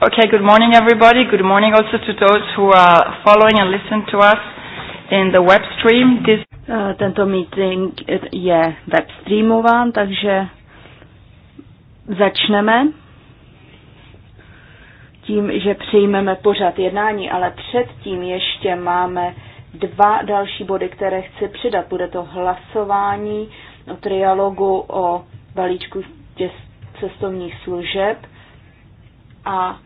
Okay, good morning everybody. Good morning also to those who are following and listen to us in the web stream. This... Eh, tento meeting je web streamován, takže začneme tím, že přijmeme pořad jednání, ale předtím ještě máme dva další body, které chci přidat. Bude to hlasování o trialogu o balíčku cestovních služeb a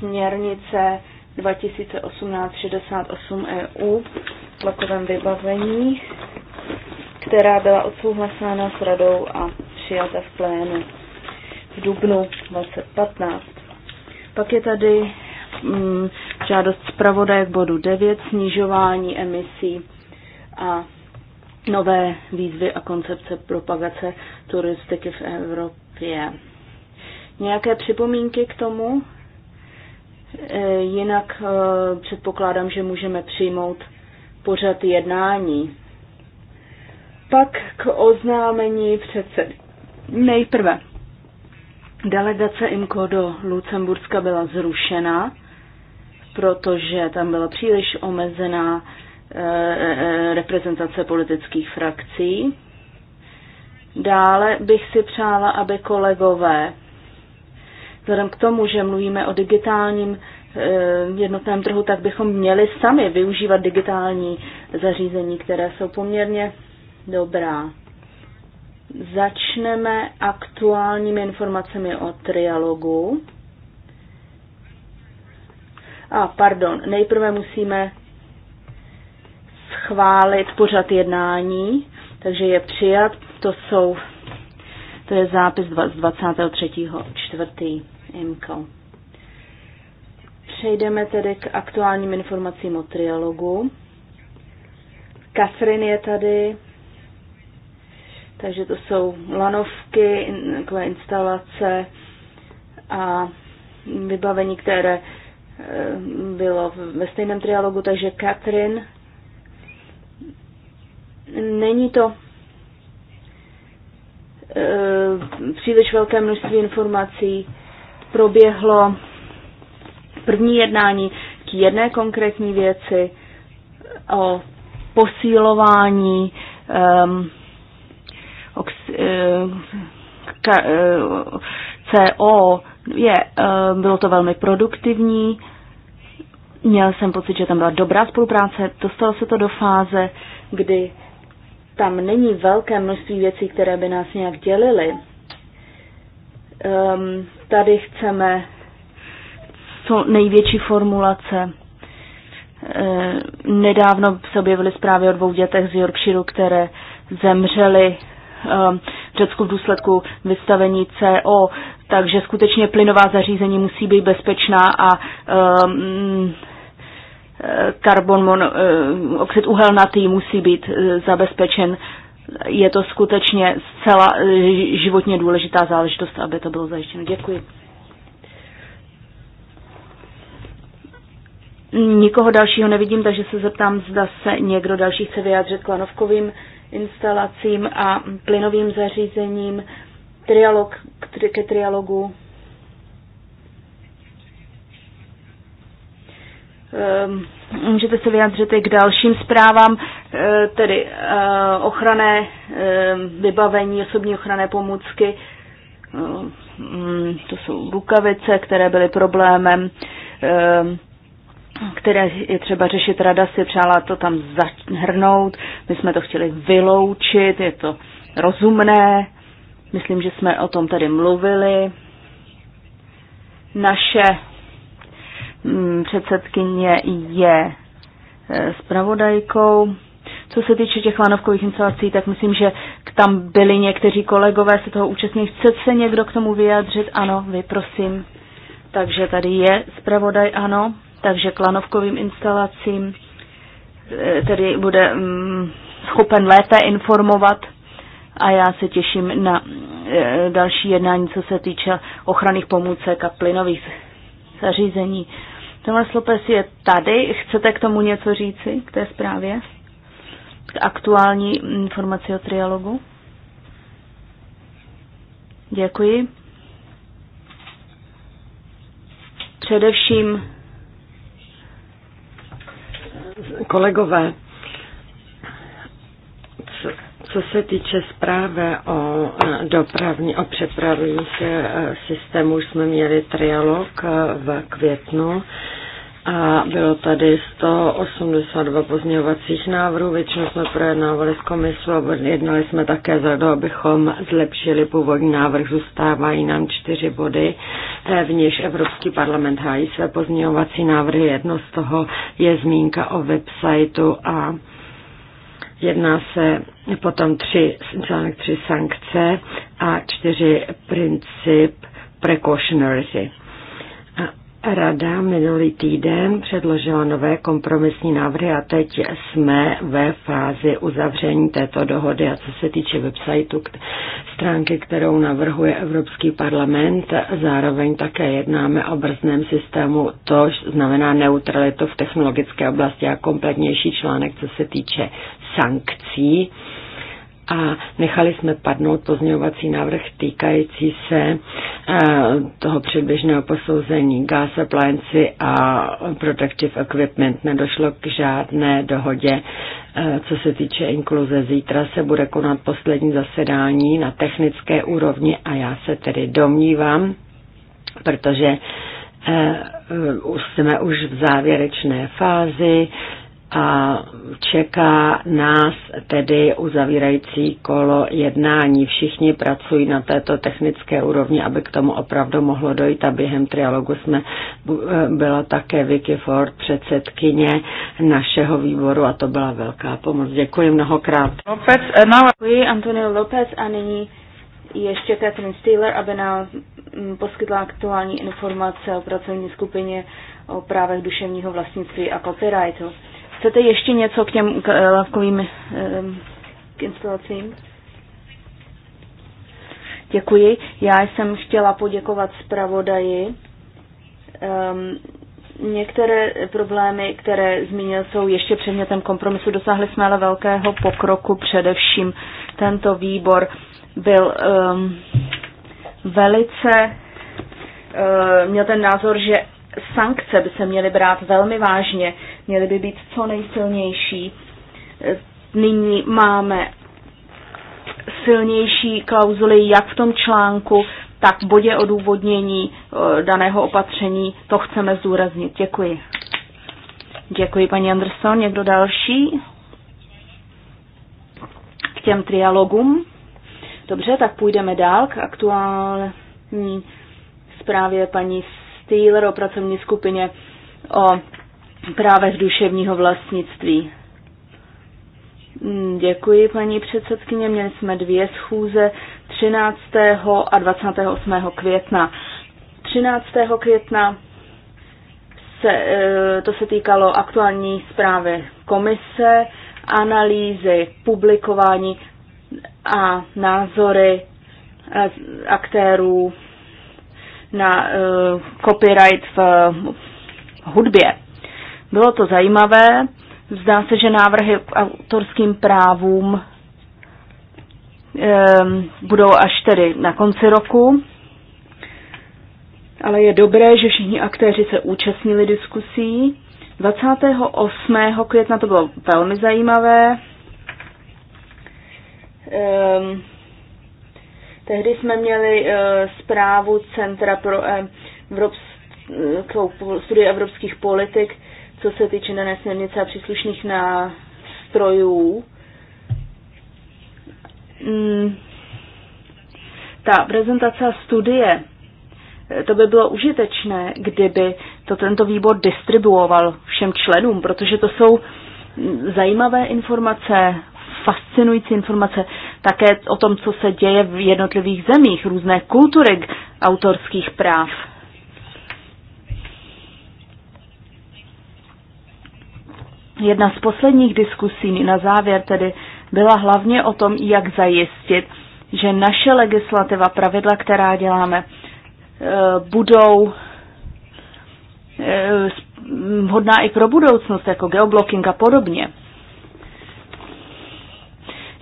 směrnice 2018-68 EU v blokovém vybavení, která byla odsouhlasána s radou a přijata v plénu v dubnu 2015. Pak je tady mm, žádost zpravodaje k bodu 9, snižování emisí a nové výzvy a koncepce propagace turistiky v Evropě. Nějaké připomínky k tomu? Eh, jinak eh, předpokládám, že můžeme přijmout pořad jednání. Pak k oznámení předsedy. Nejprve. Delegace IMCO do Lucemburska byla zrušena, protože tam byla příliš omezená eh, reprezentace politických frakcí. Dále bych si přála, aby kolegové Vzhledem k tomu, že mluvíme o digitálním eh, jednotném trhu, tak bychom měli sami využívat digitální zařízení, které jsou poměrně dobrá. Začneme aktuálními informacemi o trialogu. A pardon, nejprve musíme schválit pořad jednání, takže je přijat, to jsou, to je zápis z 23. čtvrtý. IMCO. Přejdeme tedy k aktuálním informacím o trialogu. Katrin je tady, takže to jsou lanovky, takové instalace a vybavení, které eh, bylo ve stejném trialogu, takže Katrin. Není to eh, příliš velké množství informací, proběhlo první jednání k jedné konkrétní věci o posílování um, ehm, ox, uh, eh, ka, uh, CO. Je, uh, bylo to velmi produktivní. Měl jsem pocit, že tam byla dobrá spolupráce. Dostalo se to do fáze, kdy tam není velké množství věcí, které by nás nějak dělily. Um, Tady chceme co největší formulace. E, nedávno se objevily zprávy o dvou dětech z Yorkshireu, které zemřely e, v Řecku v důsledku vystavení CO, takže skutečně plynová zařízení musí být bezpečná a e, karbon, oxid uhelnatý musí být zabezpečen je to skutečně zcela eh, životně důležitá záležitost, aby to bylo zajištěno. Děkuji. Nikoho dalšího nevidím, takže se zeptám, zda se někdo další chce vyjádřit k lanovkovým instalacím a plynovým zařízením, trialog, k, ke trialogu. Ehm, můžete se vyjádřit i k dalším zprávám, eh, tedy eh, ochranné ehm, vybavení, osobní ochranné pomůcky. Ehm, mm, to jsou rukavice, které byly problémem, které je třeba řešit. Rada si přála to tam zahrnout. My jsme to chtěli vyloučit, je to rozumné. Myslím, že jsme o tom tady mluvili. Naše Mm, předsedkyně je e, zpravodajkou. Co se týče těch lanovkových instalací, tak myslím, že tam byli někteří kolegové se toho účastní. Chce se někdo k tomu vyjádřit? Ano, vy prosím. Takže tady je zpravodaj, ano. Takže k lanovkovým instalacím e, tedy bude mm, schopen lépe informovat a já se těším na e, další jednání, co se týče ochranných pomůcek a plynových zařízení. Tomas Lopes je tady. Chcete k tomu něco říci, k té zprávě? K aktuální informaci o trialogu? Děkuji. Především kolegové, co se týče zprávy o e, dopravní, o přepravních e, systémů, jsme měli trialog e, v květnu a bylo tady 182 pozměňovacích návrhů, většinou jsme projednávali s komisou a jednali jsme také za to, abychom zlepšili původní návrh. Zůstávají nám čtyři body, v níž Evropský parlament hájí své pozměňovací návrhy. Jedno z toho je zmínka o websiteu a Jedná se potom tři, článek tři sankce a čtyři princip precautionary. Rada minulý týden předložila nové kompromisní návrhy a teď jsme ve fázi uzavření této dohody. A co se týče websiteu stránky, kterou navrhuje Evropský parlament, zároveň také jednáme o brzném systému, to znamená neutralitu v technologické oblasti a kompletnější článek, co se týče sankcí a nechali jsme padnout pozměňovací návrh týkající se eh, toho předběžného posouzení gas appliance a protective equipment. Nedošlo k žádné dohodě, eh, co se týče inkluze. Zítra se bude konat poslední zasedání na technické úrovni a já se tedy domnívám, protože eh, jsme už v závěrečné fázi, a čeká nás tedy uzavírající kolo jednání. Všichni pracují na této technické úrovni, aby k tomu opravdu mohlo dojít a během trialogu jsme eh, byla také Vicky Ford předsedkyně našeho výboru a to byla velká pomoc. Děkuji mnohokrát. Lopez, eh, now... Děkuji Antonio Lopez a nyní ještě Catherine Steeler, aby nám mm, poskytla aktuální informace o pracovní skupině o právech duševního vlastnictví a copyrightu. Chcete ještě něco k těm k, eh, lávkovým eh, k instalacím? Děkuji. Já jsem chtěla poděkovat zpravodaji. Um, některé problémy, které zmínil, jsou ještě předmětem kompromisu. Dosáhli jsme ale velkého pokroku. Především tento výbor byl um, velice, uh, měl ten názor, že sankce by se měly brát velmi vážně, měly by být co nejsilnější. Nyní máme silnější klauzuly jak v tom článku, tak v bodě odůvodnění eh, daného opatření. To chceme zdůraznit. Děkuji. Děkuji, paní Anderson. Někdo další? K těm trialogům. Dobře, tak půjdeme dál k aktuální zprávě paní Steeler o pracovní skupině o právech duševního vlastnictví. Mm, děkuji, paní předsedkyně. Měli jsme dvě schůze 13. a 28. května. 13. května se, e, to se týkalo aktuální zprávy komise, analýzy, publikování a názory e, aktérů na uh, copyright v uh, hudbě. Bylo to zajímavé. Zdá se, že návrhy k autorským právům um, budou až tedy na konci roku. Ale je dobré, že všichni aktéři se účastnili diskusí. 28. května to bylo velmi zajímavé. Um, Tehdy jsme měli eh, zprávu Centra pro eh, Evropskou, studie evropských politik, co se týče dané směrnice a příslušných nástrojů. Mm. Ta prezentace studie, eh, to by bylo užitečné, kdyby to tento výbor distribuoval všem členům, protože to jsou mm, zajímavé informace, fascinující informace také o tom, co se děje v jednotlivých zemích, různé kultury autorských práv. Jedna z posledních diskusí na závěr tedy byla hlavně o tom, jak zajistit, že naše legislativa, pravidla, která děláme, eh, budou eh, hodná i pro budoucnost, jako geoblocking a podobně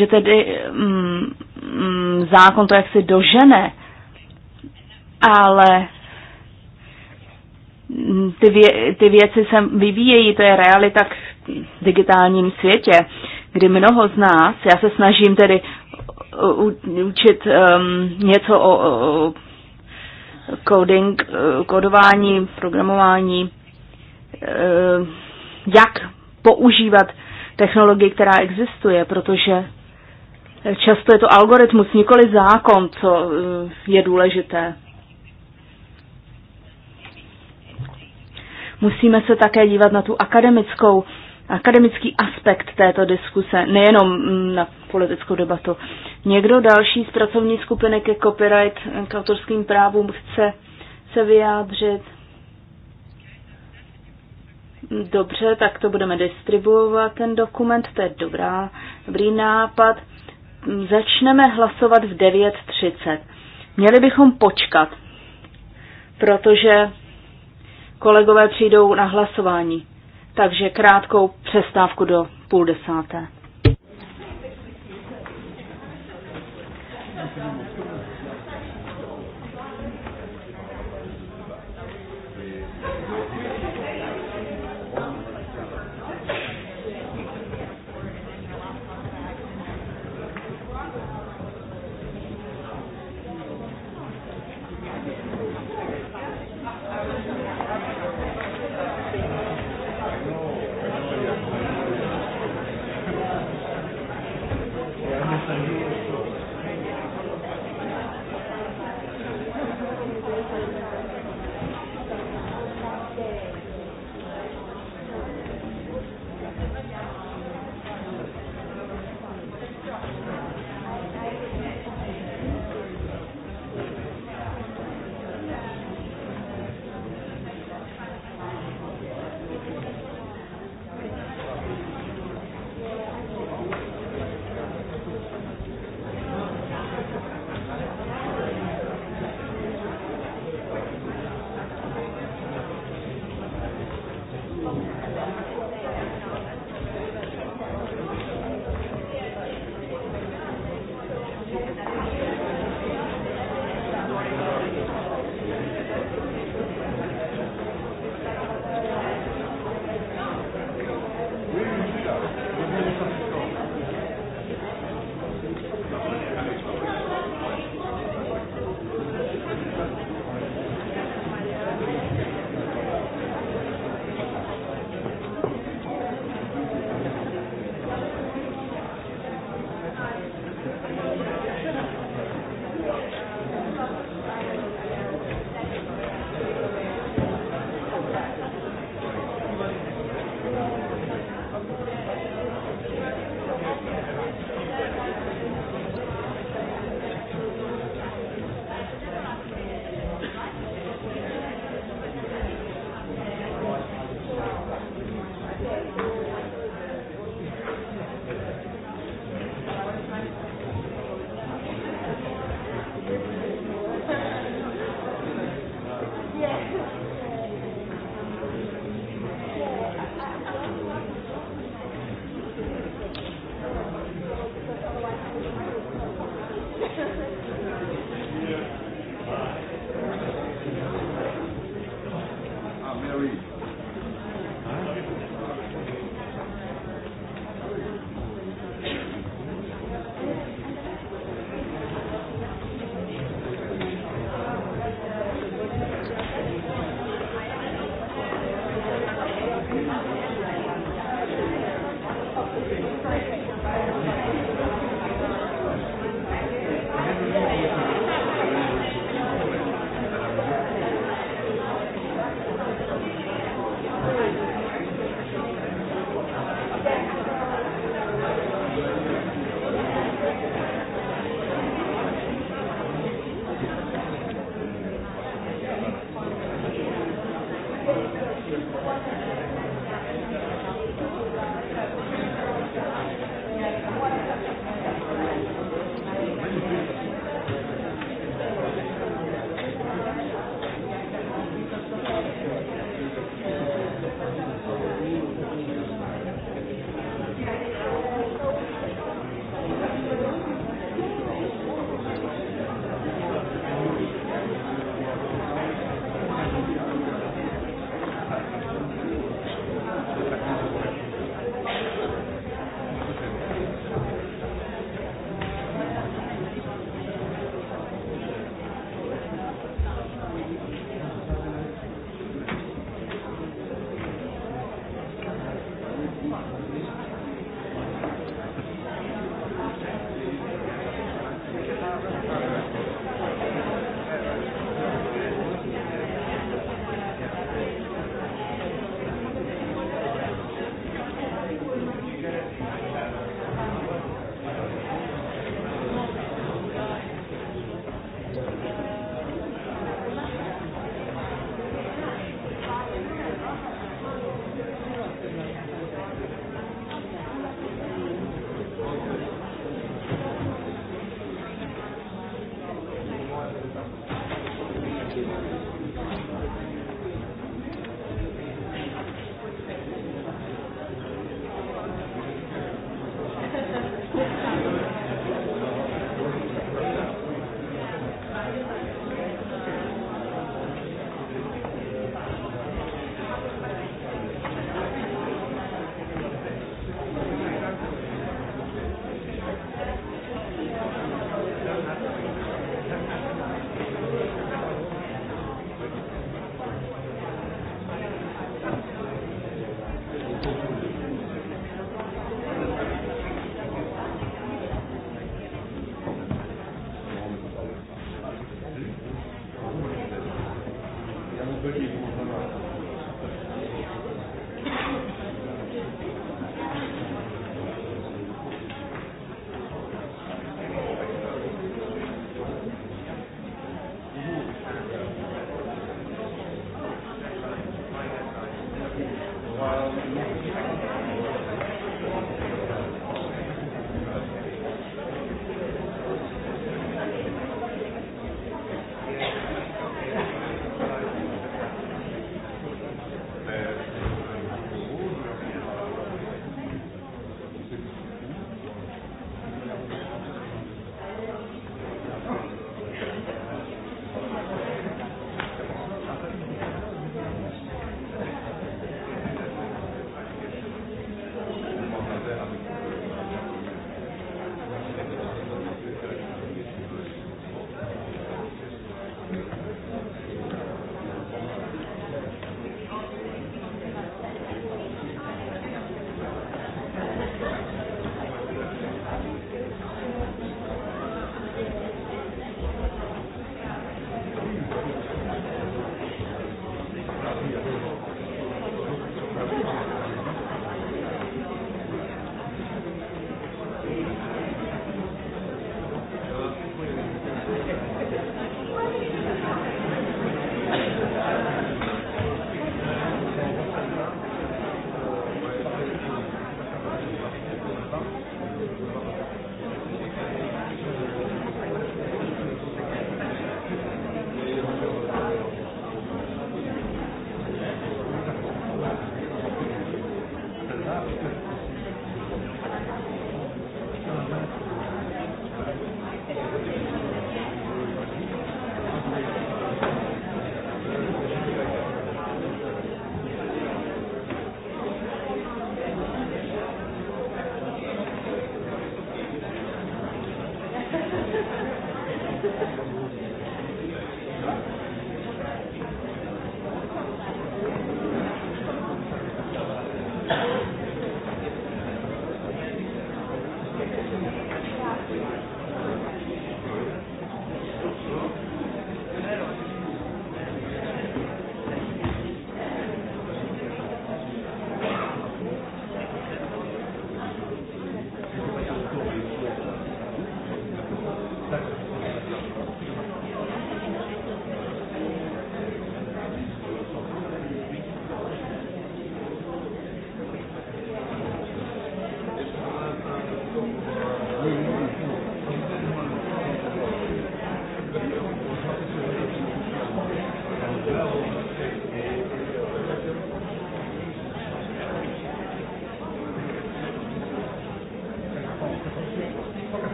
že tedy mm, mm, zákon to jaksi dožene, ale mm, ty, vě, ty věci se vyvíjejí, to je realita v digitálním světě, kdy mnoho z nás, já se snažím tedy u, učit um, něco o, o coding, kodování, programování, eh, jak používat technologii, která existuje, protože Často je to algoritmus, nikoli zákon, co eh, je důležité. Musíme se také dívat na tu akademickou, akademický aspekt této diskuse, nejenom mm, na politickou debatu. Někdo další z pracovní skupiny ke copyright, eh, k autorským právům chce se vyjádřit? Dobře, tak to budeme distribuovat, ten dokument, to je dobrá, dobrý nápad. Začneme hlasovat v 9.30. Měli bychom počkat, protože kolegové přijdou na hlasování. Takže krátkou přestávku do půl desáté.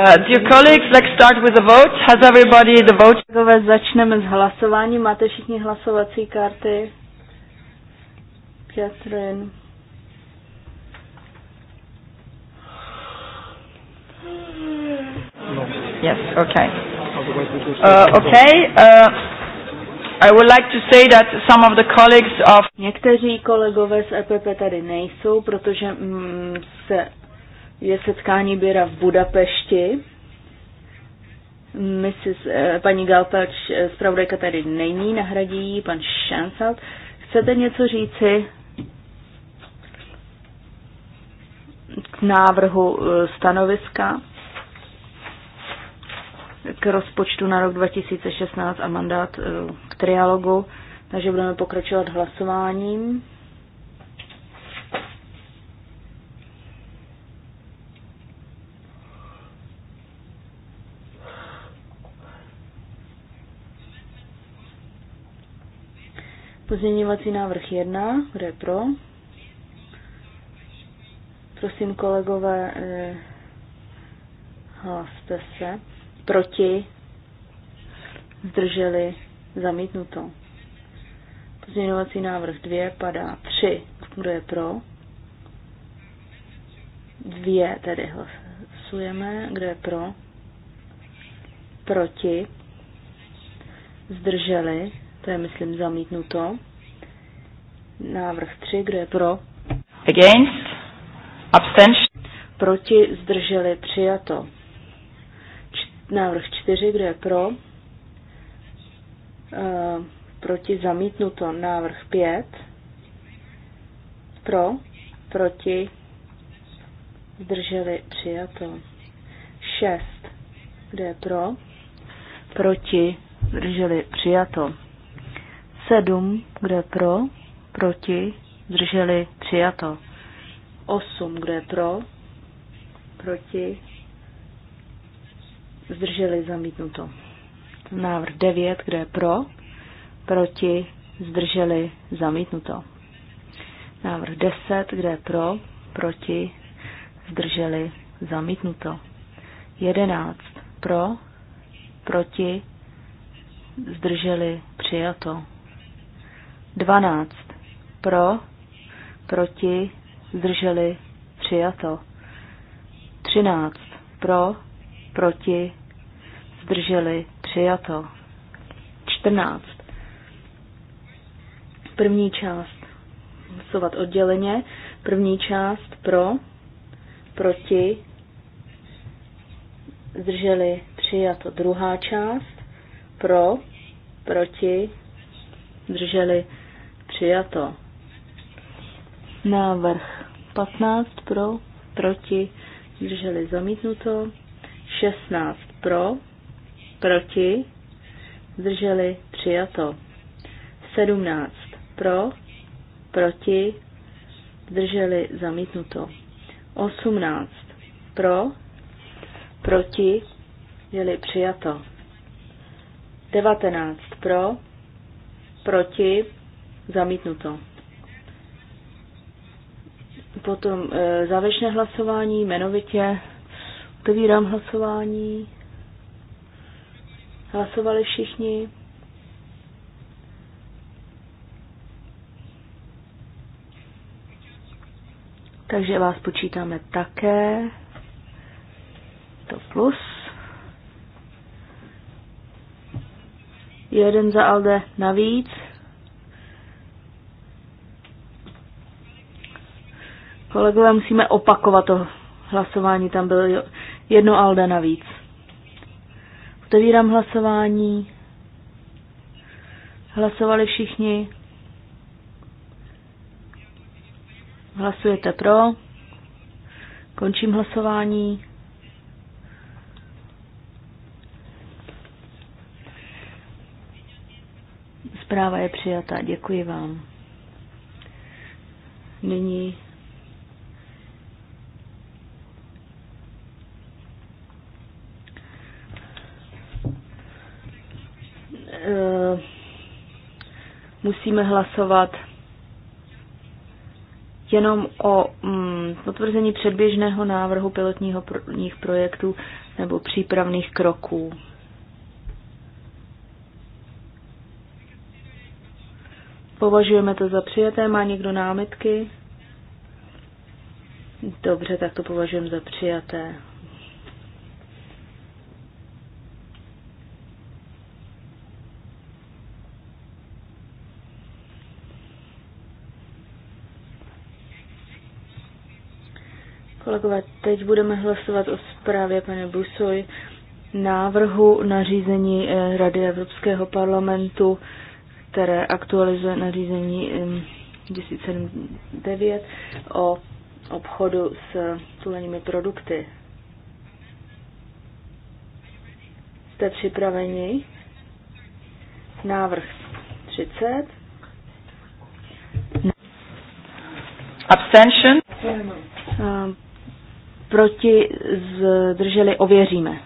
Uh, dear colleagues, let's start with the vote. Has everybody the vote? Kolegové, začneme s hlasováním. Máte všichni hlasovací karty? Catherine. Yes, okay. Uh, okay, uh, I would like to say that some of the colleagues of... Někteří kolegové z EPP tady nejsou, protože mm, se je setkání Běra v Budapešti. Mrs. Eh, paní Galpač, eh, zpravodajka tady není, nahradí ji pan Šancel. Chcete něco říci k návrhu eh, stanoviska k rozpočtu na rok 2016 a mandát k trialogu, takže budeme pokračovat hlasováním. Pozměňovací návrh 1, kde je pro? Prosím, kolegové, eh, hlaste se. Proti? Zdrželi? Zamítnuto. Pozměňovací návrh 2 padá 3. Kdo je pro? Dvě tedy hlasujeme. Kdo je pro? Proti? Zdrželi? To je, myslím, zamítnuto. Návrh 3, kdo je pro? Against. Abstention. Proti zdrželi přijato. Č- návrh 4, kdo je pro? Uh, proti zamítnuto. Návrh 5. Pro. Proti zdrželi přijato. 6. Kdo je pro? Proti zdrželi přijato. 7, kdo je pro, proti, zdrželi, přijato. 8, kdo je pro, proti, zdrželi, zamítnuto. Návrh 9, kdo je pro, proti, zdrželi, zamítnuto. Návrh 10, kdo je pro, proti, zdrželi, zamítnuto. 11, pro, proti, zdrželi, přijato. 12. Pro, proti, zdrželi, přijato. 13. Pro, proti, zdrželi, přijato. 14. První část. Hlasovat odděleně. První část pro, proti, zdrželi, přijato. Druhá část pro, proti, zdrželi, Přijato. Návrh 15 pro, proti, zdrželi zamítnuto. 16 pro, proti, zdrželi přijato. 17 pro, proti, zdrželi zamítnuto. 18 pro, proti, zdrželi přijato. 19 pro, proti, Zamítnuto. Potom e, závěrečné hlasování, jmenovitě otevírám hlasování. Hlasovali všichni. Takže vás počítáme také. To plus. Jeden za Alde navíc. Kolegové, musíme opakovat to hlasování, tam bylo jedno Alda navíc. Otevírám hlasování. Hlasovali všichni. Hlasujete pro. Končím hlasování. Zpráva je přijata. Děkuji vám. Nyní Eh, musíme hlasovat jenom o mm, potvrzení předběžného návrhu pilotního pro, projektů nebo přípravných kroků. Považujeme to za přijaté. Má někdo námitky? Dobře, tak to považujeme za přijaté. Kolegové, teď budeme hlasovat o zprávě pane Busoj návrhu nařízení eh, Rady Evropského parlamentu, které aktualizuje nařízení 1079 o obchodu s tulenými produkty. Jste připraveni? Návrh 30. Abstention. Uh, proti, zdrželi, ověříme.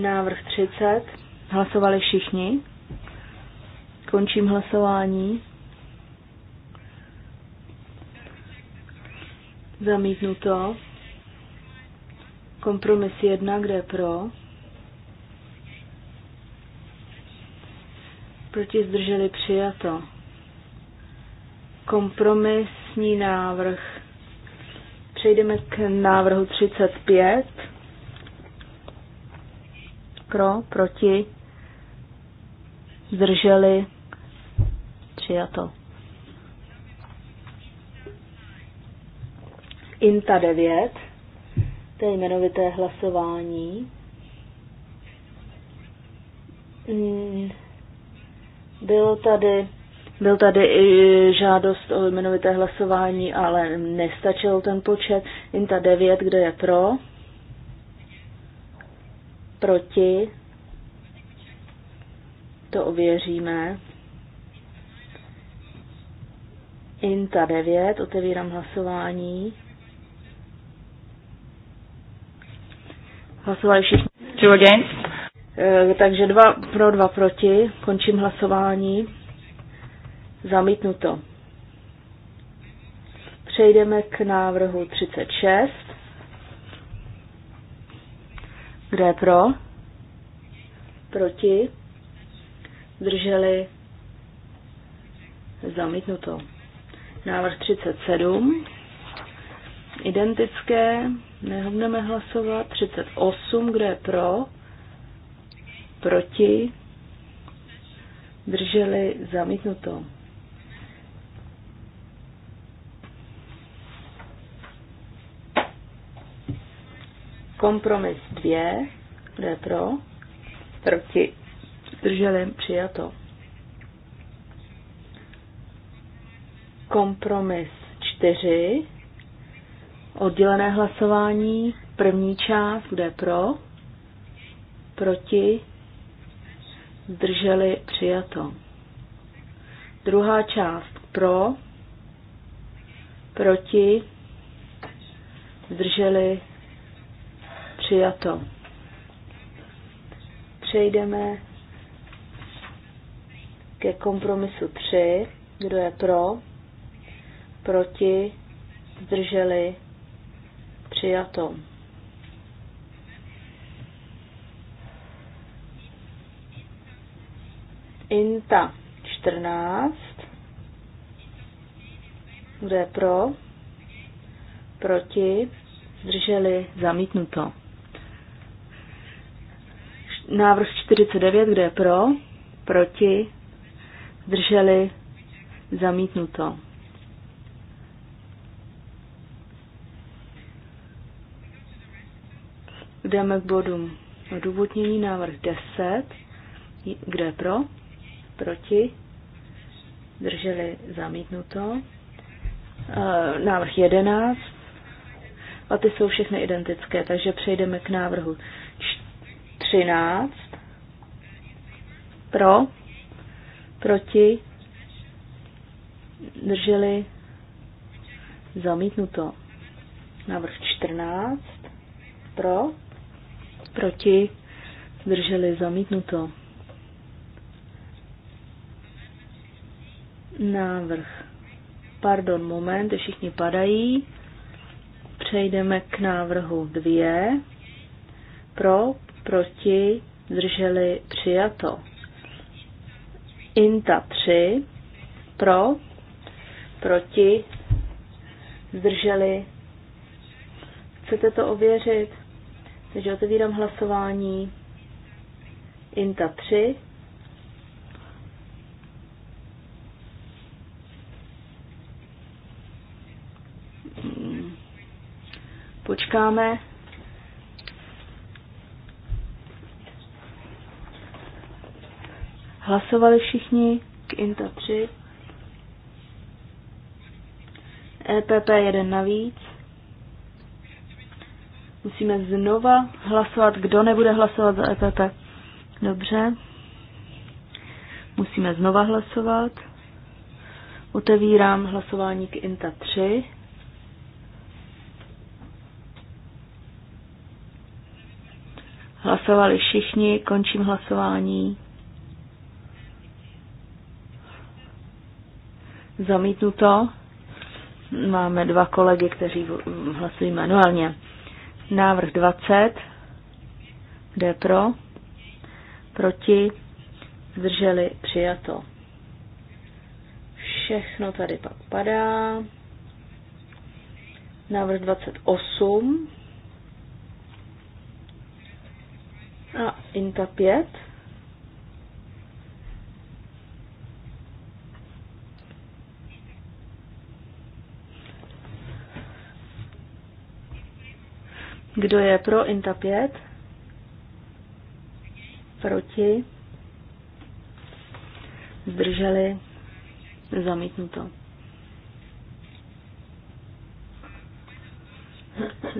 Návrh 30. Hlasovali všichni. Končím hlasování. Zamítnuto. Kompromis 1, kde je pro. Proti zdrželi přijato. Kompromis vlastní návrh. Přejdeme k návrhu 35. Pro, proti, zdrželi, přijato. INTA 9, to je jmenovité hlasování. Mm, bylo tady byl tady i žádost o jmenovité hlasování, ale nestačil ten počet. Inta 9, kdo je pro? Proti? To ověříme. Inta 9, otevírám hlasování. Hlasovali všichni. Two against. Eh, takže dva pro, dva proti. Končím hlasování. Zamítnuto. Přejdeme k návrhu 36. Kdo je pro? Proti? Drželi? Zamítnuto. Návrh 37. Identické. Nehodneme hlasovat. 38. Kdo je pro? Proti? Drželi? Zamítnuto. Kompromis 2, kde pro? Proti, zdrželi, přijato. Kompromis 4, oddělené hlasování, první část, kde pro? Proti, zdrželi, přijato. Druhá část pro, proti, zdrželi, přijato. Přejdeme ke kompromisu 3. Kdo je pro? Proti? Zdrželi? Přijato. Inta 14. Kdo je pro? Proti? Zdrželi? Zamítnuto. Návrh 49, kde je pro, proti, zdrželi, zamítnuto. Jdeme k bodům odůvodnění návrh 10, kde je pro, proti, drželi zamítnuto. Eh, návrh 11, a ty jsou všechny identické, takže přejdeme k návrhu 13. Pro, proti, drželi, zamítnuto. Návrh 14. Pro, proti, drželi, zamítnuto. Návrh. Pardon, moment, všichni padají. Přejdeme k návrhu 2. Pro, proti, zdrželi přijato. Inta 3 pro, proti, zdrželi. Chcete to ověřit? Takže otevírám hlasování. Inta 3. Hmm. Počkáme. Hlasovali všichni k INTA 3. EPP 1 navíc. Musíme znova hlasovat, kdo nebude hlasovat za EPP. Dobře. Musíme znova hlasovat. Otevírám hlasování k INTA 3. Hlasovali všichni, končím hlasování. Zamítnuto. Máme dva kolegy, kteří hlasují manuálně. Návrh 20. Jde pro. Proti. Zdrželi. Přijato. Všechno tady pak padá. Návrh 28. A INTA 5 Kdo je pro INTA 5? Proti? Zdrželi? Zamítnuto.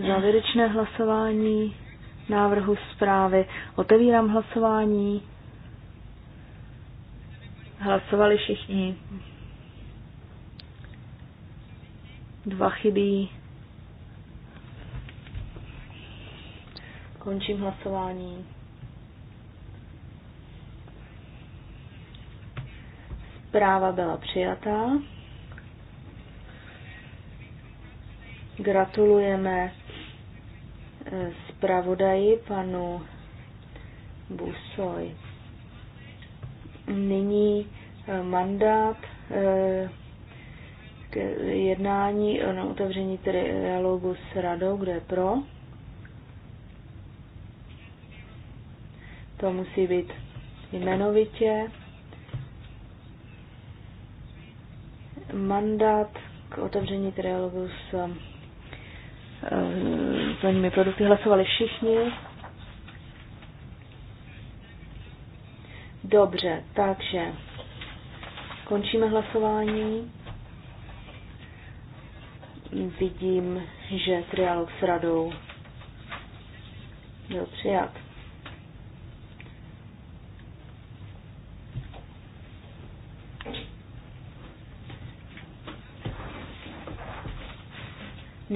Závěrečné hlasování návrhu zprávy. Otevírám hlasování. Hlasovali všichni. Dva chybí. Končím hlasování. Zpráva byla přijatá. Gratulujeme eh, zpravodaji panu Busoj. Nyní eh, mandát eh, k jednání o otevření trialogu s radou, kde je pro. To musí být jmenovitě. Mandát k otevření trialogu s zvolenými eh, produkty hlasovali všichni. Dobře, takže končíme hlasování. Vidím, že trialog s radou byl přijat.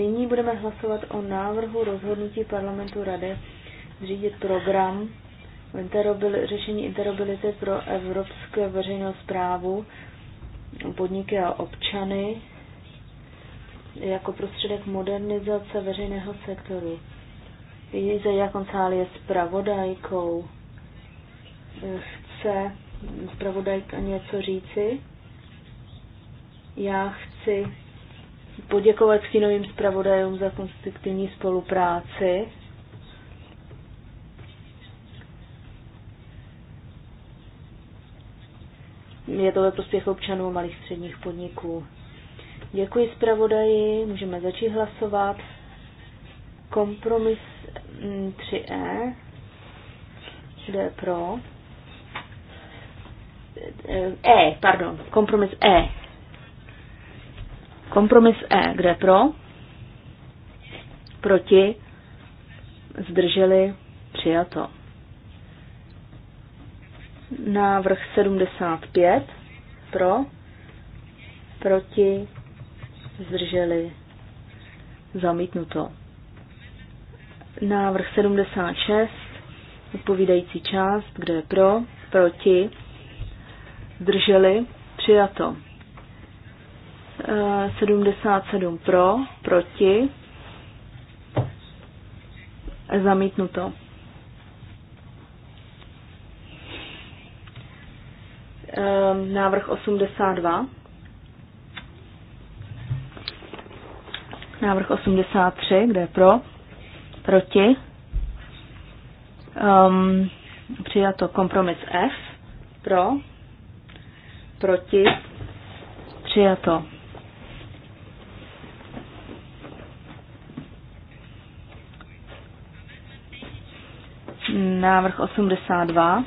Nyní budeme hlasovat o návrhu rozhodnutí parlamentu Rady zřídit program interobil, řešení interoperability pro evropské veřejnou zprávu, podniky a občany jako prostředek modernizace veřejného sektoru. Jiza Jakoncál je zpravodajkou. Chce zpravodajka něco říci? Já chci poděkovat stínovým zpravodajům za konstruktivní spolupráci. Je to ve prospěch občanů malých středních podniků. Děkuji zpravodaji, můžeme začít hlasovat. Kompromis 3E, mm, kde je pro. E, pardon, kompromis E, Kompromis E, kde pro? Proti? Zdrželi? Přijato. Návrh 75, pro? Proti? Zdrželi? Zamítnuto. Návrh 76, odpovídající část, kde je pro? Proti? Zdrželi? Přijato. 77 pro, proti, zamítnuto. Ehm, návrh 82. Návrh 83, kde je pro, proti. Um, přijato kompromis F, pro, proti, přijato návrh 82,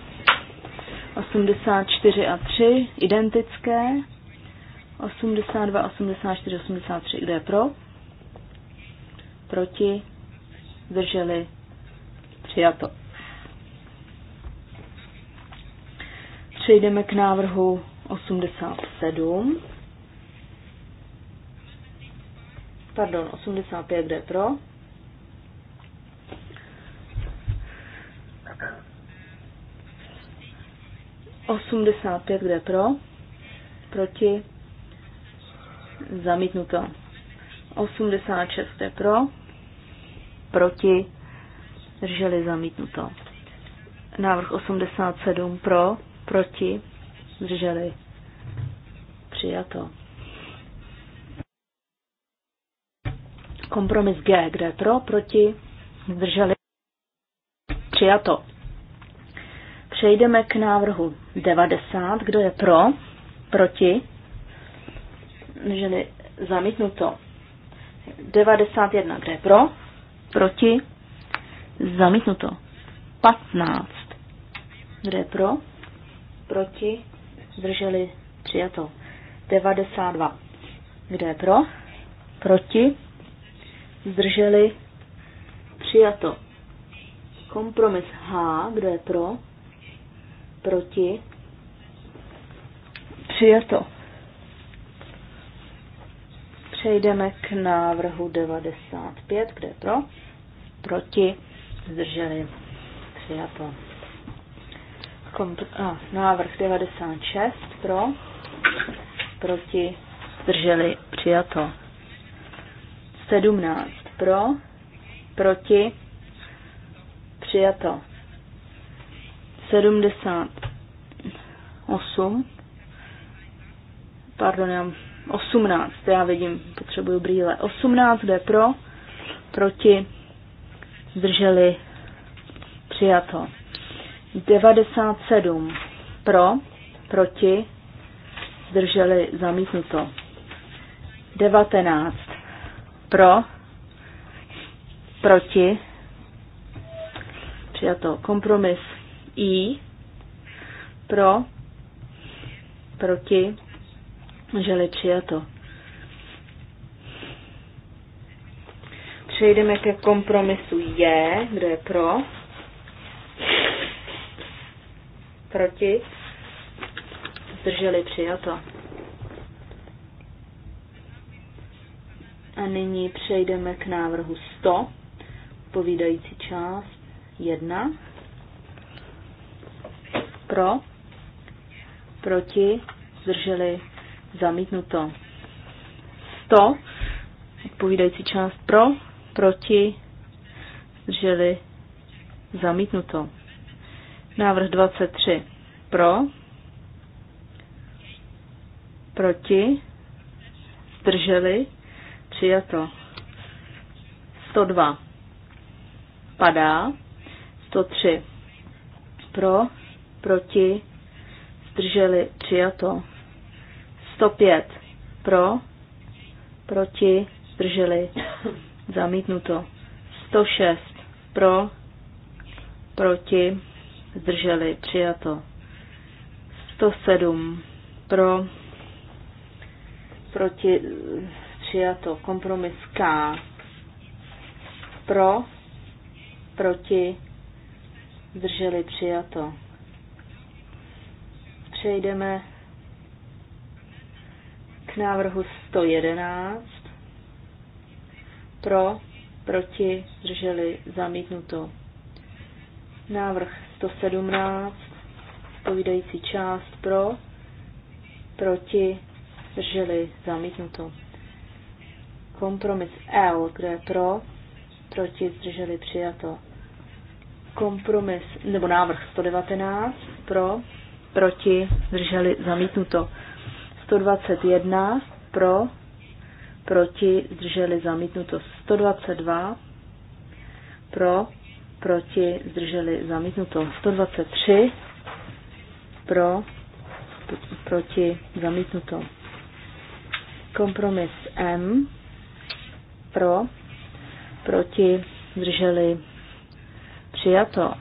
84 a 3 identické, 82, 84, 83, kdo je pro, proti, zdrželi, přijato. Přejdeme k návrhu 87. Pardon, 85, kde je pro, 85, kde pro, proti, zamítnuto. 86, je pro, proti, drželi zamítnuto. Návrh 87 pro, proti, drželi přijato. Kompromis G, kde pro, proti, zdrželi přijato. Přejdeme k návrhu 90. Kdo je pro? Proti? Ženy zamítnuto. 91. Kdo je pro? Proti? Zamítnuto. 15. Kdo je pro? Proti? Zdrželi přijato. 92. Kdo je pro? Proti? Zdrželi přijato. Kompromis H, kdo je pro? Proti? Přijato. Přejdeme k návrhu 95, kde je pro? Proti? Zdrželi. Přijato. Kompr- a, návrh 96 pro? Proti? Zdrželi. Přijato. 17 pro? Proti? Přijato. 78. Pardon, já 18, já vidím, potřebuju brýle. 18 jde pro, proti, zdrželi, přijato. 97 pro, proti, zdrželi, zamítnuto. 19 pro, proti, Přijato. Kompromis I. Pro. Proti. Želi přijato. Přejdeme ke kompromisu J. Kdo je pro? Proti. Zdrželi přijato. A nyní přejdeme k návrhu 100, povídající část. Jedna pro, proti, zdrželi, zamítnuto. 100, odpovídající část pro, proti, zdrželi, zamítnuto. Návrh 23 pro, proti, zdrželi, přijato. 102 padá. 103. Pro, proti, zdrželi, přijato. 105. Pro, proti, zdrželi, zamítnuto. 106. Pro, proti, zdrželi, přijato. 107. Pro, proti, přijato. Kompromis K. Pro, proti, zdrželi přijato. Přejdeme k návrhu 111. Pro, proti, zdrželi zamítnuto. Návrh 117, odpovídající část pro, proti, zdrželi zamítnuto. Kompromis L, kde je pro, proti, zdrželi přijato. Kompromis, nebo návrh 119 pro, proti, zdrželi zamítnuto. 121 pro, proti, zdrželi zamítnuto. 122 pro, proti, zdrželi zamítnuto. 123 pro, proti, zamítnuto. Kompromis M pro, proti, zdrželi přijato.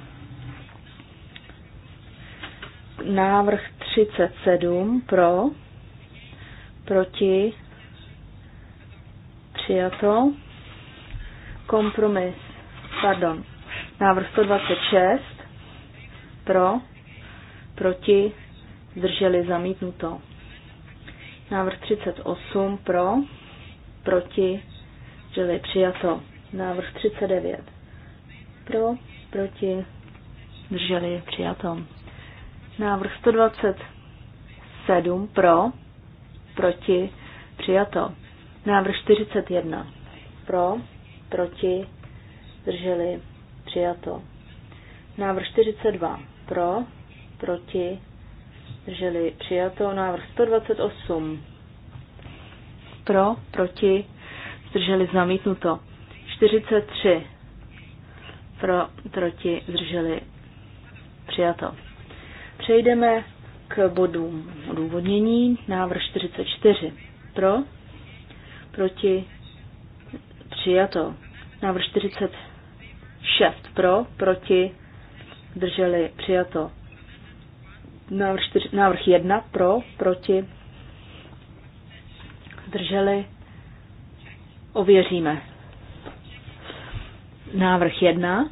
Návrh 37 pro, proti, přijato. Kompromis, pardon, návrh 126 pro, proti, zdrželi zamítnuto. Návrh 38 pro, proti, zdrželi přijato. Návrh 39 pro, proti, drželi, přijato. Návrh 127 pro, proti, přijato. Návrh 41 pro, proti, drželi, přijato. Návrh 42 pro, proti, drželi, přijato. Návrh 128 pro, proti, drželi zamítnuto. 43 pro, proti, zdrželi, přijato. Přejdeme k bodu odůvodnění. Návrh 44. Pro, proti, přijato. Návrh 46. Pro, proti, zdrželi, přijato. Návrh, 4, návrh 1. Pro, proti, zdrželi, ověříme. Návrh 1.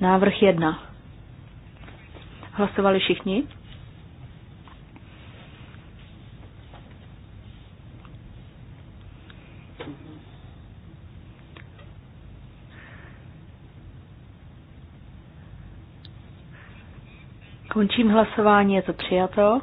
Návrh 1. Hlasovali všichni? Končím hlasování, je to přijato.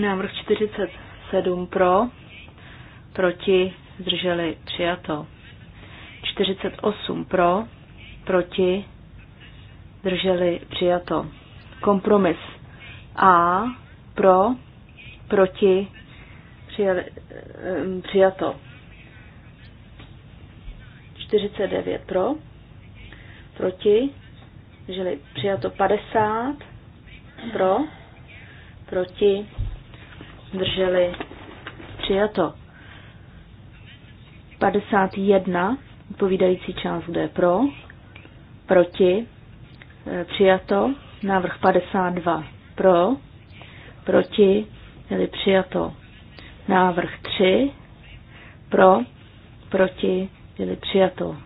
Návrh 47 pro, proti, zdrželi, přijato. 48 pro, proti, zdrželi, přijato. Kompromis A pro, proti, přijali, přijato. 49 pro, proti, žili přijato 50 pro, proti, drželi přijato. 51, odpovídající část, kde je pro, proti, e, přijato, návrh 52 pro, proti, byli přijato Návrh 3 pro, proti, byli přijato.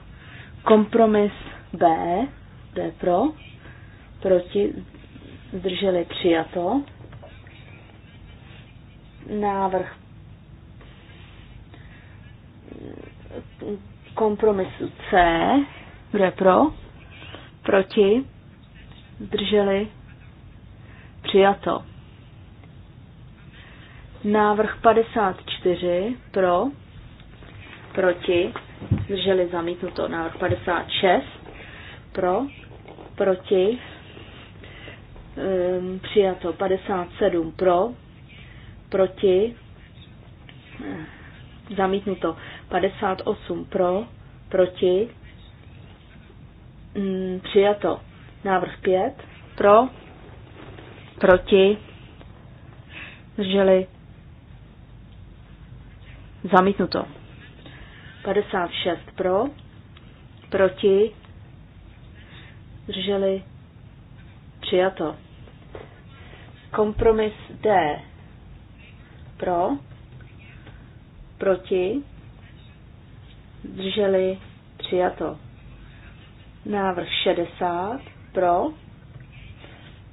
Kompromis B, B pro, proti, zdrželi přijato. Návrh kompromisu C, kdo pro, proti, zdrželi přijato. Návrh 54 pro, proti, zdrželi zamítnuto. Návrh 56 pro, proti, um, přijato. 57 pro, proti, eh, zamítnuto. 58 pro, proti, um, přijato. Návrh 5 pro, proti, zdrželi Zamítnuto. 56 pro, proti, drželi, přijato. Kompromis D pro, proti, drželi, přijato. Návrh 60 pro,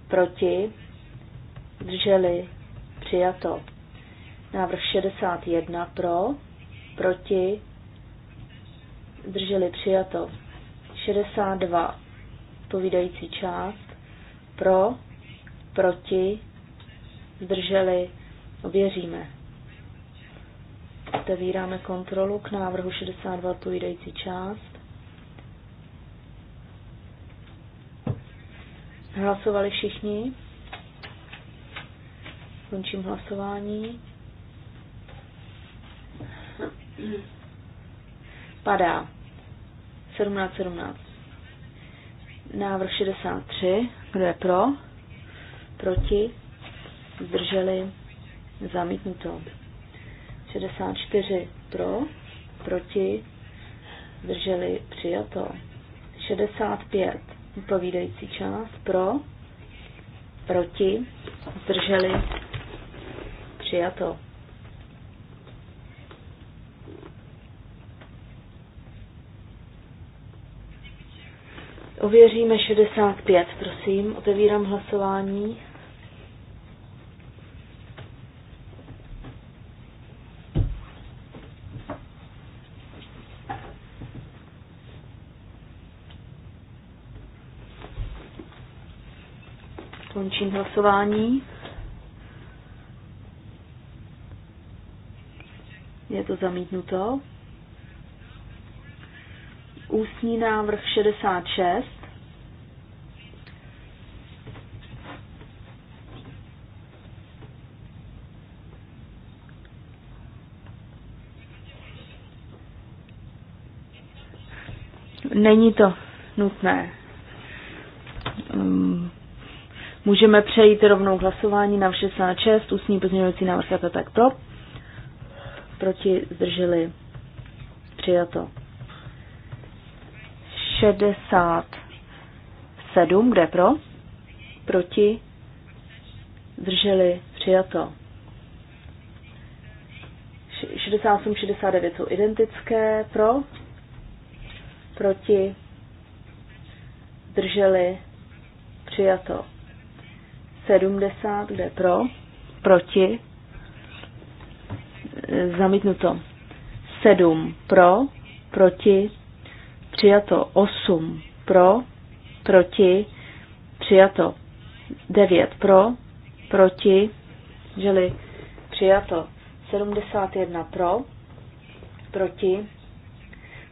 proti, drželi, přijato. Návrh 61 pro, proti, zdrželi přijato. 62 odpovídající část pro, proti, zdrželi, ověříme. Otevíráme kontrolu k návrhu 62 odpovídající část. Hlasovali všichni? Končím hlasování. Padá. 17, 17. Návrh 63. Kdo je pro? Proti? Zdrželi? Zamítnuto. 64 pro, proti, zdrželi, přijato. 65 Upovídající část pro, proti, zdrželi, přijato. Ověříme 65, prosím. Otevírám hlasování. Končím hlasování. Je to zamítnuto. Ústní návrh 66. Není to nutné. Um, můžeme přejít rovnou k hlasování na 66, ústní pozměňující návrh a to takto. Proti zdrželi přijato 67, kde pro? Proti zdrželi přijato 68, 69 jsou identické, pro, proti, drželi přijato. 70, kde pro, proti, zamítnuto. 7 pro, proti, přijato. 8 pro, proti, přijato. 9 pro, proti, drželi přijato. 71 pro, proti,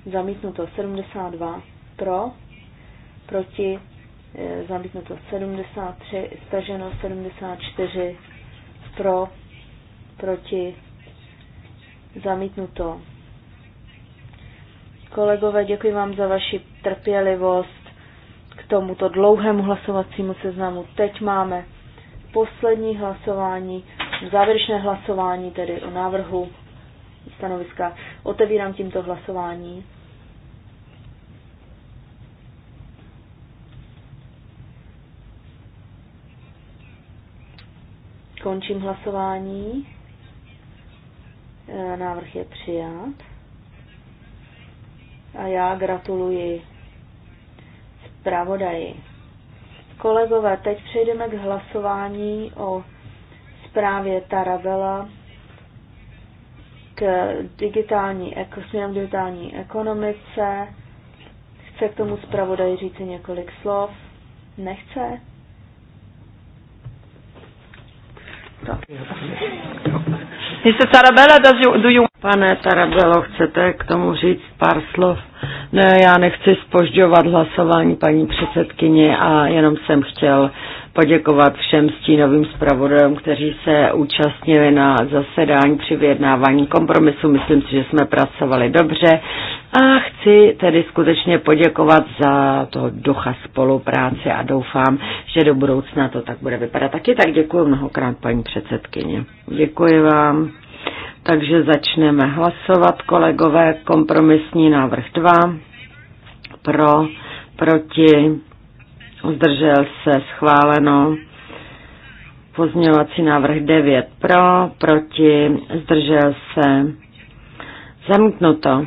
zamítnuto 72 pro, proti e, zamítnuto 73, staženo 74 pro, proti zamítnuto. Kolegové, děkuji vám za vaši trpělivost k tomuto dlouhému hlasovacímu seznamu. Teď máme poslední hlasování, závěrečné hlasování tedy o návrhu stanoviska. Otevírám tímto hlasování. Končím hlasování. E, návrh je přijat. A já gratuluji zpravodaji. Kolegové, teď přejdeme k hlasování o zprávě Tarabela k digitální, směrem digitální ekonomice. Chce k tomu zpravodaj říci několik slov? Nechce? Jste Mr. Tarabella, does you, do you... Pane Tarabelo, chcete k tomu říct pár slov? Ne, já nechci spožďovat hlasování paní předsedkyně a jenom jsem chtěl poděkovat všem stínovým zpravodajům, kteří se účastnili na zasedání při vyjednávání kompromisu. Myslím si, že jsme pracovali dobře a chci tedy skutečně poděkovat za to ducha spolupráce a doufám, že do budoucna to tak bude vypadat taky. Tak děkuji mnohokrát paní předsedkyně. Děkuji vám. Takže začneme hlasovat, kolegové. Kompromisní návrh 2. Pro, proti, zdržel se, schváleno. Pozměňovací návrh 9 pro, proti, zdržel se, zamítnuto.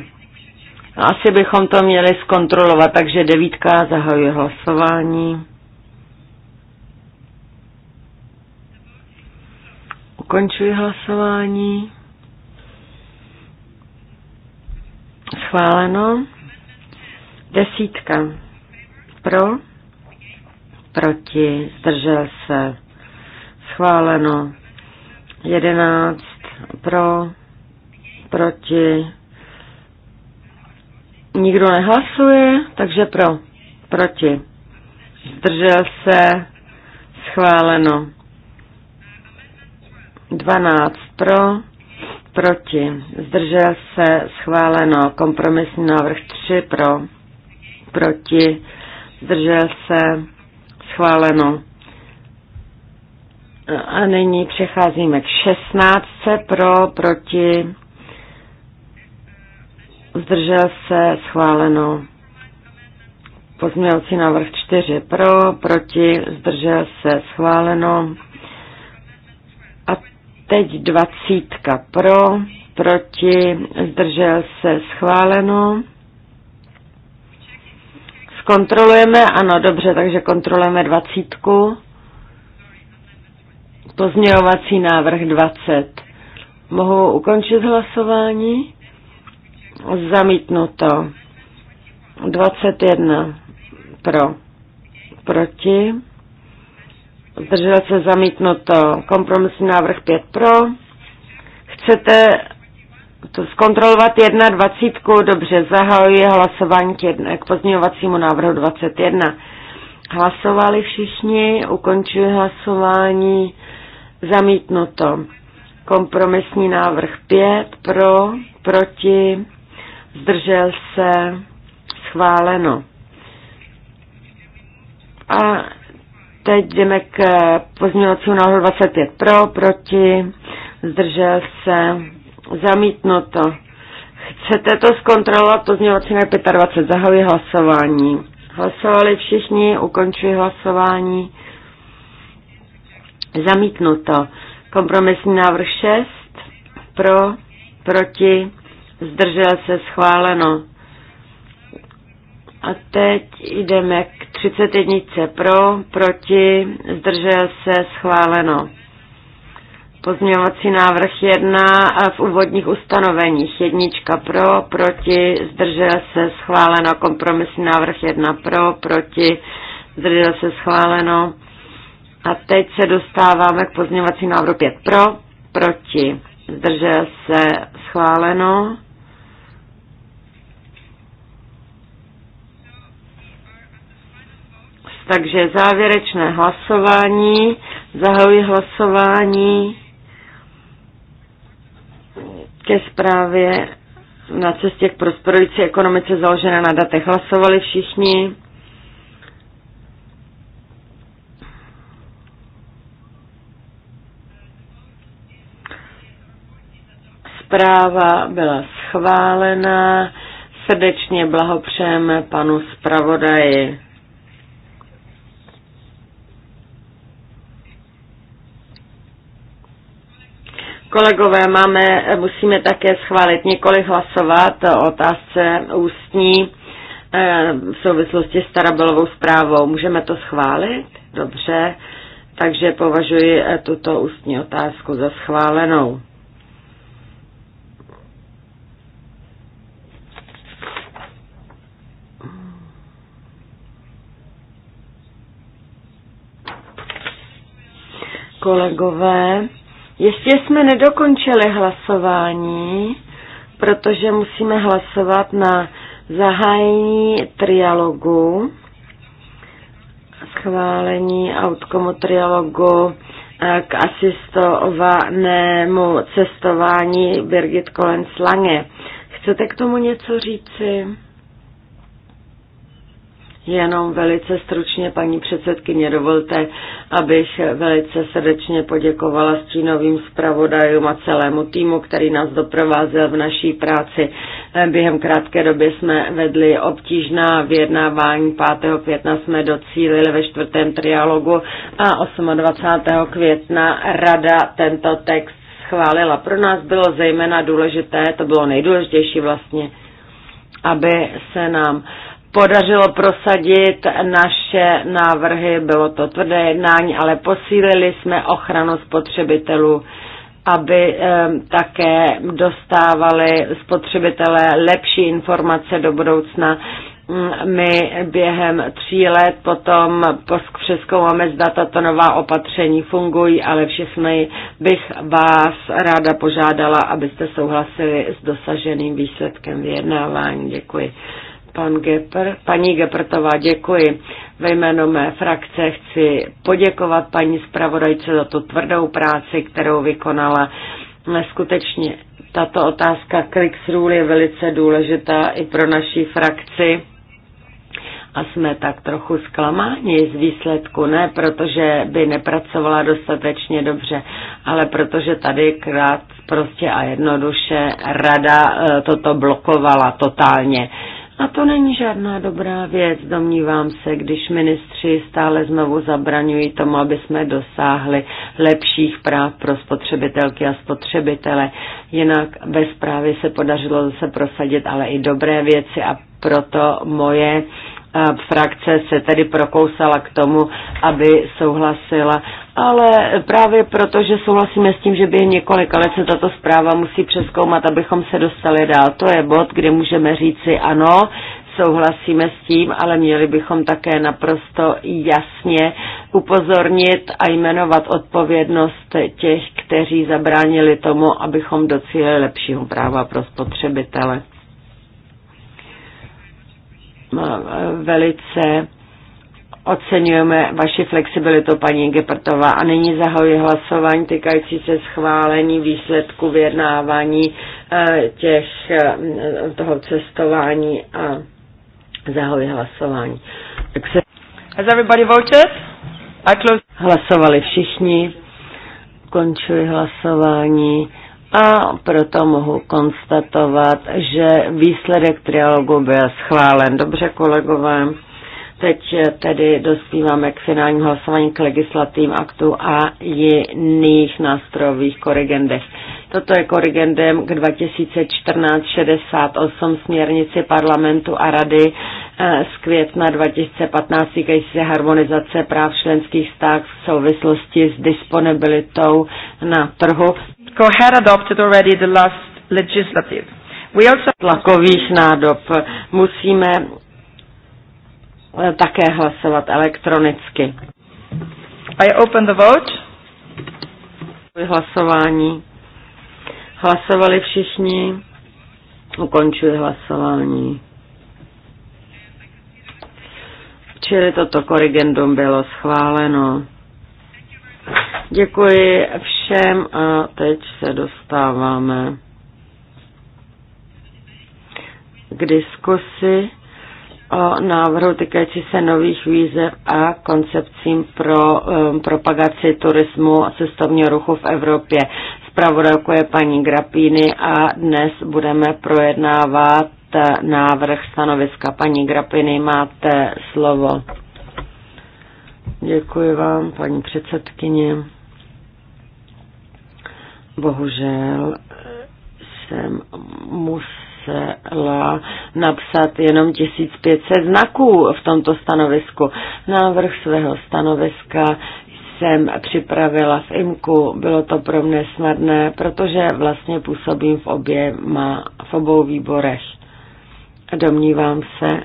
Asi bychom to měli zkontrolovat, takže devítka zahajuje hlasování. Ukončuji hlasování. Schváleno. Desítka. Pro. Proti. Zdržel se. Schváleno. Jedenáct. Pro. Proti Nikdo nehlasuje, takže pro. Proti. Zdržel se. Schváleno. 12 pro. Proti. Zdržel se. Schváleno. Kompromisní návrh 3 pro. Proti. Zdržel se. Schváleno. A nyní přecházíme k 16 pro, proti, zdržel se, schváleno. Pozměňovací návrh 4 pro, proti, zdržel se, schváleno. A teď 20 pro, proti, zdržel se, schváleno. Zkontrolujeme, ano, dobře, takže kontrolujeme 20. Pozměňovací návrh 20. Mohu ukončit hlasování? Zamítnuto. 21 pro. Proti. Zdržel se zamítnuto. Kompromisní návrh 5 pro. Chcete to zkontrolovat 21. Dobře, zahajuji hlasování k, jedna, k pozměňovacímu návrhu 21. Hlasovali všichni, ukončuji hlasování, zamítnuto. Kompromisní návrh 5 pro, proti zdržel se, schváleno. A teď jdeme k pozměňovacímu návrhu 25 pro, proti, zdržel se, zamítnuto. Chcete to zkontrolovat pozměňovací návrh 25, zahajuji hlasování. Hlasovali všichni, ukončuji hlasování. Zamítnuto. Kompromisní návrh 6 pro, proti, zdržel se schváleno. A teď jdeme k 31 pro, proti, zdržel se schváleno. Pozměňovací návrh 1 v úvodních ustanoveních. Jednička pro, proti, zdržel se schváleno. Kompromisní návrh 1 pro, proti, zdržel se schváleno. A teď se dostáváme k pozměňovací návrhu 5 pro, proti, zdržel se schváleno. Takže závěrečné hlasování. Zahajuji hlasování ke zprávě na cestě k prosperující ekonomice založené na datech. Hlasovali všichni. Zpráva byla schválena. Srdečně blahopřejeme panu zpravodaji. Kolegové, máme, musíme také schválit nikoli hlasovat o otázce ústní eh, v souvislosti s Tarabelovou zprávou. Můžeme to schválit? Dobře, takže považuji eh, tuto ústní otázku za schválenou. Kolegové, ještě jsme nedokončili hlasování, protože musíme hlasovat na zahájení trialogu, schválení autkomu trialogu k asistovanému cestování Birgit Kolenslange. Chcete k tomu něco říci? Jenom velice stručně, paní předsedkyně, dovolte, abych velice srdečně poděkovala stínovým zpravodajům a celému týmu, který nás doprovázel v naší práci. Během krátké doby jsme vedli obtížná vyjednávání. 5. května jsme docílili ve čtvrtém trialogu a 28. května rada tento text schválila. Pro nás bylo zejména důležité, to bylo nejdůležitější vlastně, aby se nám podařilo prosadit naše návrhy, bylo to tvrdé jednání, ale posílili jsme ochranu spotřebitelů, aby také dostávali spotřebitelé lepší informace do budoucna. Mm, my během tří let potom přeskoumáme, zda tato nová opatření fungují, ale všechny bych vás ráda požádala, abyste souhlasili s dosaženým výsledkem vyjednávání. Děkuji. Pan Gepr, paní Geprtová, děkuji. Ve jménu mé frakce chci poděkovat paní zpravodajce za tu tvrdou práci, kterou vykonala. Skutečně tato otázka Clicks Rule je velice důležitá i pro naší frakci a jsme tak trochu zklamáni z výsledku, ne protože by nepracovala dostatečně dobře, ale protože tady krát prostě a jednoduše rada eh, toto blokovala totálně. A to není žádná dobrá věc, domnívám se, když ministři stále znovu zabraňují tomu, aby jsme dosáhli lepších práv pro spotřebitelky a spotřebitele. Jinak bez zprávě se podařilo zase prosadit ale i dobré věci a proto moje frakce se tedy prokousala k tomu, aby souhlasila ale právě proto, že souhlasíme s tím, že během několika let se tato zpráva musí přeskoumat, abychom se dostali dál. To je bod, kde můžeme říci ano, souhlasíme s tím, ale měli bychom také naprosto jasně upozornit a jmenovat odpovědnost těch, kteří zabránili tomu, abychom docílili lepšího práva pro spotřebitele. Eh, velice Oceňujeme vaši flexibilitu, paní Gepertová. A nyní zahajuji hlasování týkající se schválení výsledku vyjednávání eh, těch, eh, toho cestování a zahajuji hlasování. Has everybody voted? I close... Hlasovali všichni. Končuji hlasování a proto mohu konstatovat, že výsledek trialogu byl schválen. Dobře, kolegové. Teď eh, tedy dospíváme k finálním hlasování k legislativním aktu a jiných nástrojových korigendech. Toto je korigendem k 2014-68 směrnici parlamentu a rady eh, z května 2015 týkající se harmonizace práv členských států v souvislosti s disponibilitou na trhu. We also... Tlakových nádob musíme Eh, také hlasovat elektronicky. I open the vote. Hlasování. Hlasovali všichni. Ukončuji hlasování. Čili toto korrigendum bylo schváleno. Děkuji všem a teď se dostáváme k diskusi o návrhu týkající se nových výzev a koncepcím pro um, propagaci turismu a cestovního ruchu v Evropě. Zpravodajkou je paní Grapíny a dnes budeme projednávat návrh stanoviska. Paní Grapiny, máte slovo. Děkuji vám, paní předsedkyně. Bohužel jsem musel musela napsat jenom 1500 znaků v tomto stanovisku. Návrh svého stanoviska jsem připravila v IMKU. Bylo to pro mě snadné, protože vlastně působím v, oběma, v obou výborech. Domnívám se,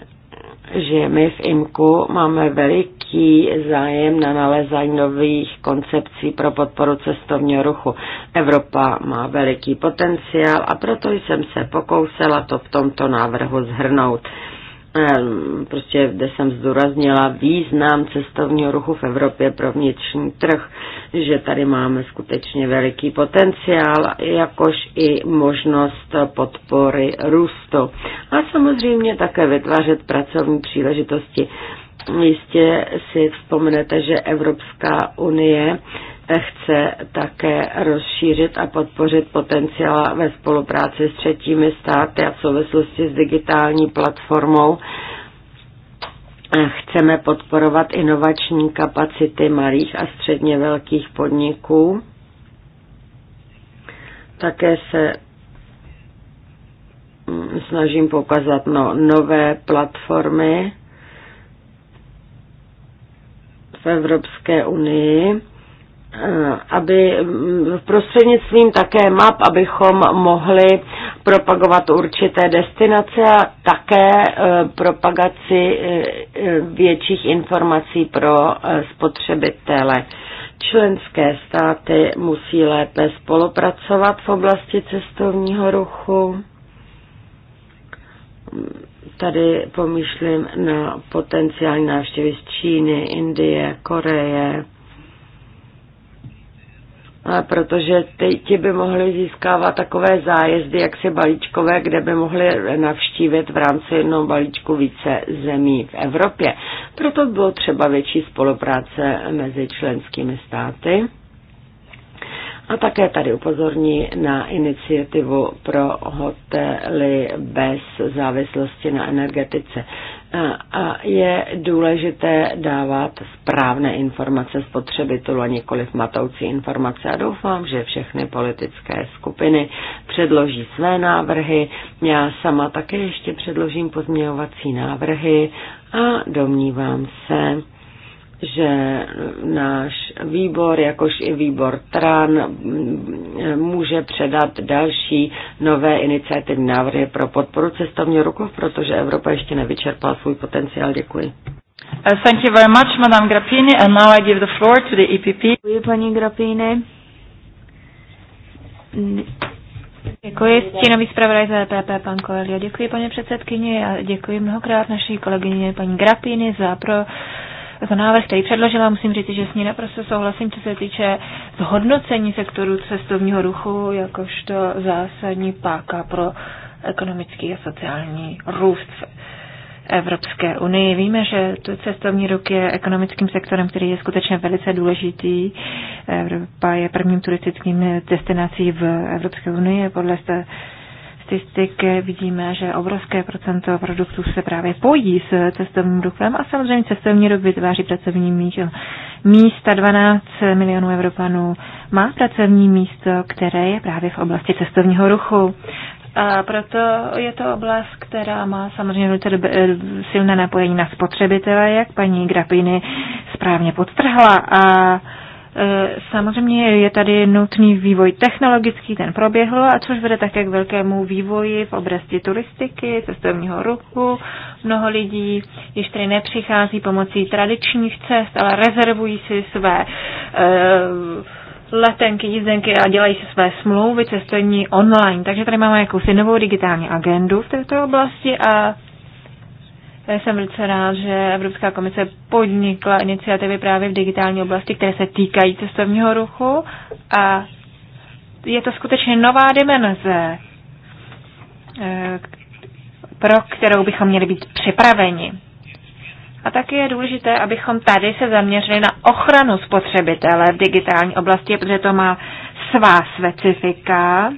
že my v IMKU máme veliký zájem na nalezání nových koncepcí pro podporu cestovního ruchu. Evropa má veliký potenciál a proto jsem se pokousela to v tomto návrhu zhrnout. Ehm, prostě kde jsem zdůraznila význam cestovního ruchu v Evropě pro vnitřní trh že tady máme skutečně veliký potenciál, jakož i možnost podpory růstu. A samozřejmě také vytvářet pracovní příležitosti. Jistě si vzpomenete, že Evropská unie chce také rozšířit a podpořit potenciál ve spolupráci s třetími státy a v souvislosti s digitální platformou Chceme podporovat inovační kapacity malých a středně velkých podniků. Také se mm, snažím poukazat no, nové platformy v Evropské unii aby prostřednictvím také map, abychom mohli propagovat určité destinace a také eh, propagaci eh, větších informací pro eh, spotřebitele. Členské státy musí lépe spolupracovat v oblasti cestovního ruchu. Tady pomýšlím na potenciální návštěvy z Číny, Indie, Koreje, protože ti by mohli získávat takové zájezdy, jak si balíčkové, kde by mohli navštívit v rámci jednoho balíčku více zemí v Evropě. Proto bylo třeba větší spolupráce mezi členskými státy. A také tady upozorní na iniciativu pro hotely bez závislosti na energetice a je důležité dávat správné informace spotřebitelů a nikoliv matoucí informace. A doufám, že všechny politické skupiny předloží své návrhy. Já sama také ještě předložím pozměňovací návrhy a domnívám se, že náš výbor, jakož i výbor TRAN, může předat další nové iniciativní návrhy pro podporu cestovního ruchu, protože Evropa ještě nevyčerpala svůj potenciál. Děkuji. Uh, thank you very much, Madame Grappini, and now I give the floor to the EPP. Děkuji, paní Grappini. Děkuji, stínový zpravodaj za EPP, pan Koelio. Děkuji, paní předsedkyně, a děkuji mnohokrát naší kolegyně paní Grapiny za pro jako návrh, který předložila. Musím říct, že s ní naprosto souhlasím, co se týče zhodnocení sektoru cestovního ruchu jakožto zásadní páka pro ekonomický a sociální růst v Evropské unii. Víme, že to cestovní ruch je ekonomickým sektorem, který je skutečně velice důležitý. Evropa je prvním turistickým destinací v Evropské unii podle statistik vidíme, že obrovské procento produktů se právě pojí s cestovním ruchem a samozřejmě cestovní ruch vytváří pracovní místo. Místa 12 milionů Evropanů má pracovní místo, které je právě v oblasti cestovního ruchu. A proto je to oblast, která má samozřejmě silné napojení na spotřebitele, jak paní Grapiny správně podtrhla. A Eh, samozřejmě je tady nutný vývoj technologický, ten proběhl, a což vede také k velkému vývoji v oblasti turistiky, cestovního ruchu. Mnoho lidí již tady nepřichází pomocí tradičních cest, ale rezervují si své eh, letenky, jízdenky a dělají si své smlouvy cestovní online. Takže tady máme jakousi novou digitální agendu v této oblasti a jsem velice rád, že Evropská komise podnikla iniciativy právě v digitální oblasti, které se týkají cestovního ruchu a je to skutečně nová dimenze, eh, pro kterou bychom měli být připraveni. A taky je důležité, abychom tady se zaměřili na ochranu spotřebitele v digitální oblasti, protože to má svá specifika.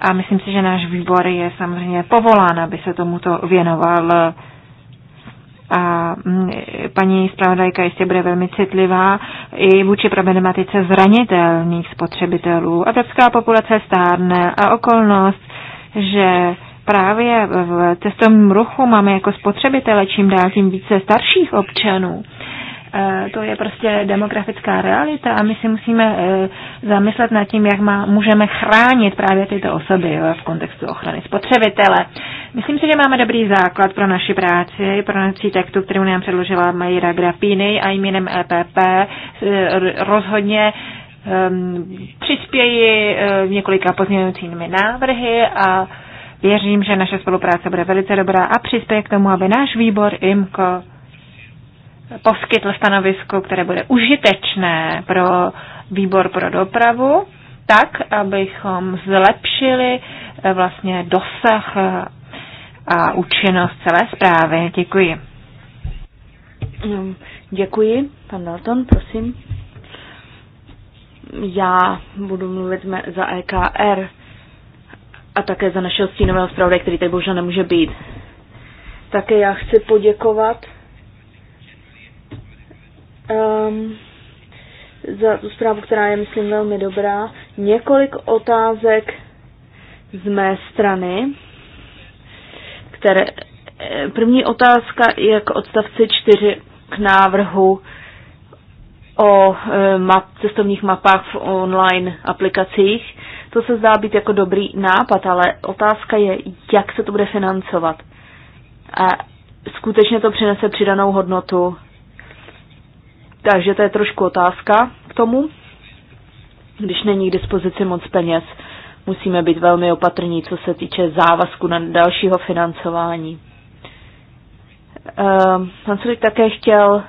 A myslím si, že náš výbor je samozřejmě povolán, aby se tomuto věnoval a mm, paní zpravodajka jistě bude velmi citlivá i vůči problematice zranitelných spotřebitelů. Evropská populace stárne a okolnost, že právě v cestovním ruchu máme jako spotřebitele čím dál tím více starších občanů, Eh, to je prostě demografická realita a my si musíme eh, zamyslet nad tím, jak má, můžeme chránit právě tyto osoby v kontextu ochrany spotřebitele. Myslím si, že máme dobrý základ pro naši práci, pro naší textu, kterou nám předložila Majira Grapíny a jménem EPP eh, rozhodně um, přispěji um, několika pozměňujícími návrhy a věřím, že naše spolupráce bude velice dobrá a přispěje k tomu, aby náš výbor IMCO poskytl stanovisko, které bude užitečné pro výbor pro dopravu, tak, abychom zlepšili eh, vlastně dosah eh, a účinnost celé zprávy. Děkuji. Děkuji. Pan Dalton, prosím. Já budu mluvit za EKR a také za našeho stínového zpravodaje, který tady bohužel nemůže být. Také já chci poděkovat um, za tu zprávu, která je, myslím, velmi dobrá. Několik otázek z mé strany, které... Eh, první otázka je k odstavci 4 k návrhu o eh, map, cestovních mapách v online aplikacích. To se zdá být jako dobrý nápad, ale otázka je, jak se to bude financovat. A skutečně to přinese přidanou hodnotu takže to je trošku otázka k tomu. Když není k dispozici moc peněz, musíme být velmi opatrní, co se týče závazku na dalšího financování. Uh, pan Sulik také chtěl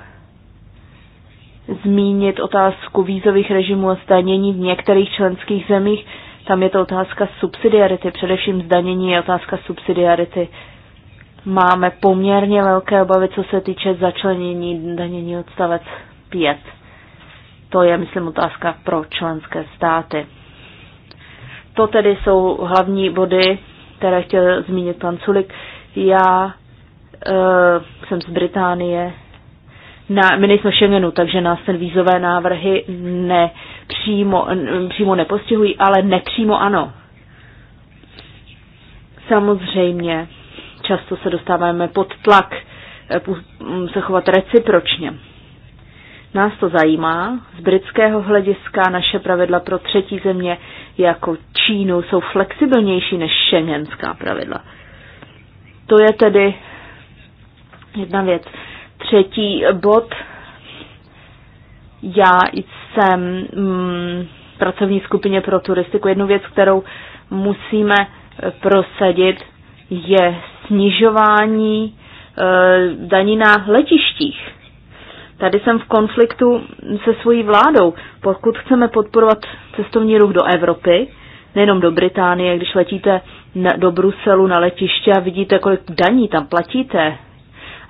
zmínit otázku vízových režimů a zdanění v některých členských zemích. Tam je to otázka subsidiarity, především zdanění je otázka subsidiarity. Máme poměrně velké obavy, co se týče začlenění danění odstavec 5. To je, myslím, otázka pro členské státy. To tedy jsou hlavní body, které chtěl zmínit pan Sulik. Já e, jsem z Británie, na, my nejsme Schengenu, takže nás ten vízové návrhy ne, přímo, přímo nepostihují, ale nepřímo ano. Samozřejmě, často se dostáváme pod tlak eh, se chovat recipročně. Nás to zajímá. Z britského hlediska naše pravidla pro třetí země jako Čínu jsou flexibilnější než šengenská pravidla. To je tedy jedna věc. Třetí bod. Já jsem mm, pracovní skupině pro turistiku. Jednu věc, kterou musíme eh, prosadit, je snižování e, daní na letištích. Tady jsem v konfliktu se svojí vládou. Pokud chceme podporovat cestovní ruch do Evropy, nejenom do Británie, když letíte na, do Bruselu na letiště a vidíte, kolik daní tam platíte,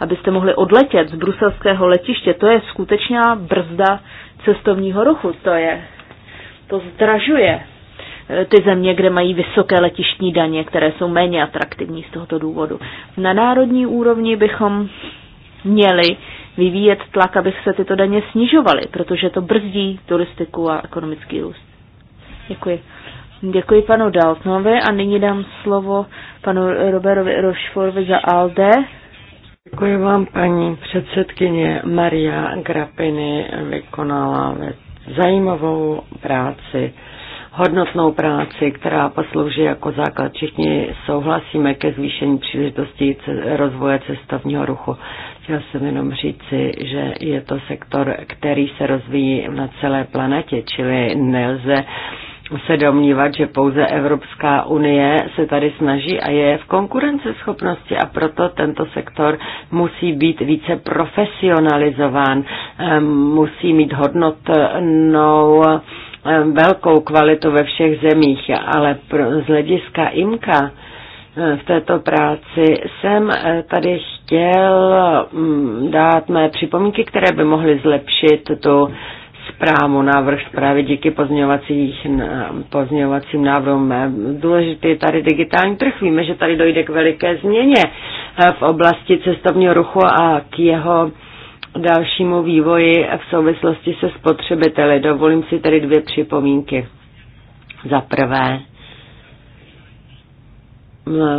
abyste mohli odletět z bruselského letiště, to je skutečná brzda cestovního ruchu. To je, to zdražuje eh, ty země, kde mají vysoké letištní daně, které jsou méně atraktivní z tohoto důvodu. Na národní úrovni bychom měli vyvíjet tlak, aby se tyto daně snižovaly, protože to brzdí turistiku a ekonomický růst. Děkuji. Děkuji panu Daltnovi a nyní dám slovo panu Roberovi Rošforovi za ALDE. Děkuji vám, paní předsedkyně Maria Grapiny vykonala zajímavou práci, hodnotnou práci, která poslouží jako základ. Všichni souhlasíme ke zvýšení příležitostí rozvoje cestovního ruchu. Chtěl jsem jenom říci, že je to sektor, který se rozvíjí na celé planetě, čili nelze se domnívat, že pouze Evropská unie se tady snaží a je v konkurenceschopnosti a proto tento sektor musí být více profesionalizován, ehm, musí mít hodnotnou ehm, velkou kvalitu ve všech zemích, ale z hlediska IMKA ehm, v této práci jsem eh, tady chtěl mm, dát mé připomínky, které by mohly zlepšit tu zprávu, návrh zprávy díky pozměňovacím návrhům. Důležitý je tady digitální trh. Víme, že tady dojde k veliké změně eh, v oblasti cestovního ruchu a k jeho dalšímu vývoji v souvislosti se spotřebiteli. Dovolím si tedy dvě připomínky. Za prvé,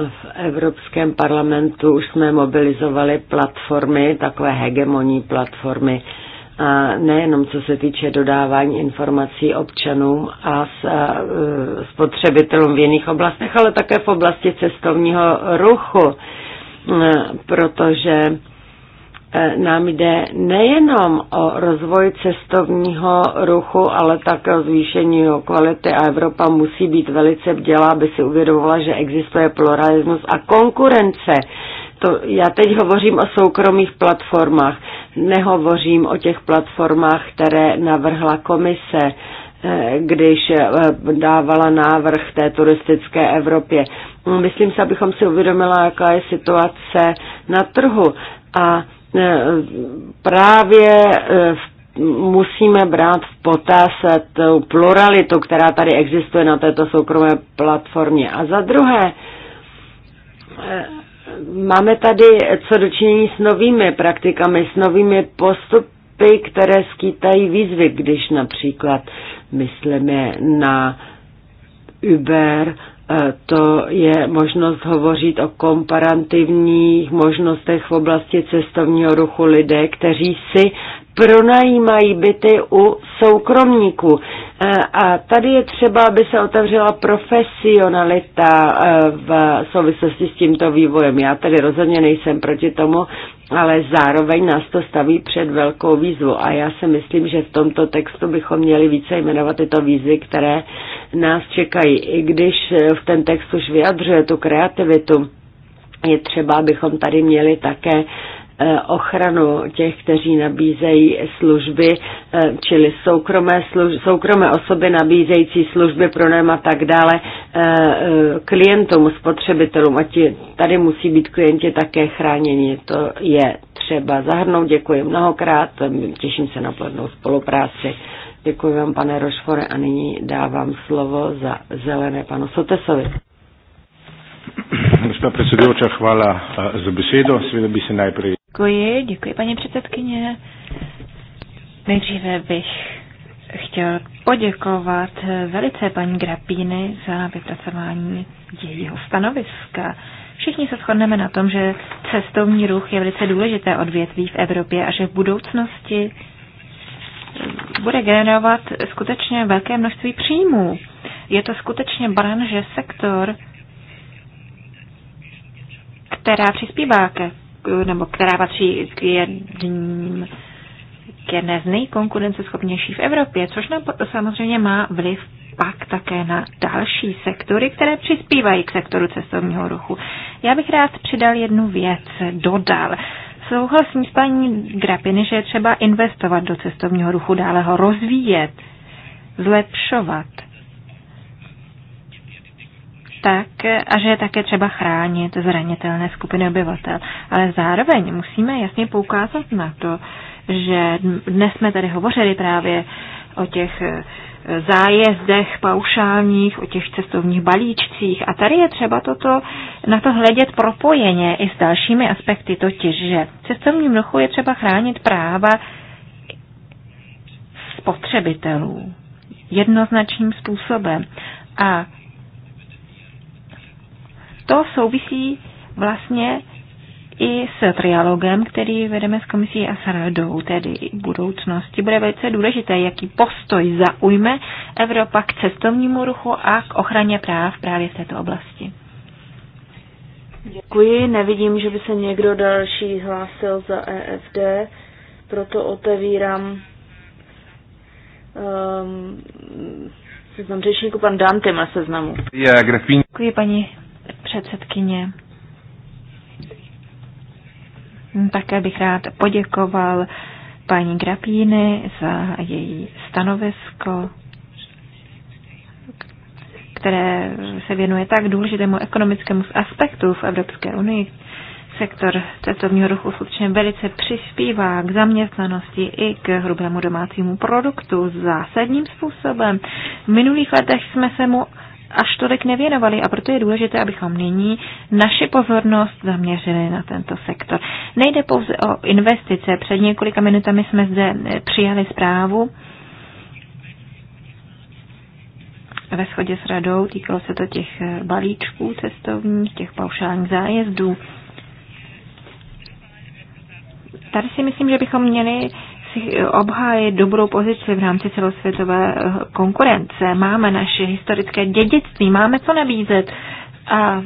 v Evropském parlamentu už jsme mobilizovali platformy, takové hegemonní platformy, a nejenom co se týče dodávání informací občanům a e, spotřebitelům v jiných oblastech, ale také v oblasti cestovního ruchu, e, protože E, nám jde nejenom o rozvoj cestovního ruchu, ale také o zvýšení jeho kvality a Evropa musí být velice bdělá, aby si uvědomovala, že existuje pluralismus a konkurence. To, já teď hovořím o soukromých platformách, nehovořím o těch platformách, které navrhla komise e, když e, dávala návrh té turistické Evropě. Myslím si, abychom si uvědomila, jaká je situace na trhu. A Eh, právě eh, musíme brát v potaz eh, tu pluralitu, která tady existuje na této soukromé platformě. A za druhé, máme tady co dočinění s novými praktikami, s novými postupy, které skýtají výzvy, když například myslíme na Uber, Eh, to je možnost hovořit o komparativních možnostech v oblasti cestovního ruchu lidé, kteří si pronajímají byty u soukromníků. E, a tady je třeba, aby se otevřela profesionalita e, v souvislosti s tímto vývojem. Já tedy rozhodně nejsem proti tomu, ale zároveň nás to staví před velkou výzvu. A já si myslím, že v tomto textu bychom měli více jmenovat tyto výzvy, které nás čekají. I když v ten text už vyjadřuje tu kreativitu, je třeba, abychom tady měli také Eh, ochranu těch, kteří nabízejí služby, eh, čili soukromé, služby, soukromé osoby nabízející služby pro nám a tak dále eh, klientům, spotřebitelům. A ti, tady musí být klienti také chráněni. To je třeba zahrnout. Děkuji mnohokrát. Těším se na plnou spolupráci. Děkuji vám, pane Rošfore, a nyní dávám slovo za zelené panu Sotesovi. Gospa predsedujoča, hvala eh, za besedo. Seveda by se najprej. Děkuji, děkuji paní předsedkyně. Nejdříve bych chtěl poděkovat eh, velice paní Grapíny za vypracování jejího stanoviska. Všichni se shodneme na tom, že cestovní ruch je velice důležité odvětví v Evropě a že v budoucnosti bude generovat skutečně velké množství příjmů. Je to skutečně branže, sektor, která přispívá ke, nebo která patří k jedním k jedné z nejkonkurenceschopnější v Evropě, což nám samozřejmě má vliv pak také na další sektory, které přispívají k sektoru cestovního ruchu. Já bych rád přidal jednu věc, dodal. Souhlasím s paní Grapiny, že je třeba investovat do cestovního ruchu, dále ho rozvíjet, zlepšovat tak a že je také třeba chránit zranitelné skupiny obyvatel. Ale zároveň musíme jasně poukázat na to, že dnes jsme tady hovořili právě o těch eh, zájezdech paušálních, o těch cestovních balíčcích. A tady je třeba toto, na to hledět propojeně i s dalšími aspekty, totiž, že cestovním ruchu je třeba chránit práva spotřebitelů jednoznačným způsobem. A to souvisí vlastně i s trialogem, který vedeme s komisí a s radou, tedy v budoucnosti. Bude velice důležité, jaký postoj zaujme Evropa k cestovnímu ruchu a k ochraně práv právě v této oblasti. Děkuji, nevidím, že by se někdo další hlásil za EFD, proto otevírám um, seznam řečníku, pan Dante má seznamu. Děkuji, paní předsedkyně. Také bych rád poděkoval paní Grapíny za její stanovisko, které se věnuje tak důležitému ekonomickému aspektu v Evropské unii. Sektor cestovního ruchu skutečně velice přispívá k zaměstnanosti i k hrubému domácímu produktu zásadním způsobem. V minulých letech jsme se mu až tolik nevěnovali a proto je důležité, abychom nyní naši pozornost zaměřili na tento sektor. Nejde pouze o investice. Před několika minutami jsme zde eh, přijali zprávu ve shodě s radou. Týkalo se to těch eh, balíčků cestovních, těch paušálních zájezdů. Tady si myslím, že bychom měli si obhájit dobrou pozici v rámci celosvětové eh, konkurence. Máme naše historické dědictví, máme co nabízet. A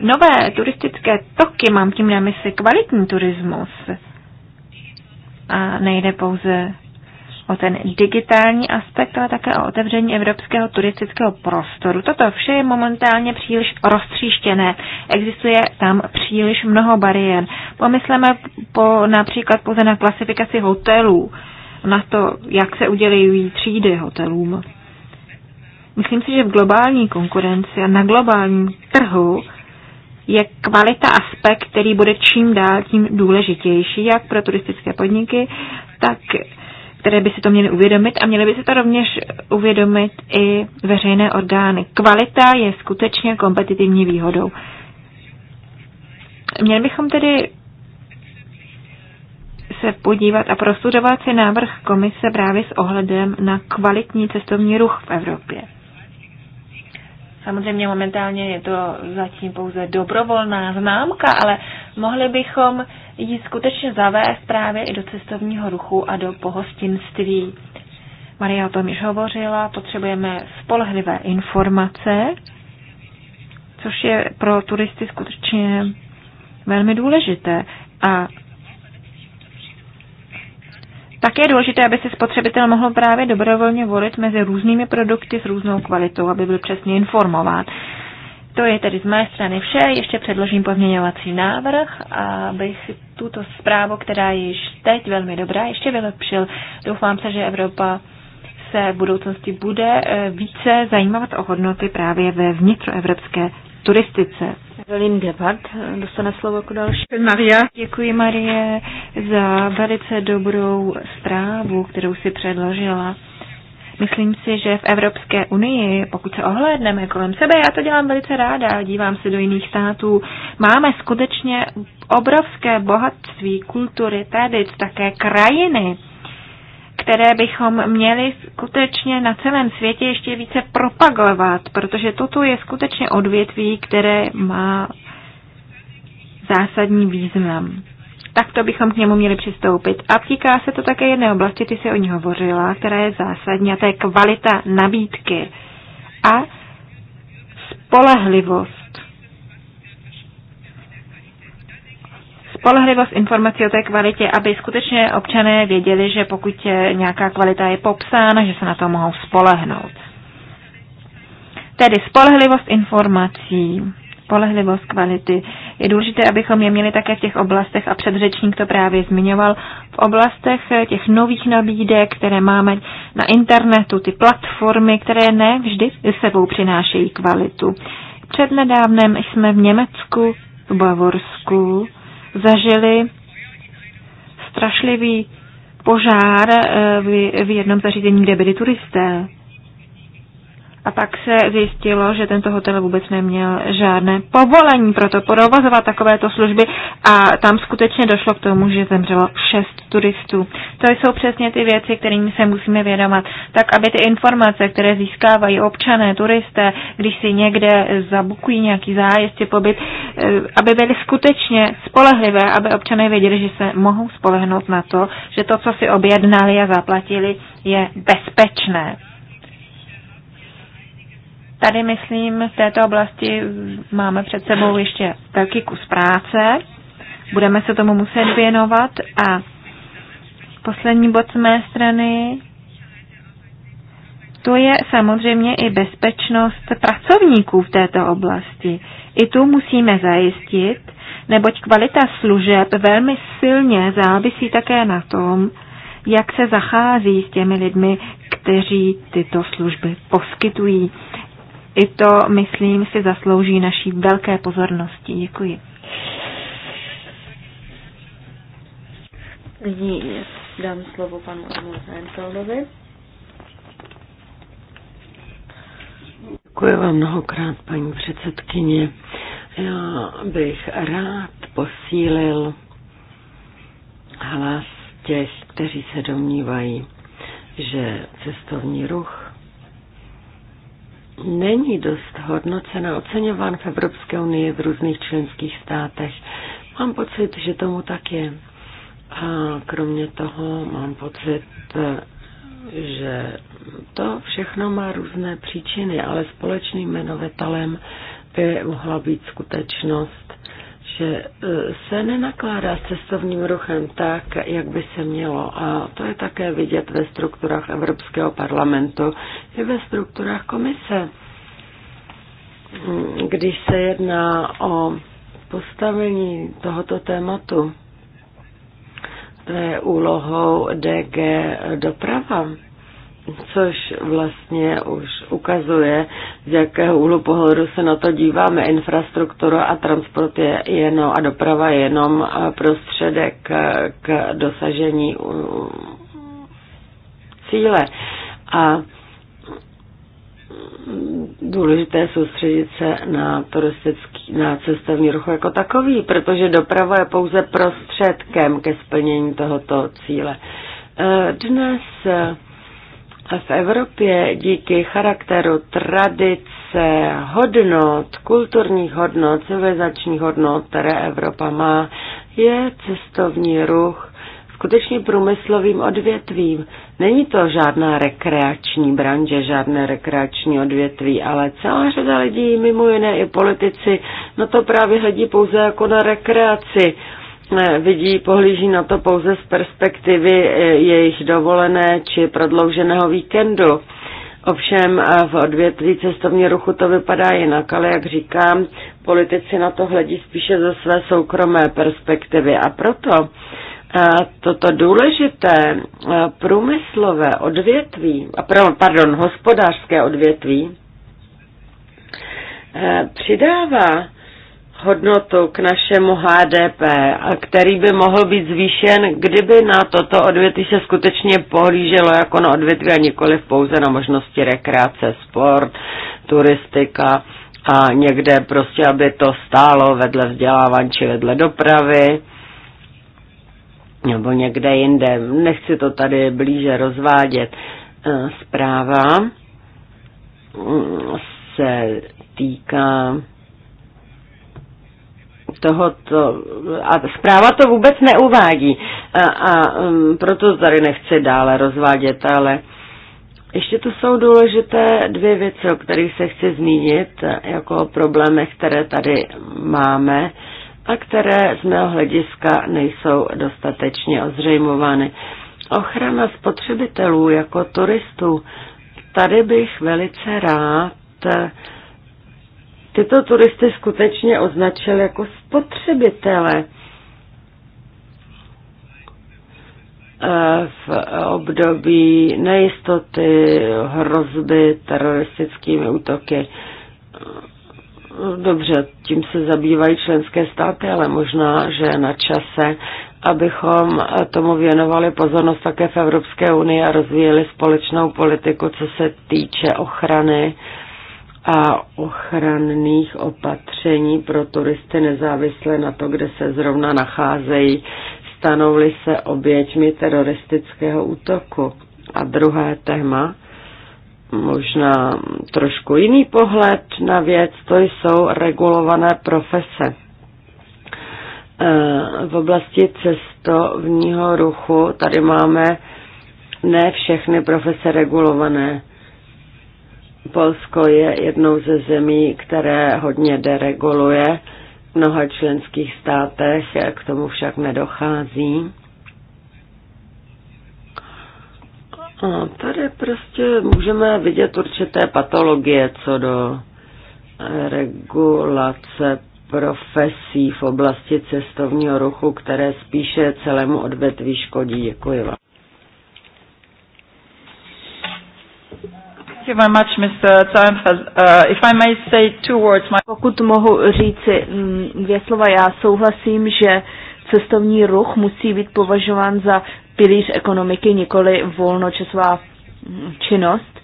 nové turistické toky, mám tím na mysli kvalitní turismus. A nejde pouze o ten digitální aspekt, ale také o otevření evropského turistického prostoru. Toto vše je momentálně příliš roztříštěné. Existuje tam příliš mnoho bariér. Pomysleme po, například pouze na klasifikaci hotelů, na to, jak se udělují třídy hotelům. Myslím si, že v globální konkurenci a na globálním trhu je kvalita aspekt, který bude čím dál tím důležitější, jak pro turistické podniky, tak které by si to měly uvědomit a měly by si to rovněž uvědomit i veřejné orgány. Kvalita je skutečně kompetitivní výhodou. Měli bychom tedy se podívat a prostudovat si návrh komise právě s ohledem na kvalitní cestovní ruch v Evropě. Samozřejmě momentálně je to zatím pouze dobrovolná známka, ale mohli bychom ji skutečně zavést právě i do cestovního ruchu a do pohostinství. Maria o tom již hovořila, potřebujeme spolehlivé informace, což je pro turisty skutečně velmi důležité. A také je důležité, aby si spotřebitel mohl právě dobrovolně volit mezi různými produkty s různou kvalitou, aby byl přesně informován. To je tedy z mé strany vše. Ještě předložím pozměňovací návrh, abych tuto zprávu, která je již teď velmi dobrá, ještě vylepšil. Doufám se, že Evropa se v budoucnosti bude eh, více zajímat o hodnoty právě ve vnitroevropské turistice. Evelyn Gebhardt eh, dostane slovo jako další. Maria. Děkuji Marie za velice dobrou zprávu, kterou si předložila. Myslím si, že v Evropské unii, pokud se ohlédneme kolem sebe, já to dělám velice ráda, dívám se do jiných států, máme skutečně obrovské bohatství kultury, tradic, také krajiny, které bychom měli skutečně na celém světě ještě více propagovat, protože toto je skutečně odvětví, které má zásadní význam tak to bychom k němu měli přistoupit. A týká se to také jedné oblasti, ty si o ní hovořila, která je zásadní, a to je kvalita nabídky a spolehlivost. Spolehlivost informací o té kvalitě, aby skutečně občané věděli, že pokud je nějaká kvalita je popsána, že se na to mohou spolehnout. Tedy spolehlivost informací, spolehlivost kvality. Je důležité, abychom je měli také v těch oblastech, a předřečník to právě zmiňoval, v oblastech eh, těch nových nabídek, které máme na internetu, ty platformy, které ne vždy sebou přinášejí kvalitu. Přednedávnem jsme v Německu, v Bavorsku, zažili strašlivý požár eh, v jednom zařízení, kde byli turisté. A pak se zjistilo, že tento hotel vůbec neměl žádné povolení pro to provozovat takovéto služby a tam skutečně došlo k tomu, že zemřelo šest turistů. To jsou přesně ty věci, kterými se musíme vědomat. Tak, aby ty informace, které získávají občané, turisté, když si někde zabukují nějaký zájezd či pobyt, eh, aby byly skutečně spolehlivé, aby občané věděli, že se mohou spolehnout na to, že to, co si objednali a zaplatili, je bezpečné. Tady, myslím, v této oblasti máme před sebou ještě velký kus práce. Budeme se tomu muset věnovat a poslední bod z mé strany to je samozřejmě i bezpečnost pracovníků v této oblasti. I tu musíme zajistit, neboť kvalita služeb velmi silně závisí také na tom, jak se zachází s těmi lidmi, kteří tyto služby poskytují. I to, myslím, si zaslouží naší velké pozornosti. Děkuji. Nyní dám slovo panu Arnoldu Děkuji vám mnohokrát, paní předsedkyně. Já bych rád posílil hlas těch, kteří se domnívají, že cestovní ruch není dost hodnocen a oceňován v Evropské unii v různých členských státech. Mám pocit, že tomu tak je. A kromě toho mám pocit, že to všechno má různé příčiny, ale společným jmenovatelem by mohla být skutečnost, že e, se nenakládá s cestovním ruchem tak, jak by se mělo. A to je také vidět ve strukturách Evropského parlamentu i ve strukturách komise. Když se jedná o postavení tohoto tématu, to je úlohou DG doprava což vlastně už ukazuje, z jakého úhlu pohledu se na to díváme. Infrastruktura a transport je jenom a doprava je jenom eh, prostředek eh, k, dosažení cíle. A důležité soustředit se na turistický, na cestovní ruch jako takový, protože doprava je pouze prostředkem ke splnění tohoto cíle. Eh, dnes v Evropě díky charakteru tradice, hodnot, kulturních hodnot, civilizačních hodnot, které Evropa má, je cestovní ruch skutečně průmyslovým odvětvím. Není to žádná rekreační branže, žádné rekreační odvětví, ale celá řada lidí, mimo jiné i politici, na to právě hledí pouze jako na rekreaci Eh, vidí, pohlíží na to pouze z perspektivy eh, jejich dovolené či prodlouženého víkendu. Ovšem eh, v odvětví cestovní ruchu to vypadá jinak, ale jak říkám, politici na to hledí spíše ze své soukromé perspektivy a proto toto důležité průmyslové odvětví, pardon, hospodářské odvětví, přidává hodnotu k našemu HDP, který by mohl být zvýšen, kdyby na toto odvětví se skutečně pohlíželo jako na odvětví a nikoli pouze na možnosti rekreace, sport, turistika a někde prostě, aby to stálo vedle vzdělávání či vedle dopravy nebo někde jinde. Nechci to tady blíže rozvádět. Eh, zpráva mm, se týká toho to a zpráva to vůbec neuvádí a, a um, proto tady nechci dále rozvádět, ale ještě tu jsou důležité dvě věci, o kterých se chci zmínit, jako o problémech, které tady máme a které z mého hlediska nejsou dostatečně ozřejmovány. Ochrana spotřebitelů jako turistů. Tady bych velice rád tyto turisty skutečně označil jako spotřebitele. Eh, v období nejistoty, hrozby teroristickými útoky. Dobře, tím se zabývají členské státy, ale možná, že je na čase, abychom tomu věnovali pozornost také v Evropské unii a rozvíjeli společnou politiku, co se týče ochrany uh, a ochranných opatření pro turisty nezávisle na to, kde se zrovna nacházejí, stanovly se oběťmi teroristického útoku. A druhé téma, možná trošku jiný pohled na věc, to jsou regulované profese. E, v oblasti cestovního ruchu tady máme ne všechny profese regulované Polsko je jednou ze zemí, které hodně dereguluje v mnoha členských státech, k tomu však nedochází. A tady prostě můžeme vidět určité patologie co do regulace profesí v oblasti cestovního ruchu, které spíše celému odvetví škodí. Děkuji vám. you very much, Mr. Uh, uh, if I may say two words, my... Pokud mohu říci mm, dvě slova, já souhlasím, že cestovní ruch musí být považován za pilíř ekonomiky, nikoli volnočasová mm, činnost.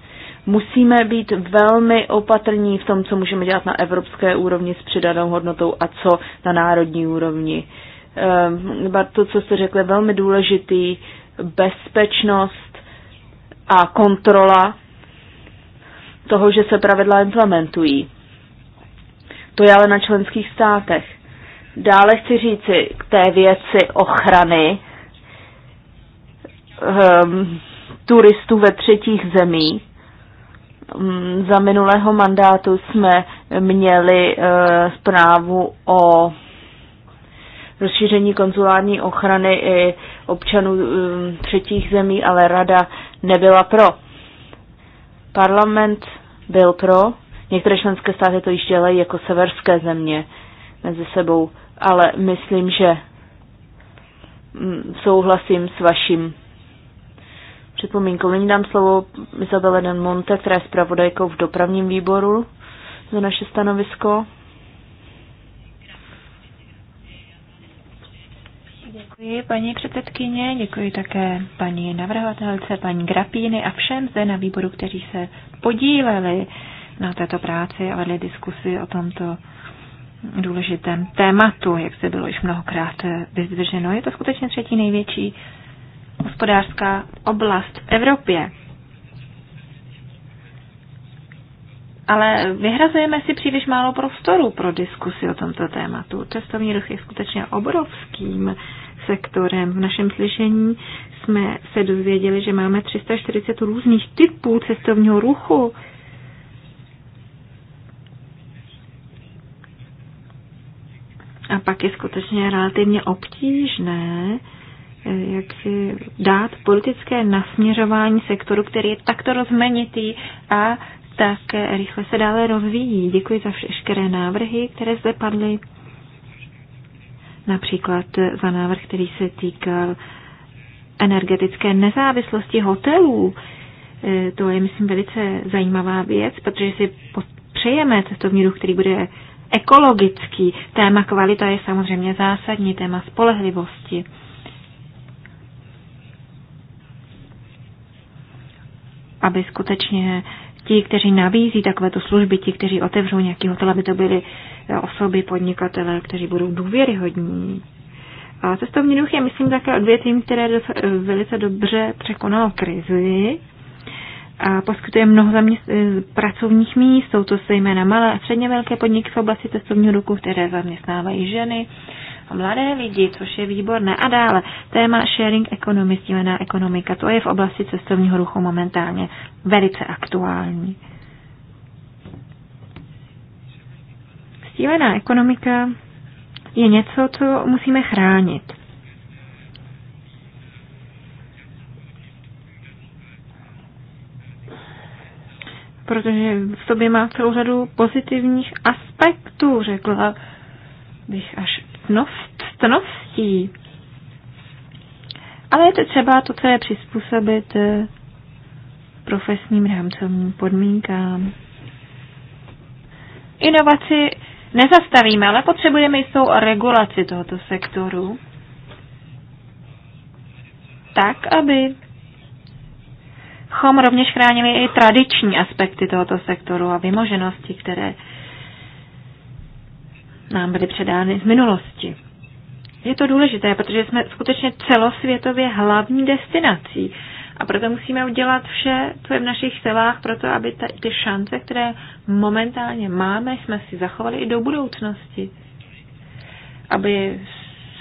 Musíme být velmi opatrní v tom, co můžeme dělat na evropské úrovni s přidanou hodnotou a co na národní úrovni. Ehm, to, co jste řekli, je velmi důležitý. Bezpečnost a kontrola toho, že se pravidla implementují. To je ale na členských státech. Dále chci říci k té věci ochrany um, turistů ve třetích zemí. Um, mm, za minulého mandátu jsme měli uh, zprávu o rozšíření konzulární ochrany i občanů um, třetích zemí, ale rada nebyla pro Parlament byl pro, některé členské státy to již dělají jako severské země mezi sebou, ale myslím, že mm, souhlasím s vaším připomínkou. Nyní dám slovo Izabele Den Monte, která je zpravodajkou v dopravním výboru za naše stanovisko. Děkuji paní předsedkyně, děkuji také paní navrhovatelce, paní Grapíny a všem zde na výboru, kteří se podíleli na této práci a vedli diskusy o tomto důležitém tématu, jak se bylo již mnohokrát vyzdrženo. Je to skutečně třetí největší hospodářská oblast v Evropě. Ale vyhrazujeme si příliš málo prostoru pro diskusy o tomto tématu. Cestovní ruch je skutečně obrovským sektorem. V našem slyšení jsme se dozvěděli, že máme 340 různých typů cestovního ruchu. A pak je skutečně relativně obtížné eh, jak si dát politické nasměřování sektoru, který je takto rozmanitý a tak rychle se dále rozvíjí. Děkuji za všechny návrhy, které zde padly například za návrh, který se týkal energetické nezávislosti hotelů. E, to je, myslím, velice zajímavá věc, protože si přejeme cestovní ruch, který bude ekologický. Téma kvalita je samozřejmě zásadní, téma spolehlivosti. Aby skutečně ti, kteří nabízí takovéto služby, ti, kteří otevřou nějaký hotel, aby to byly eh, osoby, podnikatele, kteří budou důvěryhodní. A cestovní duch je, myslím, také odvětvím, které eh, velice dobře překonalo krizi a poskytuje mnoho zaměst- eh, pracovních míst. Jsou to zejména malé a středně velké podniky v oblasti cestovního ruchu, které zaměstnávají ženy, a mladé lidi, což je výborné. A dále téma sharing economy, stílená ekonomika, to je v oblasti cestovního ruchu momentálně velice aktuální. Stílená ekonomika je něco, co musíme chránit. protože v sobě má celou řadu pozitivních aspektů, řekla bych až ctnost, ctností. Ale je to třeba to, co je přizpůsobit eh, profesním rámcovým podmínkám. Inovaci nezastavíme, ale potřebujeme jistou regulaci tohoto sektoru, tak, aby chom rovněž chránili i tradiční aspekty tohoto sektoru a vymoženosti, které nám byly předány z minulosti. Je to důležité, protože jsme skutečně celosvětově hlavní destinací a proto musíme udělat vše, co je v našich silách, proto aby ta, ty šance, které momentálně máme, jsme si zachovali i do budoucnosti. Aby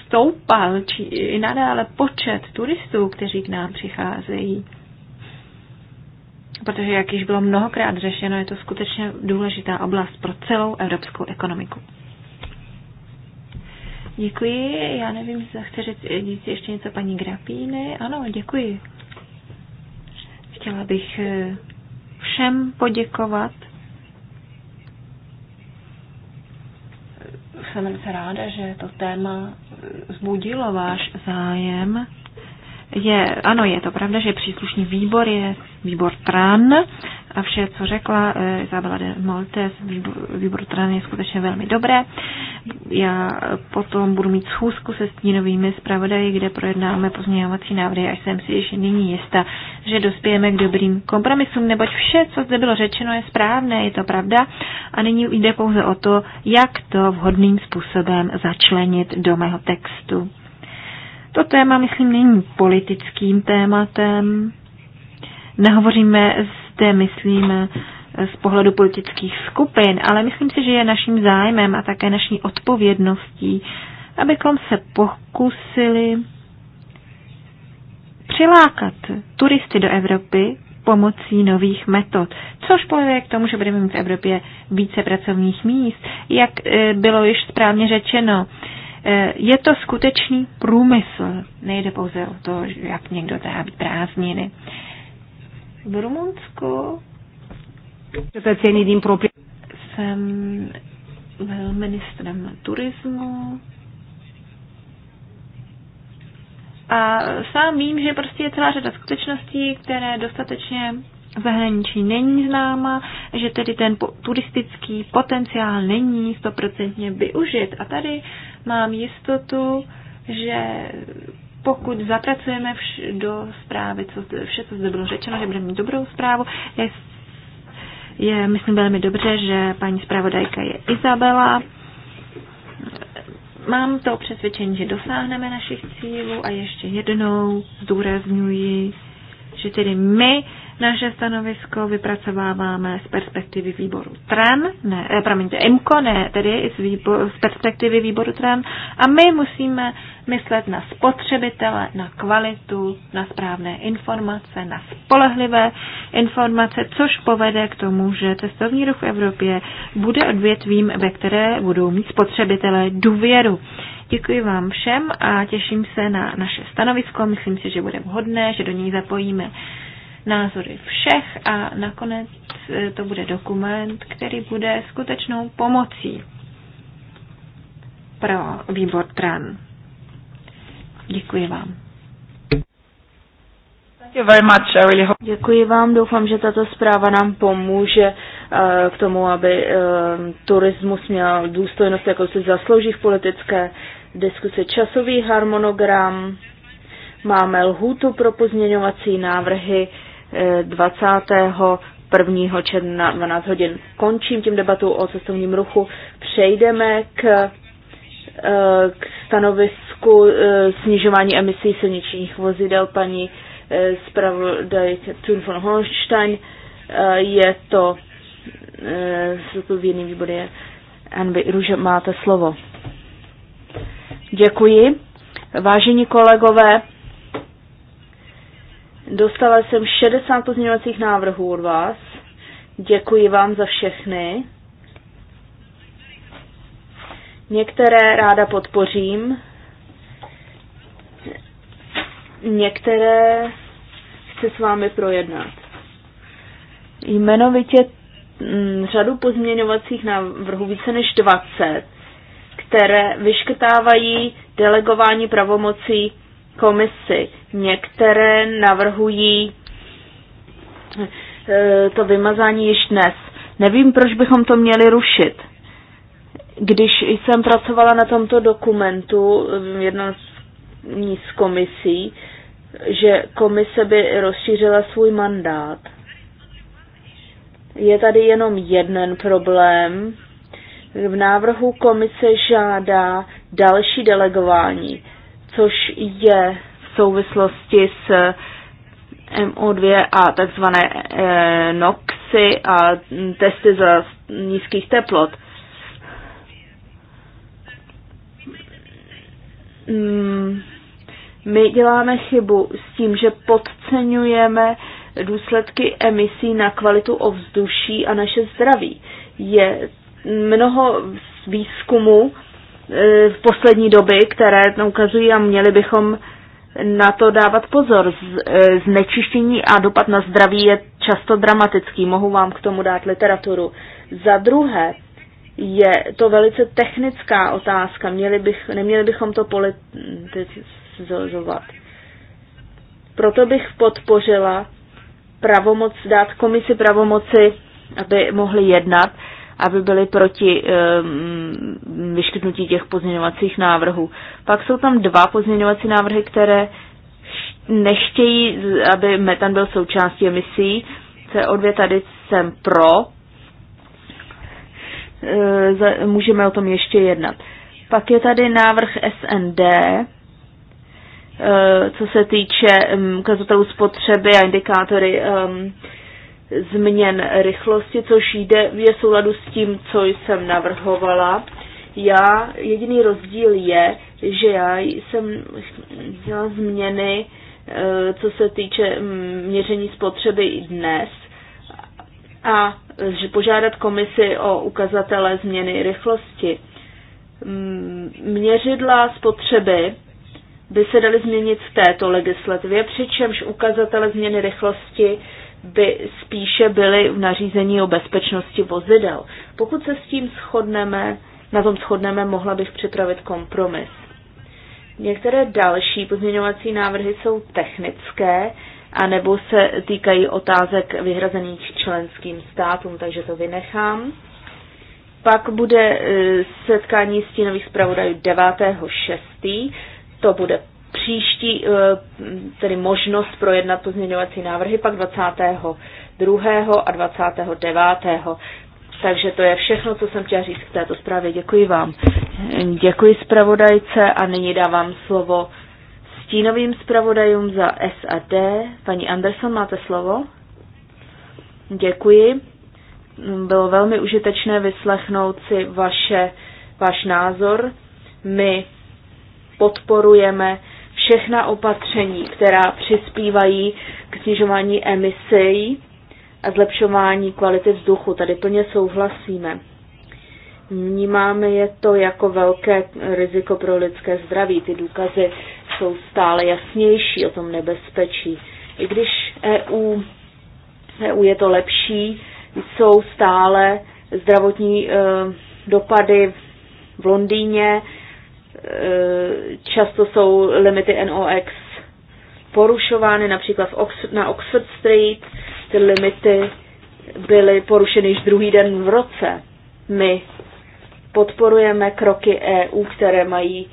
stoupal či i nadále počet turistů, kteří k nám přicházejí. Protože, jak již bylo mnohokrát řešeno, je to skutečně důležitá oblast pro celou evropskou ekonomiku. Děkuji. Já nevím, jestli chce říct ještě něco paní Grapíny. Ano, děkuji. Chtěla bych eh, všem poděkovat. Jsem velice ráda, že to téma eh, zbudilo váš zájem je, ano, je to pravda, že příslušný výbor je výbor TRAN a vše, co řekla eh, Izabela de Maltes, výbor, výbor TRAN je skutečně velmi dobré. Já potom budu mít schůzku se stínovými zpravodaji, kde projednáme pozměňovací návrhy, až jsem si ještě nyní jista, že dospějeme k dobrým kompromisům, neboť vše, co zde bylo řečeno, je správné, je to pravda a nyní jde pouze o to, jak to vhodným způsobem začlenit do mého textu. To téma, myslím, není politickým tématem. Nehovoříme zde, myslím, z pohledu politických skupin, ale myslím si, že je naším zájmem a také naší odpovědností, abychom se pokusili přilákat turisty do Evropy pomocí nových metod, což povede k tomu, že budeme mít v Evropě více pracovních míst. Jak eh, bylo již správně řečeno, Eh, je to skutečný průmysl. Nejde pouze o to, jak někdo tráví prázdniny. V Rumunsku jsem byl ministrem turismu a sám vím, že prostě je celá řada skutečností, které dostatečně v zahraničí není známa, že tedy ten turistický potenciál není stoprocentně využit. A tady mám jistotu, že pokud zapracujeme vš- do zprávy co, vše, co zde bylo řečeno, že budeme mít dobrou zprávu, je, je myslím velmi dobře, že paní zpravodajka je Izabela. Mám to přesvědčení, že dosáhneme našich cílů a ještě jednou zdůrazňuji, že tedy my naše stanovisko vypracováváme z perspektivy výboru TRAN, ne, eh, promiňte, IMCO, ne, tedy z, výboru, z perspektivy výboru TRAN a my musíme myslet na spotřebitele, na kvalitu, na správné informace, na spolehlivé informace, což povede k tomu, že cestovní ruch v Evropě bude odvětvím, ve které budou mít spotřebitelé důvěru. Děkuji vám všem a těším se na naše stanovisko. Myslím si, že bude vhodné, že do něj zapojíme názory všech a nakonec e, to bude dokument, který bude skutečnou pomocí pro výbor TRAN. Děkuji vám. Děkuji vám, doufám, že tato zpráva nám pomůže e, k tomu, aby e, turismus měl důstojnost, jako se zaslouží v politické diskuse. Časový harmonogram, máme lhůtu pro pozměňovací návrhy 21. června 12 hodin. Končím tím debatu o cestovním ruchu. Přejdeme k, eh, k stanovisku eh, snižování emisí silničních vozidel paní eh, zpravodajce Thun von Holstein. Je to zodpovědný výbor je Anby Růže, máte slovo. Děkuji. Vážení kolegové, Dostala jsem 60 pozměňovacích návrhů od vás. Děkuji vám za všechny. Některé ráda podpořím, některé chci s vámi projednat. Jmenovitě mm, řadu pozměňovacích návrhů, více než 20, které vyškrtávají delegování pravomocí komisi. Některé navrhují eh, to vymazání již dnes. Nevím, proč bychom to měli rušit. Když jsem pracovala na tomto dokumentu, jedno z komisí, že komise by rozšířila svůj mandát. Je tady jenom jeden problém. V návrhu komise žádá další delegování což je v souvislosti s eh, MO2 a takzvané eh, NOXy a mm, testy za nízkých teplot. Mm, my děláme chybu s tím, že podceňujeme důsledky emisí na kvalitu ovzduší a naše zdraví. Je mnoho výzkumu, Eh, v poslední doby, které ukazují a měli bychom na to dávat pozor. Eh, znečištění a dopad na zdraví je často dramatický, mohu vám k tomu dát literaturu. Za druhé, je to velice technická otázka, měli bych, neměli bychom to politizovat. Proto bych podpořila pravomoc, dát komisi pravomoci, aby mohli jednat aby byly proti um, vyškrtnutí těch pozměňovacích návrhů. Pak jsou tam dva pozměňovací návrhy, které nechtějí, aby metan byl součástí emisí. CO2 tady jsem pro. E, můžeme o tom ještě jednat. Pak je tady návrh SND, e, ehm, co se týče kazatelů spotřeby a indikátory um, změn rychlosti, což jde, je v souladu s tím, co jsem navrhovala. Já, jediný rozdíl je, že já jsem chtěla změny, eh, co se týče mm, měření spotřeby i dnes a že požádat komisi o ukazatele změny rychlosti. Mm, měřidla spotřeby by se daly změnit v této legislativě, přičemž ukazatele změny rychlosti by spíše byly v nařízení o bezpečnosti vozidel. Pokud se s tím shodneme, na tom shodneme, mohla bych připravit kompromis. Některé další pozměňovací návrhy jsou technické a nebo se týkají otázek vyhrazených členským státům, takže to vynechám. Pak bude eh, setkání stínových zpravodajů 9.6. To bude příští eh, tedy možnost projednat pozměňovací návrhy pak 22. a 29. Takže to je všechno, co jsem chtěla říct k této zprávě. Děkuji vám. Děkuji zpravodajce a nyní dávám slovo stínovým zpravodajům za SAD. Paní Anderson, máte slovo? Děkuji. Bylo velmi užitečné vyslechnout si vaše, váš názor. My podporujeme všechna opatření, která přispívají k snižování emisí a zlepšování kvality vzduchu. Tady plně souhlasíme. Vnímáme je to jako velké riziko pro lidské zdraví. Ty důkazy jsou stále jasnější o tom nebezpečí. I když EU, EU je to lepší, jsou stále zdravotní e, dopady v Londýně, Eh, často jsou limity NOx porušovány, například na Oxford Street ty limity byly porušeny již druhý den v roce. My podporujeme kroky EU, které mají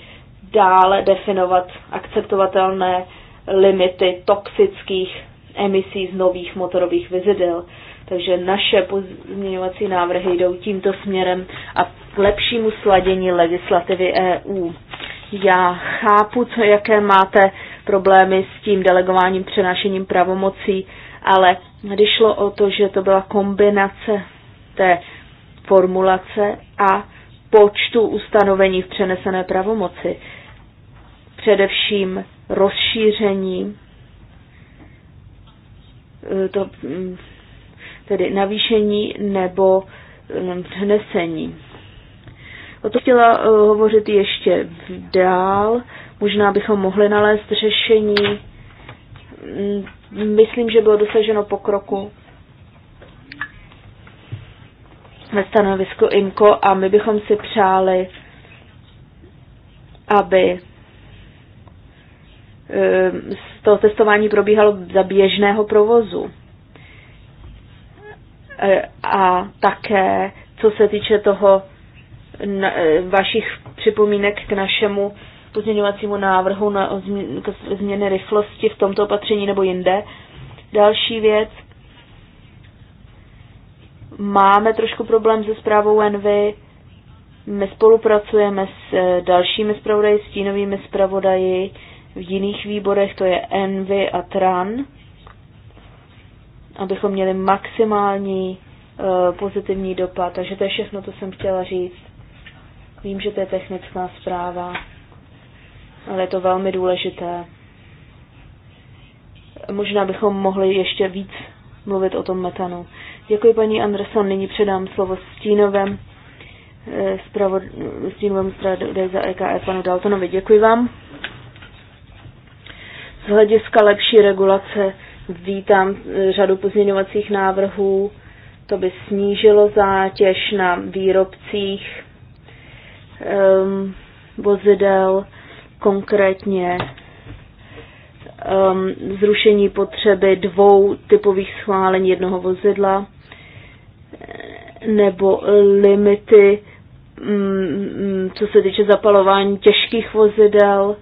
dále definovat akceptovatelné limity toxických emisí z nových motorových vozidel. Takže naše pozměňovací návrhy jdou tímto směrem a k lepšímu sladění legislativy EU. Já chápu, co, jaké máte problémy s tím delegováním, přenášením pravomocí, ale když šlo o to, že to byla kombinace té formulace a počtu ustanovení v přenesené pravomoci, především rozšíření e, to mm, tedy navýšení nebo eh, přenesení. O to chtěla eh, hovořit ještě dál. Možná bychom mohli nalézt řešení. Mm, myslím, že bylo dosaženo pokroku ve stanovisku IMCO a my bychom si přáli, aby eh, to testování probíhalo za běžného provozu. E, a také, co se týče toho na, e, vašich připomínek k našemu pozměňovacímu návrhu na změny rychlosti v tomto opatření nebo jinde. Další věc, máme trošku problém se zprávou Envy, my spolupracujeme s e, dalšími zpravodaji, tínovými zpravodaji v jiných výborech, to je Envy a Tran abychom měli maximální eh, pozitivní dopad. Takže to je všechno, co jsem chtěla říct. Vím, že to je technická zpráva, ale je to velmi důležité. Možná bychom mohli ještě víc mluvit o tom metanu. Děkuji paní Anderson, nyní předám slovo Stínovem, Stínovem eh, zpravodaj za EKR e, panu Daltonovi. Děkuji vám. Z hlediska lepší regulace Vítám eh, řadu pozměňovacích návrhů, to by snížilo zátěž na výrobcích um, vozidel, konkrétně um, zrušení potřeby dvou typových schválení jednoho vozidla eh, nebo limity, um, co se týče zapalování těžkých vozidel,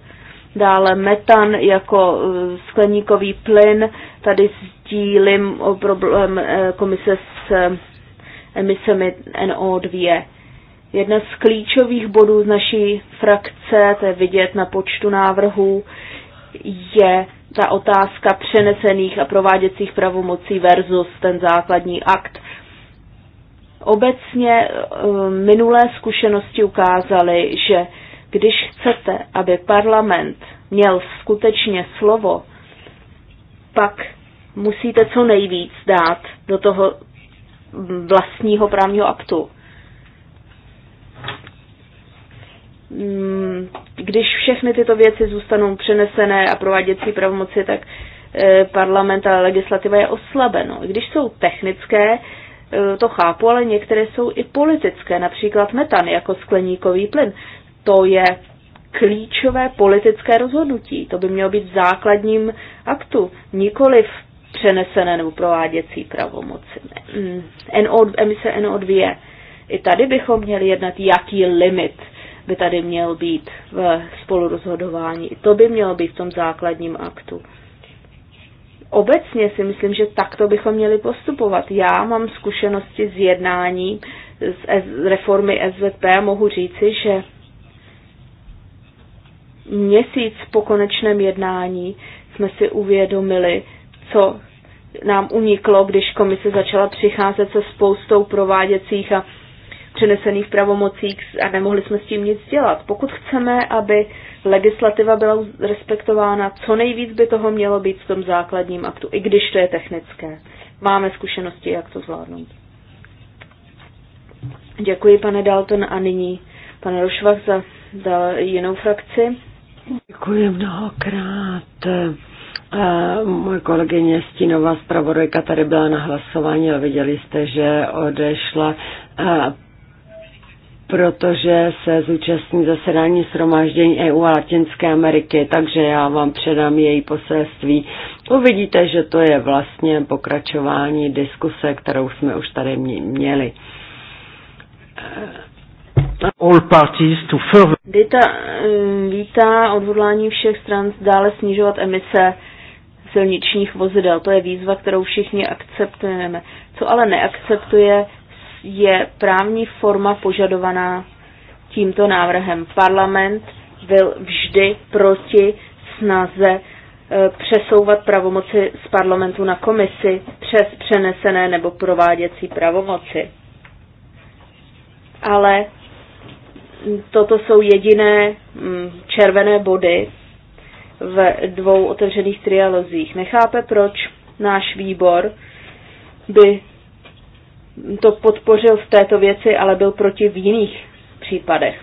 dále metan jako eh, skleníkový plyn Tady sdílím o problém eh, komise s eh, emisemi NO2. Jedna z klíčových bodů z naší frakce, to je vidět na počtu návrhů, je ta otázka přenesených a prováděcích pravomocí versus ten základní akt. Obecně eh, minulé zkušenosti ukázaly, že když chcete, aby parlament měl skutečně slovo pak musíte co nejvíc dát do toho vlastního právního aktu. Mm, když všechny tyto věci zůstanou přenesené a prováděcí pravomoci, tak e, parlament a legislativa je oslabeno. Když jsou technické, e, to chápu, ale některé jsou i politické, například metan jako skleníkový plyn. To je klíčové politické rozhodnutí. To by mělo být základním aktu, nikoli v přenesené nebo prováděcí pravomoci. NO, emise NO2. I tady bychom měli jednat, jaký limit by tady měl být v spolurozhodování. I to by mělo být v tom základním aktu. Obecně si myslím, že takto bychom měli postupovat. Já mám zkušenosti z jednání z reformy SZP a mohu říci, že měsíc po konečném jednání jsme si uvědomili, co nám uniklo, když komise začala přicházet se spoustou prováděcích a přenesených pravomocí a nemohli jsme s tím nic dělat. Pokud chceme, aby legislativa byla respektována, co nejvíc by toho mělo být v tom základním aktu, i když to je technické. Máme zkušenosti, jak to zvládnout. Děkuji, pane Dalton, a nyní pane Rošvach za, za jinou frakci. Děkuji mnohokrát. Eh, moje kolegyně Stínová zpravodajka tady byla na hlasování, ale viděli jste, že odešla, eh, protože se zúčastní zasedání shromáždění EU a Latinské Ameriky, takže já vám předám její poselství. Uvidíte, že to je vlastně pokračování diskuse, kterou jsme už tady měli. Uh all eh, vítá odvolání všech stran dále snižovat emise silničních vozidel. To je výzva, kterou všichni akceptujeme. Co ale neakceptuje, je právní forma požadovaná tímto návrhem. Parlament byl vždy proti snaze eh, přesouvat pravomoci z parlamentu na komisi přes přenesené nebo prováděcí pravomoci. Ale Toto jsou jediné mm, červené body v dvou otevřených trialozích. Nechápe, proč náš výbor by to podpořil v této věci, ale byl proti v jiných případech.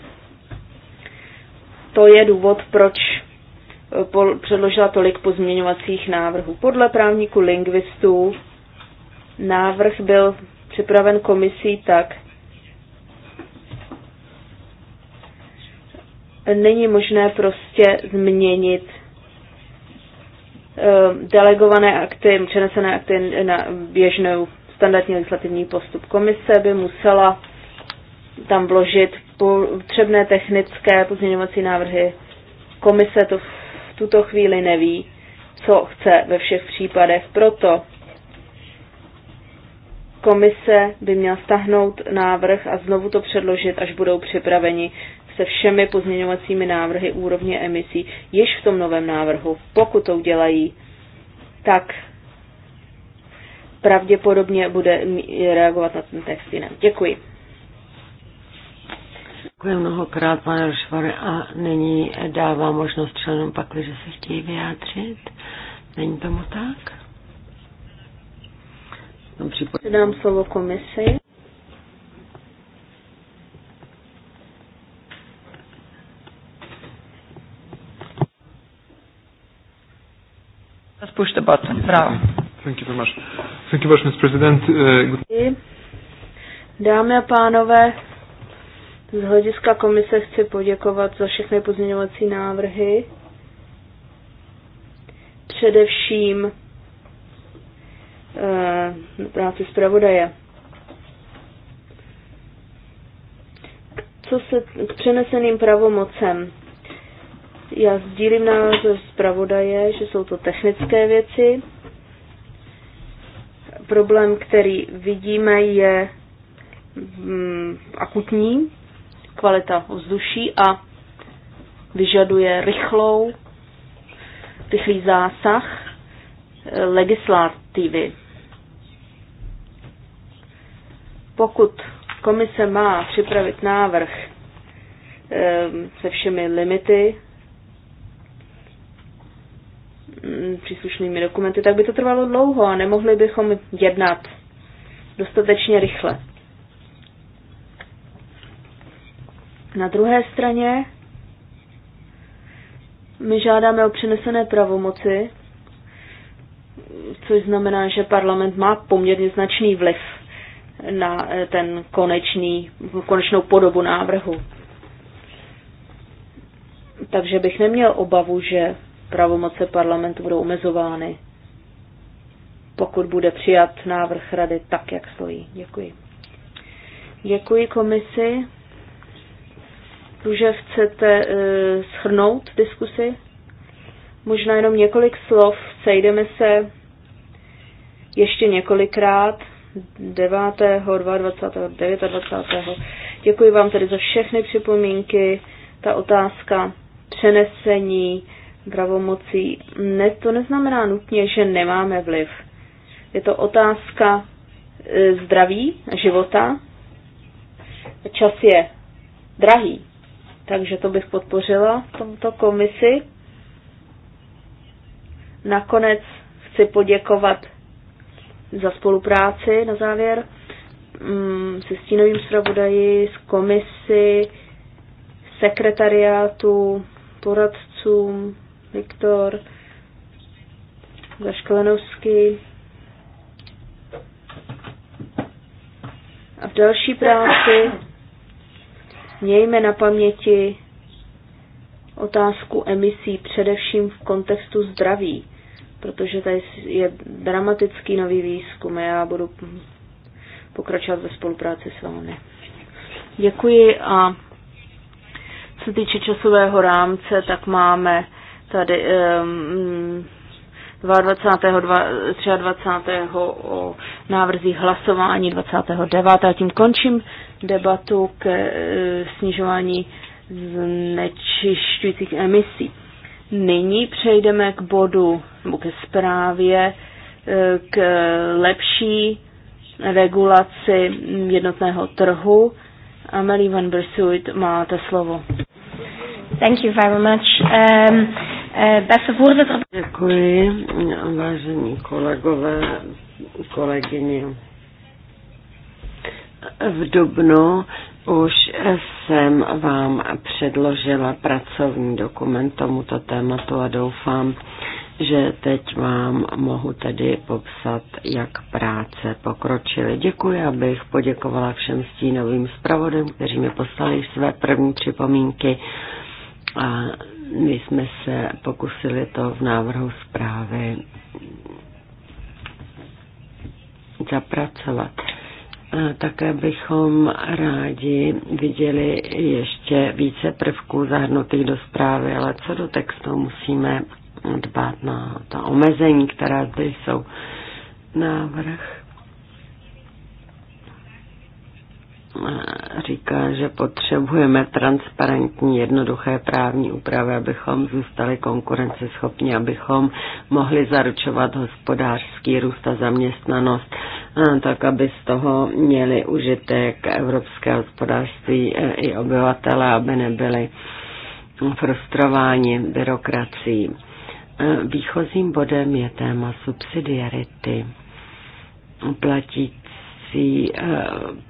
To je důvod, proč eh, předložila tolik pozměňovacích návrhů. Podle právníku lingvistů návrh byl připraven komisí tak, není možné prostě změnit eh, delegované akty, přenesené akty na běžnou standardní legislativní postup. Komise by musela tam vložit potřebné technické pozměňovací návrhy. Komise to v tuto chvíli neví, co chce ve všech případech. Proto komise by měla stahnout návrh a znovu to předložit, až budou připraveni se všemi pozměňovacími návrhy úrovně emisí již v tom novém návrhu. Pokud to udělají, tak pravděpodobně bude reagovat na ten text jinak. Děkuji. Děkuji mnohokrát, pane Rošvare, a nyní dává možnost členům pak, že se chtějí vyjádřit. Není tomu tak? Dám slovo komisi. Just push the button. Bravo. Thank you very much. Thank you very much, Mr. President. Uh, Dámy a pánové, z hlediska komise chci poděkovat za všechny pozměňovací návrhy. Především uh, práci zpravodaje. Co se k přeneseným pravomocem já sdílím názor zpravodaje, že jsou to technické věci. Problém, který vidíme, je mm, akutní, kvalita vzduší a vyžaduje rychlou, rychlý zásah eh, legislativy. Pokud komise má připravit návrh eh, se všemi limity, Mm, příslušnými dokumenty, tak by to trvalo dlouho a nemohli bychom jednat dostatečně rychle. Na druhé straně my žádáme o přenesené pravomoci, což znamená, že parlament má poměrně značný vliv na eh, ten konečný, konečnou podobu návrhu. Takže bych neměl obavu, že pravomoce parlamentu budou omezovány, pokud bude přijat návrh rady tak, jak stojí. Děkuji. Děkuji komisi. Růže, chcete uh, eh, schrnout diskusi? Možná jenom několik slov. Sejdeme se ještě několikrát 9. 22. 29. 20. Děkuji vám tedy za všechny připomínky. Ta otázka přenesení pravomocí. Ne, to neznamená nutně, že nemáme vliv. Je to otázka e, zdraví, života. Čas je drahý, takže to bych podpořila v tomto komisi. Nakonec chci poděkovat za spolupráci na závěr mm, se stínovým zpravodaji, z komisi, sekretariátu, poradcům, Viktor, Zašklenovský. A v další práci mějme na paměti otázku emisí především v kontextu zdraví, protože tady je dramatický nový výzkum a já budu pokračovat ve spolupráci s vámi. Děkuji a co se týče časového rámce, tak máme tady um, 22. 23. o návrzích hlasování 29. A tím končím debatu k e, snižování znečišťujících emisí. Nyní přejdeme k bodu nebo ke zprávě e, k lepší regulaci jednotného trhu. Amelie van Bersuit, máte slovo. Thank you very much. Um, Eh, beste voorzitter. Děkuji, vážení kolegové, kolegyně. V Dubnu už jsem vám předložila pracovní dokument tomuto tématu a doufám, že teď vám mohu tedy popsat, jak práce pokročily. Děkuji, abych poděkovala všem stínovým zpravodem, kteří mi poslali své první připomínky a my jsme se pokusili to v návrhu zprávy zapracovat. Také bychom rádi viděli ještě více prvků zahrnutých do zprávy, ale co do textu musíme dbát na ta omezení, která zde jsou. Návrh říká, že potřebujeme transparentní, jednoduché právní úpravy, abychom zůstali konkurenceschopní, abychom mohli zaručovat hospodářský růst a zaměstnanost, tak aby z toho měli užitek evropské hospodářství e, i obyvatele, aby nebyli frustrováni byrokracií. E, výchozím bodem je téma subsidiarity platí prací eh,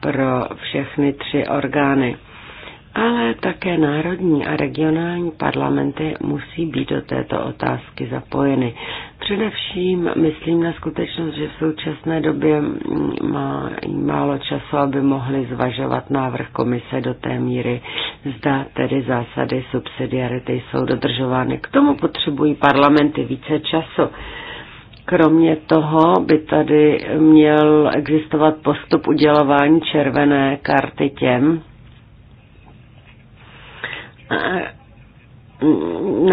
pro všechny tři orgány. Ale také národní a regionální parlamenty musí být do této otázky zapojeny. Především myslím na skutečnost, že v současné době má málo času, aby mohli zvažovat návrh komise do té míry, zda tedy zásady subsidiarity jsou dodržovány. K tomu potřebují parlamenty více času Kromě toho by tady měl existovat postup udělování červené karty těm eh,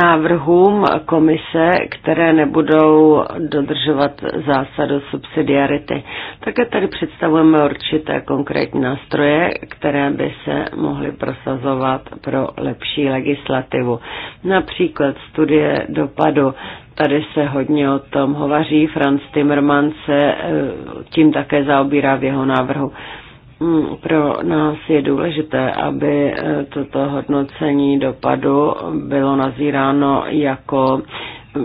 návrhům komise, které nebudou dodržovat zásadu subsidiarity. Také tady představujeme určité konkrétní nástroje, které by se mohly prosazovat pro lepší legislativu. Například studie dopadu Tady se hodně o tom hovaří. Franz Timmermans se eh, tím také zaobírá v jeho návrhu. Mm, pro nás je důležité, aby eh, toto hodnocení dopadu bylo nazíráno jako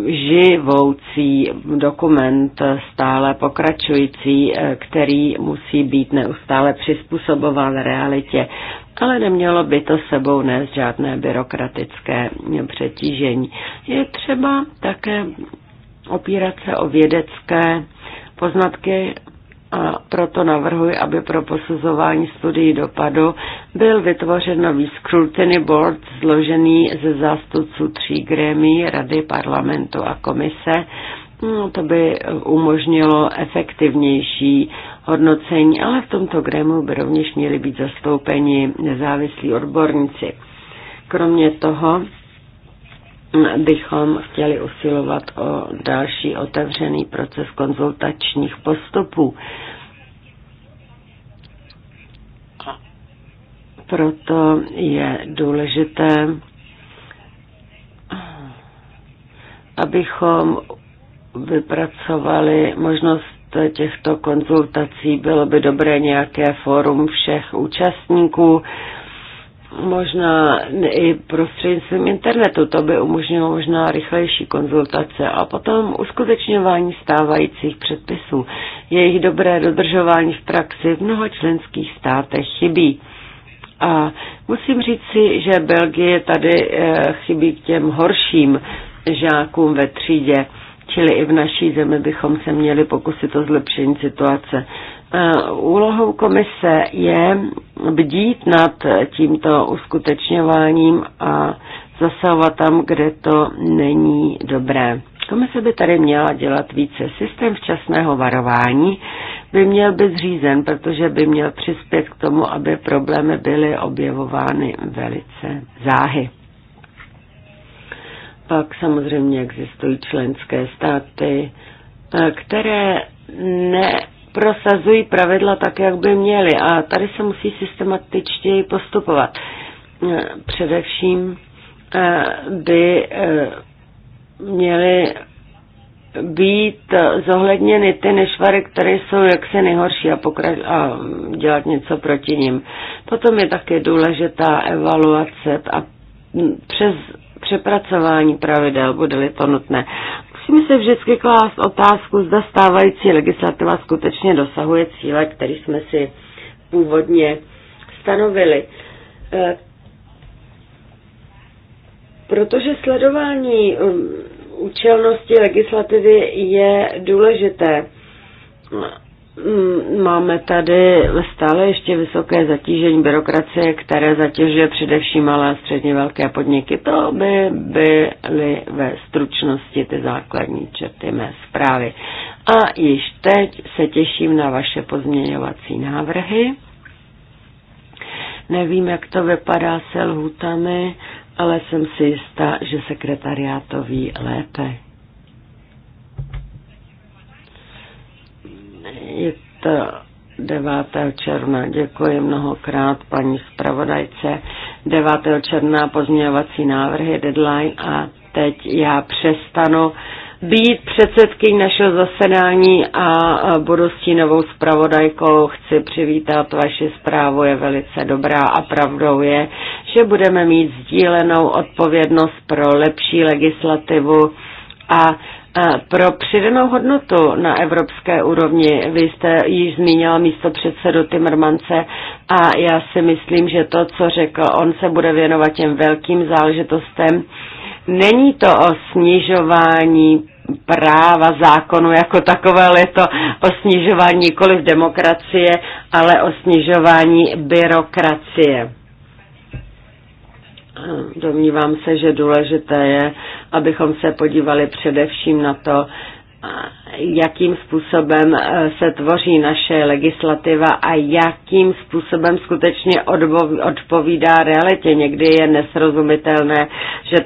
živoucí dokument, stále pokračující, eh, který musí být neustále přizpůsobován realitě ale nemělo by to sebou nést žádné byrokratické přetížení. Je třeba také opírat se o vědecké poznatky a proto navrhuji, aby pro posuzování studií dopadu byl vytvořen nový scrutiny board složený ze zástupců tří grémí, Rady, parlamentu a komise. No, to by umožnilo efektivnější hodnocení, ale v tomto grému by rovněž měli být zastoupeni nezávislí odborníci. Kromě toho bychom chtěli usilovat o další otevřený proces konzultačních postupů. Proto je důležité, abychom vypracovali možnost těchto konzultací. Bylo by dobré nějaké fórum všech účastníků, možná i prostřednictvím internetu, to by umožnilo možná rychlejší konzultace a potom uskutečňování stávajících předpisů. Jejich dobré dodržování v praxi v mnoha členských státech chybí. A musím říci, že Belgie tady eh, chybí k těm horším žákům ve třídě. Čili i v naší zemi bychom se měli pokusit o zlepšení situace. E, úlohou komise je bdít nad tímto uskutečňováním a zasahovat tam, kde to není dobré. Komise by tady měla dělat více. Systém včasného varování by měl být zřízen, protože by měl přispět k tomu, aby problémy byly objevovány velice záhy. Pak samozřejmě existují členské státy, eh, které neprosazují pravidla tak, jak by měly. A tady se musí systematičtěji postupovat. Eh, především eh, by měly být zohledněny ty nešvary, které jsou jaksi nejhorší a, a dělat něco proti ním. Potom je také důležitá evaluace a přes přepracování pravidel, bude-li to nutné. Musím se vždycky klást otázku, zda stávající legislativa skutečně dosahuje cíle, který jsme si původně stanovili. Eh, protože sledování um, účelnosti legislativy je důležité Mm, máme tady stále ještě vysoké zatížení byrokracie, které zatěžuje především malé a středně velké podniky. To by byly ve stručnosti ty základní čerty mé zprávy. A již teď se těším na vaše pozměňovací návrhy. Nevím, jak to vypadá se lhutami, ale jsem si jistá, že sekretariátoví lépe. Je to 9. června. Děkuji mnohokrát paní zpravodajce. 9. června pozměňovací návrhy, deadline a teď já přestanu být předsedkyní našeho zasedání a budu novou zpravodajkou. Chci přivítat vaši zprávu, je velice dobrá a pravdou je, že budeme mít sdílenou odpovědnost pro lepší legislativu a pro přidanou hodnotu na evropské úrovni, vy jste již zmínila místo předsedu Timmermance a já si myslím, že to, co řekl, on se bude věnovat těm velkým záležitostem. Není to o snižování práva zákonu jako takové, ale je to o snižování nikoliv demokracie, ale o snižování byrokracie. Domnívám se, že důležité je, abychom se podívali především na to, jakým způsobem eh, se tvoří naše legislativa a jakým způsobem skutečně odpovídá realitě. Někdy je nesrozumitelné že,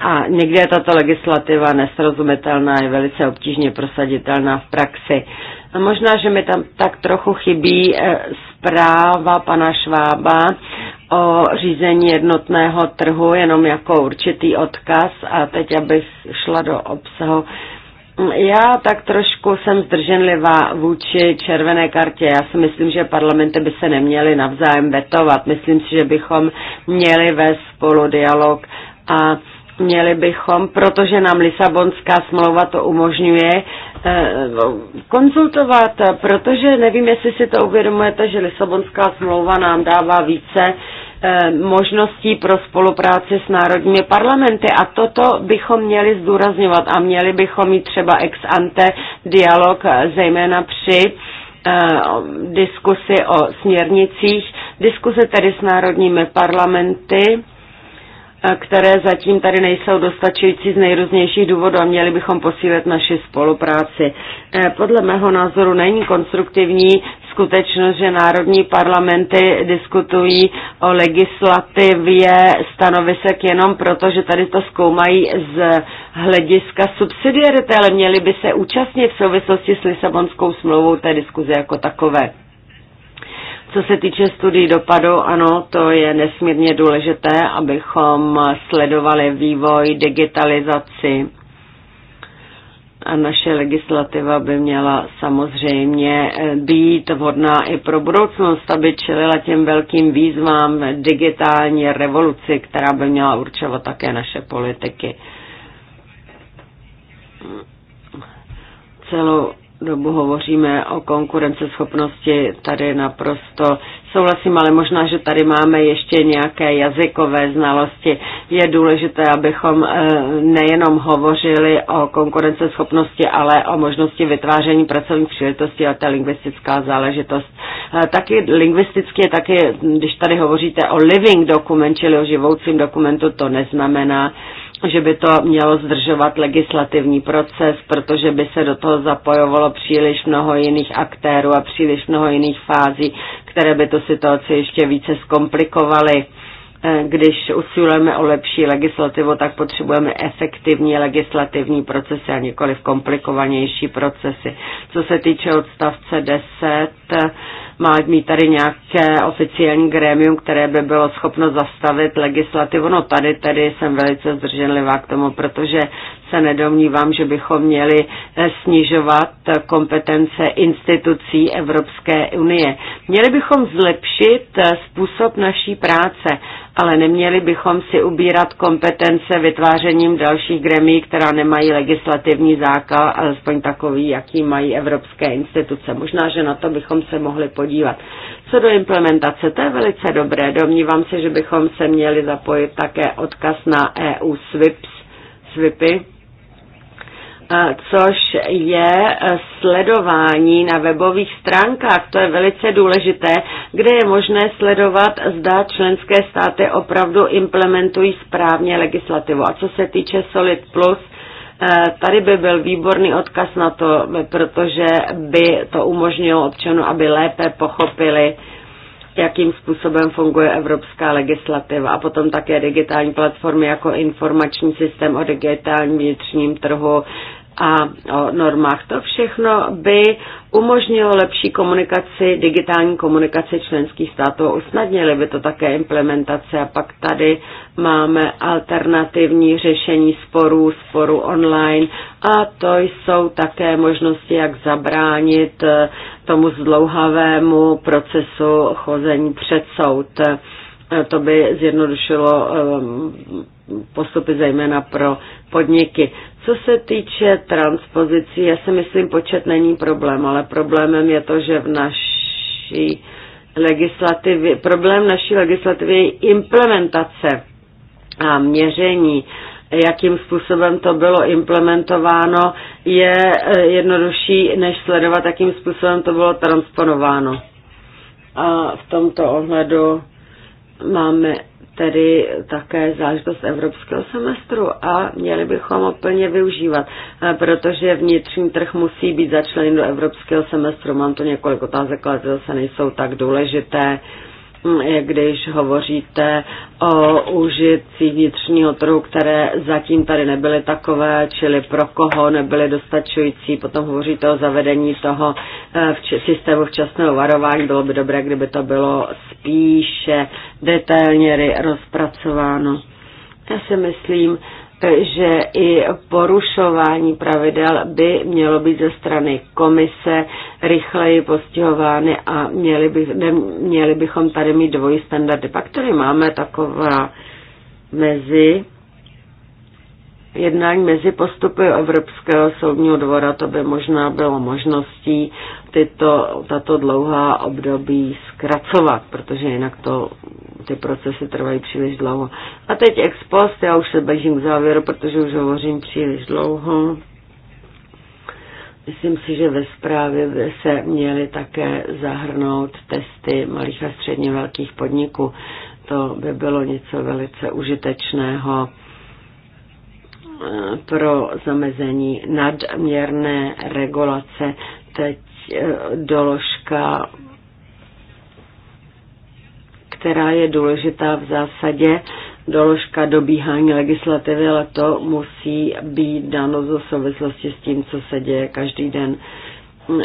a někdy je tato legislativa nesrozumitelná je velice obtížně prosaditelná v praxi. A možná, že mi tam tak trochu chybí eh, zpráva pana Švába o řízení jednotného trhu jenom jako určitý odkaz a teď abych šla do obsahu. Já tak trošku jsem zdrženlivá vůči červené kartě. Já si myslím, že parlamenty by se neměly navzájem vetovat. Myslím si, že bychom měli vést spolu dialog a Měli bychom, protože nám Lisabonská smlouva to umožňuje, eh, konzultovat, protože nevím, jestli si to uvědomujete, že Lisabonská smlouva nám dává více eh, možností pro spolupráci s národními parlamenty a toto bychom měli zdůrazňovat a měli bychom mít třeba ex ante dialog, eh, zejména při diskusi o směrnicích, diskuse tedy s národními parlamenty které zatím tady nejsou dostačující z nejrůznějších důvodů a měli bychom posílit naši spolupráci. Eh, podle mého názoru není konstruktivní skutečnost, že národní parlamenty diskutují o legislativě stanovisek jenom proto, že tady to zkoumají z hlediska subsidiarity, ale měli by se účastnit v souvislosti s Lisabonskou smlouvou té diskuze jako takové. Co se týče studií dopadu, ano, to je nesmírně důležité, abychom sledovali vývoj, digitalizaci. A naše legislativa by měla samozřejmě eh, být vhodná i pro budoucnost, aby čelila těm velkým výzvám digitální revoluci, která by měla určovat také naše politiky. Celou dobu hovoříme o konkurenceschopnosti, tady naprosto Souhlasím, ale možná, že tady máme ještě nějaké jazykové znalosti. Je důležité, abychom eh, nejenom hovořili o konkurenceschopnosti, ale o možnosti vytváření pracovních příležitostí a ta lingvistická záležitost. Eh, taky lingvisticky, taky, když tady hovoříte o living dokument, čili o živoucím dokumentu, to neznamená, že by to mělo zdržovat legislativní proces, protože by se do toho zapojovalo příliš mnoho jiných aktérů a příliš mnoho jiných fází které by tu situaci ještě více zkomplikovaly. Eh, Když usilujeme o lepší legislativu, tak potřebujeme efektivní legislativní procesy a nikoli komplikovanější procesy. Co se týče odstavce 10, má mít tady nějaké oficiální grémium, které by bylo schopno zastavit legislativu. No tady, tady jsem velice zdrženlivá k tomu, protože se nedomnívám, že bychom měli eh, snižovat kompetence institucí Evropské unie. Měli bychom zlepšit eh, způsob naší práce, ale neměli bychom si ubírat kompetence vytvářením dalších gremí, která nemají legislativní základ, alespoň takový, jaký mají evropské instituce. Možná, že na to bychom se mohli podívat. Co do implementace, to je velice dobré. Domnívám se, že bychom se měli zapojit také odkaz na EU SWIPS, SWIPy, Eh, což je eh, sledování na webových stránkách. To je velice důležité, kde je možné sledovat, zda členské státy opravdu implementují správně legislativu. A co se týče Solid Plus, eh, tady by byl výborný odkaz na to, protože by to umožnilo občanům, aby lépe pochopili, jakým způsobem funguje evropská legislativa a potom také digitální platformy jako informační systém o digitálním vnitřním trhu, a o normách. To všechno by umožnilo lepší komunikaci, digitální komunikaci členských států, usnadnili by to také implementace a pak tady máme alternativní řešení sporů, sporů online a to jsou také možnosti, jak zabránit eh, tomu zdlouhavému procesu chození před soud. Eh, to by zjednodušilo eh, postupy zejména pro podniky. Co se týče transpozicí, já si myslím, počet není problém, ale problémem je to, že v naší legislativě, problém naší legislativy je implementace a měření jakým způsobem to bylo implementováno, je eh, jednodušší, než sledovat, jakým způsobem to bylo transponováno. A v tomto ohledu máme tedy také zážitost evropského semestru a měli bychom ho plně využívat, eh, protože vnitřní trh musí být začleněn do evropského semestru. Mám tu několik otázek, ale zase nejsou tak důležité hm, když hovoříte o užitcích vnitřního trhu, které zatím tady nebyly takové, čili pro koho nebyly dostačující. Potom hovoříte o zavedení toho eh, v systému včasného varování. Bylo by dobré, kdyby to bylo píše, detailně rozpracováno. Já si myslím, že i porušování pravidel by mělo být ze strany komise rychleji postihovány a měli, by, měli bychom tady mít dvojí standardy. Pak tady máme taková mezi jednání mezi postupy Evropského soudního dvora, to by možná bylo možností tyto, tato dlouhá období zkracovat, protože jinak to, ty procesy trvají příliš dlouho. A teď ex post, já už se blížím k závěru, protože už hovořím příliš dlouho. Myslím si, že ve zprávě by se měly také zahrnout testy malých a středně velkých podniků. To by bylo něco velice užitečného pro zamezení nadměrné regulace. Teď eh, doložka, která je důležitá v zásadě, doložka dobíhání legislativy, ale to musí být dáno v souvislosti s tím, co se děje každý den.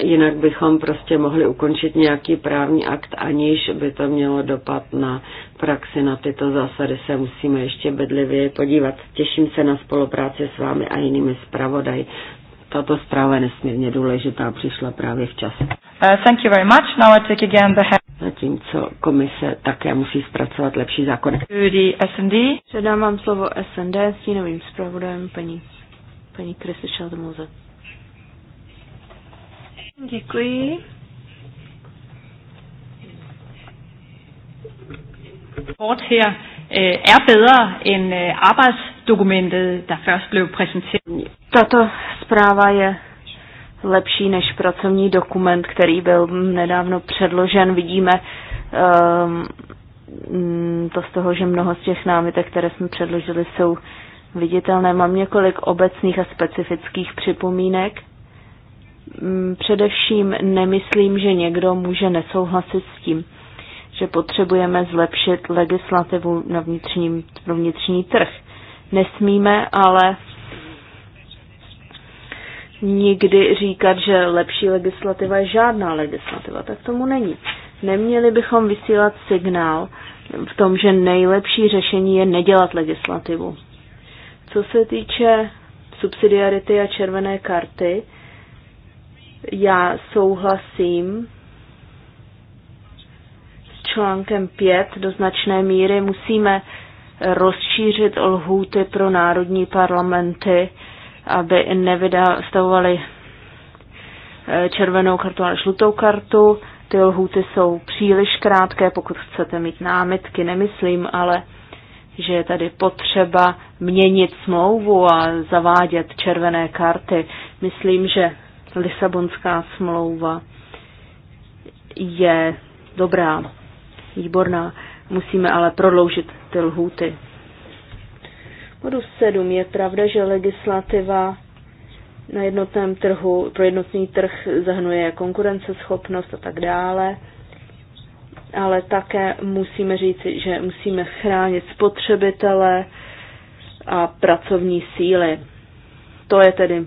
Jinak bychom prostě mohli ukončit nějaký právní akt, aniž by to mělo dopad na praxi na tyto zásady se musíme ještě bedlivě podívat. Těším se na spolupráci s vámi a jinými zpravodaji. Tato zpráva je nesmírně důležitá, přišla právě včas. Uh, thank you very much. Now I take again the Zatímco komise také musí zpracovat lepší zákony. SND. Předám vám slovo SND s novým zpravodajem paní, paní Krisy Šaldemouze. Děkuji. Kort her øh, er bedre end øh, arbejdsdokumentet, der først blev præsenteret. Tato zpráva je lepší než pracovní dokument, který byl nedávno předložen. Vidíme um, to z toho, že mnoho z těch námitek, které jsme předložili, jsou viditelné. Mám několik obecných a specifických připomínek. Mm, především nemyslím, že někdo může nesouhlasit s tím, že potřebujeme zlepšit legislativu na vnitřní, pro vnitřní trh. Nesmíme ale nikdy říkat, že lepší legislativa je žádná legislativa. Tak tomu není. Neměli bychom vysílat signál v tom, že nejlepší řešení je nedělat legislativu. Co se týče subsidiarity a červené karty, já souhlasím článkem 5 do značné míry musíme rozšířit lhůty pro národní parlamenty, aby nevydávali eh, červenou kartu, a žlutou kartu. Ty lhůty jsou příliš krátké, pokud chcete mít námitky, nemyslím, ale že je tady potřeba měnit smlouvu a zavádět červené karty. Myslím, že Lisabonská smlouva je dobrá výborná. Musíme ale prodloužit ty lhůty. Bodu 7. Je pravda, že legislativa na jednotném trhu, pro jednotný trh zahrnuje konkurenceschopnost a tak dále, ale také musíme říci, že musíme chránit spotřebitele a pracovní síly. To je tedy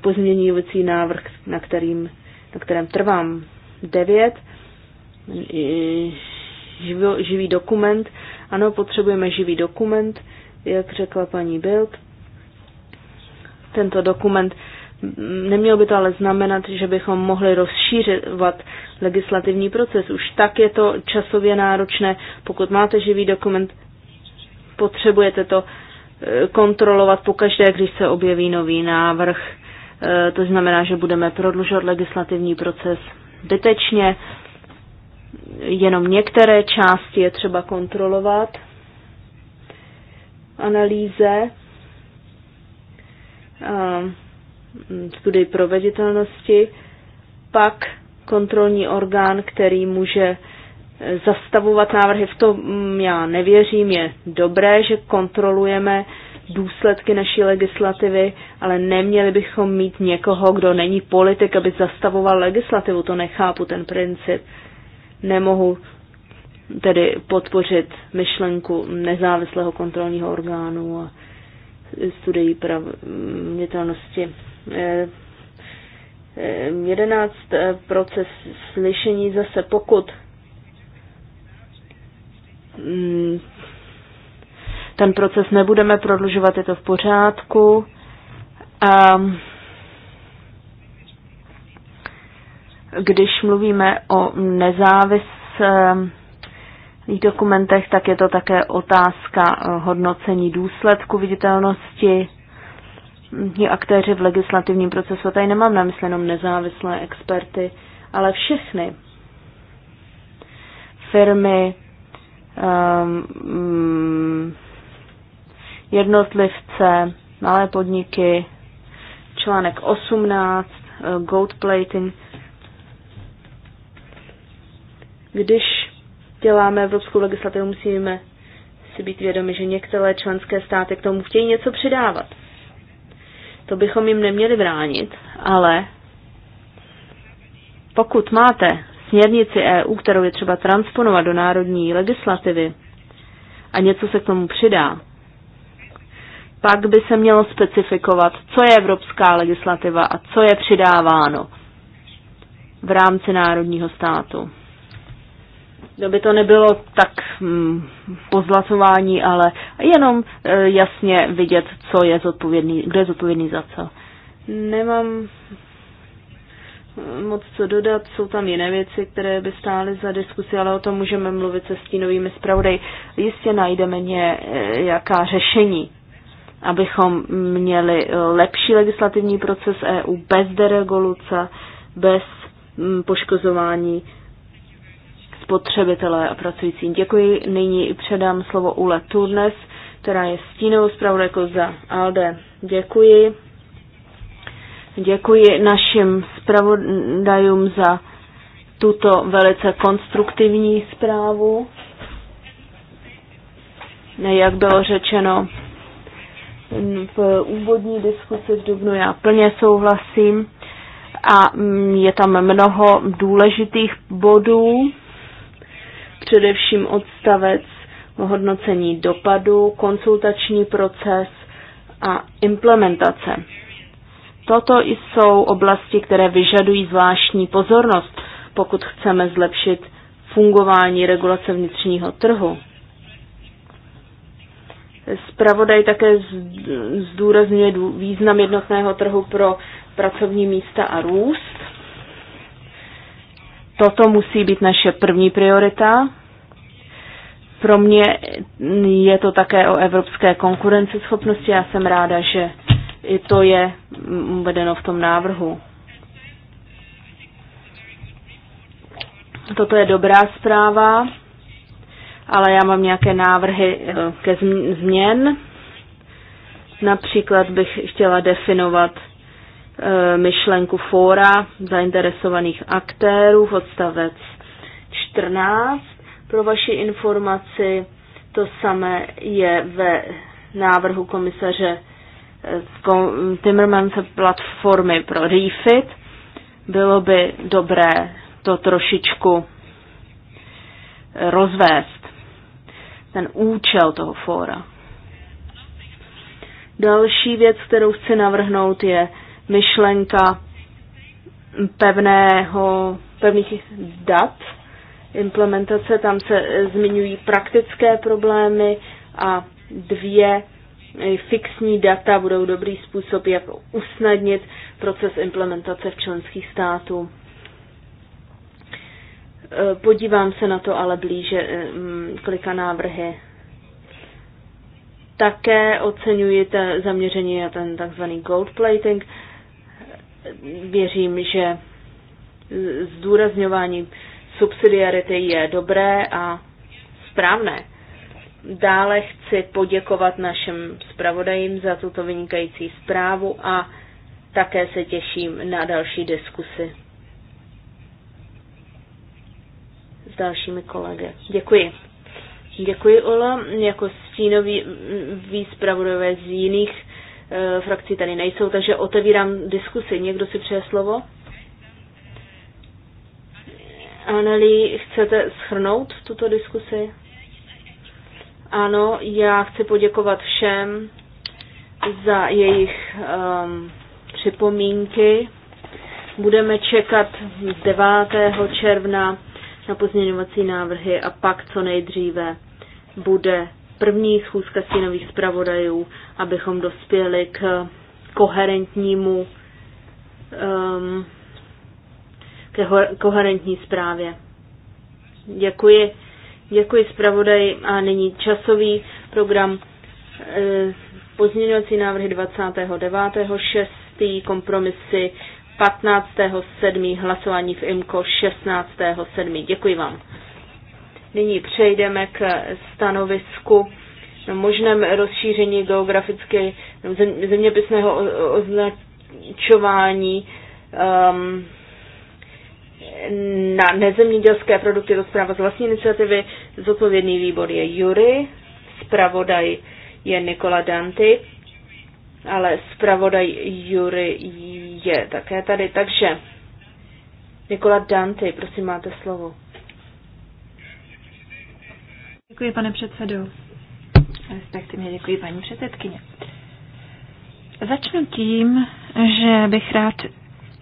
pozměňující návrh, na, kterým, na kterém trvám. 9 živo, živý dokument. Ano, potřebujeme živý dokument, jak řekla paní Bild. Tento dokument mm, neměl by to ale znamenat, že bychom mohli rozšířovat legislativní proces. Už tak je to časově náročné. Pokud máte živý dokument, potřebujete to eh, kontrolovat pokaždé, když se objeví nový návrh. Eh, to znamená, že budeme prodlužovat legislativní proces detečně jenom některé části je třeba kontrolovat analýze, ehm, studii proveditelnosti, pak kontrolní orgán, který může eh, zastavovat návrhy. V tom mm, já nevěřím, je dobré, že kontrolujeme důsledky naší legislativy, ale neměli bychom mít někoho, kdo není politik, aby zastavoval legislativu. To nechápu, ten princip nemohu tedy podpořit myšlenku nezávislého kontrolního orgánu a studií pravnitelnosti. Eh, eh, jedenáct proces slyšení zase pokud mm, ten proces nebudeme prodlužovat, je to v pořádku. A Když mluvíme o nezávislých dokumentech, tak je to také otázka eh, hodnocení důsledku viditelnosti. aktéři v legislativním procesu, tady nemám na mysli jenom nezávislé experty, ale všechny firmy, ehm, mm, jednotlivce, malé podniky, článek 18, eh, gold plating, Když děláme evropskou legislativu, musíme si být vědomi, že některé členské státy k tomu chtějí něco přidávat. To bychom jim neměli bránit, ale pokud máte směrnici EU, kterou je třeba transponovat do národní legislativy a něco se k tomu přidá, pak by se mělo specifikovat, co je evropská legislativa a co je přidáváno v rámci národního státu aby to nebylo tak mm, pozlacování, ale jenom e, jasně vidět, co je zodpovědný, kdo je zodpovědný za co. Nemám e, moc co dodat, jsou tam jiné věci, které by stály za diskusi, ale o tom můžeme mluvit se stínovými zpravodaj. Jistě najdeme nějaká e, jaká řešení, abychom měli lepší legislativní proces EU bez deregoluce, bez mm, poškozování spotřebitelé a pracujícím. Děkuji. Nyní předám slovo Ule Turnes, která je stínou zpravodajkou za ALDE. Děkuji. Děkuji našim zpravodajům za tuto velice konstruktivní zprávu. Jak bylo řečeno v úvodní diskusi v Dubnu, já plně souhlasím a je tam mnoho důležitých bodů především odstavec o hodnocení dopadu, konsultační proces a implementace. Toto jsou oblasti, které vyžadují zvláštní pozornost, pokud chceme zlepšit fungování regulace vnitřního trhu. Spravodaj také zdůrazňuje význam jednotného trhu pro pracovní místa a růst toto musí být naše první priorita. Pro mě je to také o evropské konkurenceschopnosti. Já jsem ráda, že i to je mm, uvedeno v tom návrhu. Toto je dobrá zpráva, ale já mám nějaké návrhy eh, ke změn. Například bych chtěla definovat E, myšlenku fóra zainteresovaných aktérů odstavec 14. Pro vaši informaci to samé je ve návrhu komisaře e, Timmermanse platformy pro Refit. Bylo by dobré to trošičku rozvést, ten účel toho fóra. Další věc, kterou chci navrhnout, je myšlenka pevného, pevných dat implementace, tam se eh, zmiňují praktické problémy a dvě eh, fixní data budou dobrý způsob, jak usnadnit proces implementace v členských států. Eh, podívám se na to ale blíže mm, klika návrhy. Také oceňuji zaměření na ten takzvaný gold plating, věřím, že zdůrazňování subsidiarity je dobré a správné. Dále chci poděkovat našim zpravodajím za tuto vynikající zprávu a také se těším na další diskusy s dalšími kolegy. Děkuji. Děkuji, Ola. Jako stínový mm, mm, výzpravodové z jiných E, frakcí tady nejsou, takže otevírám diskusi. Někdo si přeje slovo? Aneli, chcete schrnout tuto diskusi? Ano, já chci poděkovat všem za jejich um, připomínky. Budeme čekat 9. června na pozměňovací návrhy a pak co nejdříve bude první schůzka stínových zpravodajů, abychom dospěli k koherentnímu um, k koherentní zprávě. Děkuji. Děkuji zpravodaj a nyní časový program e, pozměňovací návrhy 29.6. kompromisy 15.7. hlasování v IMKO 16.7. Děkuji vám. Nyní přejdeme k stanovisku možném rozšíření geografické zeměpisného označování um, na nezemědělské produkty do zpráva z vlastní iniciativy. Zodpovědný výbor je Jury, zpravodaj je Nikola Danty, ale zpravodaj Jury je také tady. Takže Nikola Danty, prosím, máte slovo. Děkuji, pane předsedo. Respektivně děkuji, paní předsedkyně. Začnu tím, že bych rád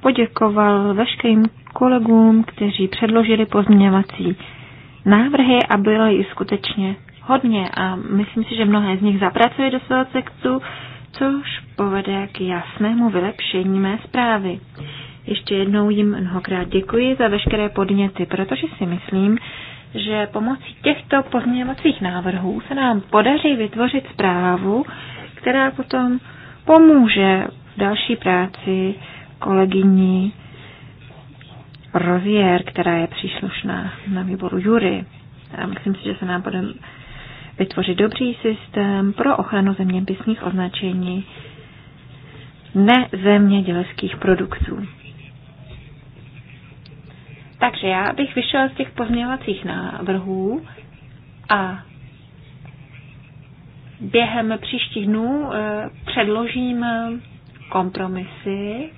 poděkoval veškerým kolegům, kteří předložili pozměňovací návrhy a bylo jich skutečně hodně a myslím si, že mnohé z nich zapracují do svého textu, což povede k jasnému vylepšení mé zprávy. Ještě jednou jim mnohokrát děkuji za veškeré podněty, protože si myslím, že pomocí těchto pozměňovacích návrhů se nám podaří vytvořit zprávu, která potom pomůže v další práci kolegyni Rozier, která je příslušná na výboru Jury. A myslím si, že se nám bude vytvořit dobrý systém pro ochranu zeměpisných označení nezemědělských produktů. Takže já bych vyšel z těch pozměňovacích návrhů a během příštích dnů eh, předložím kompromisy.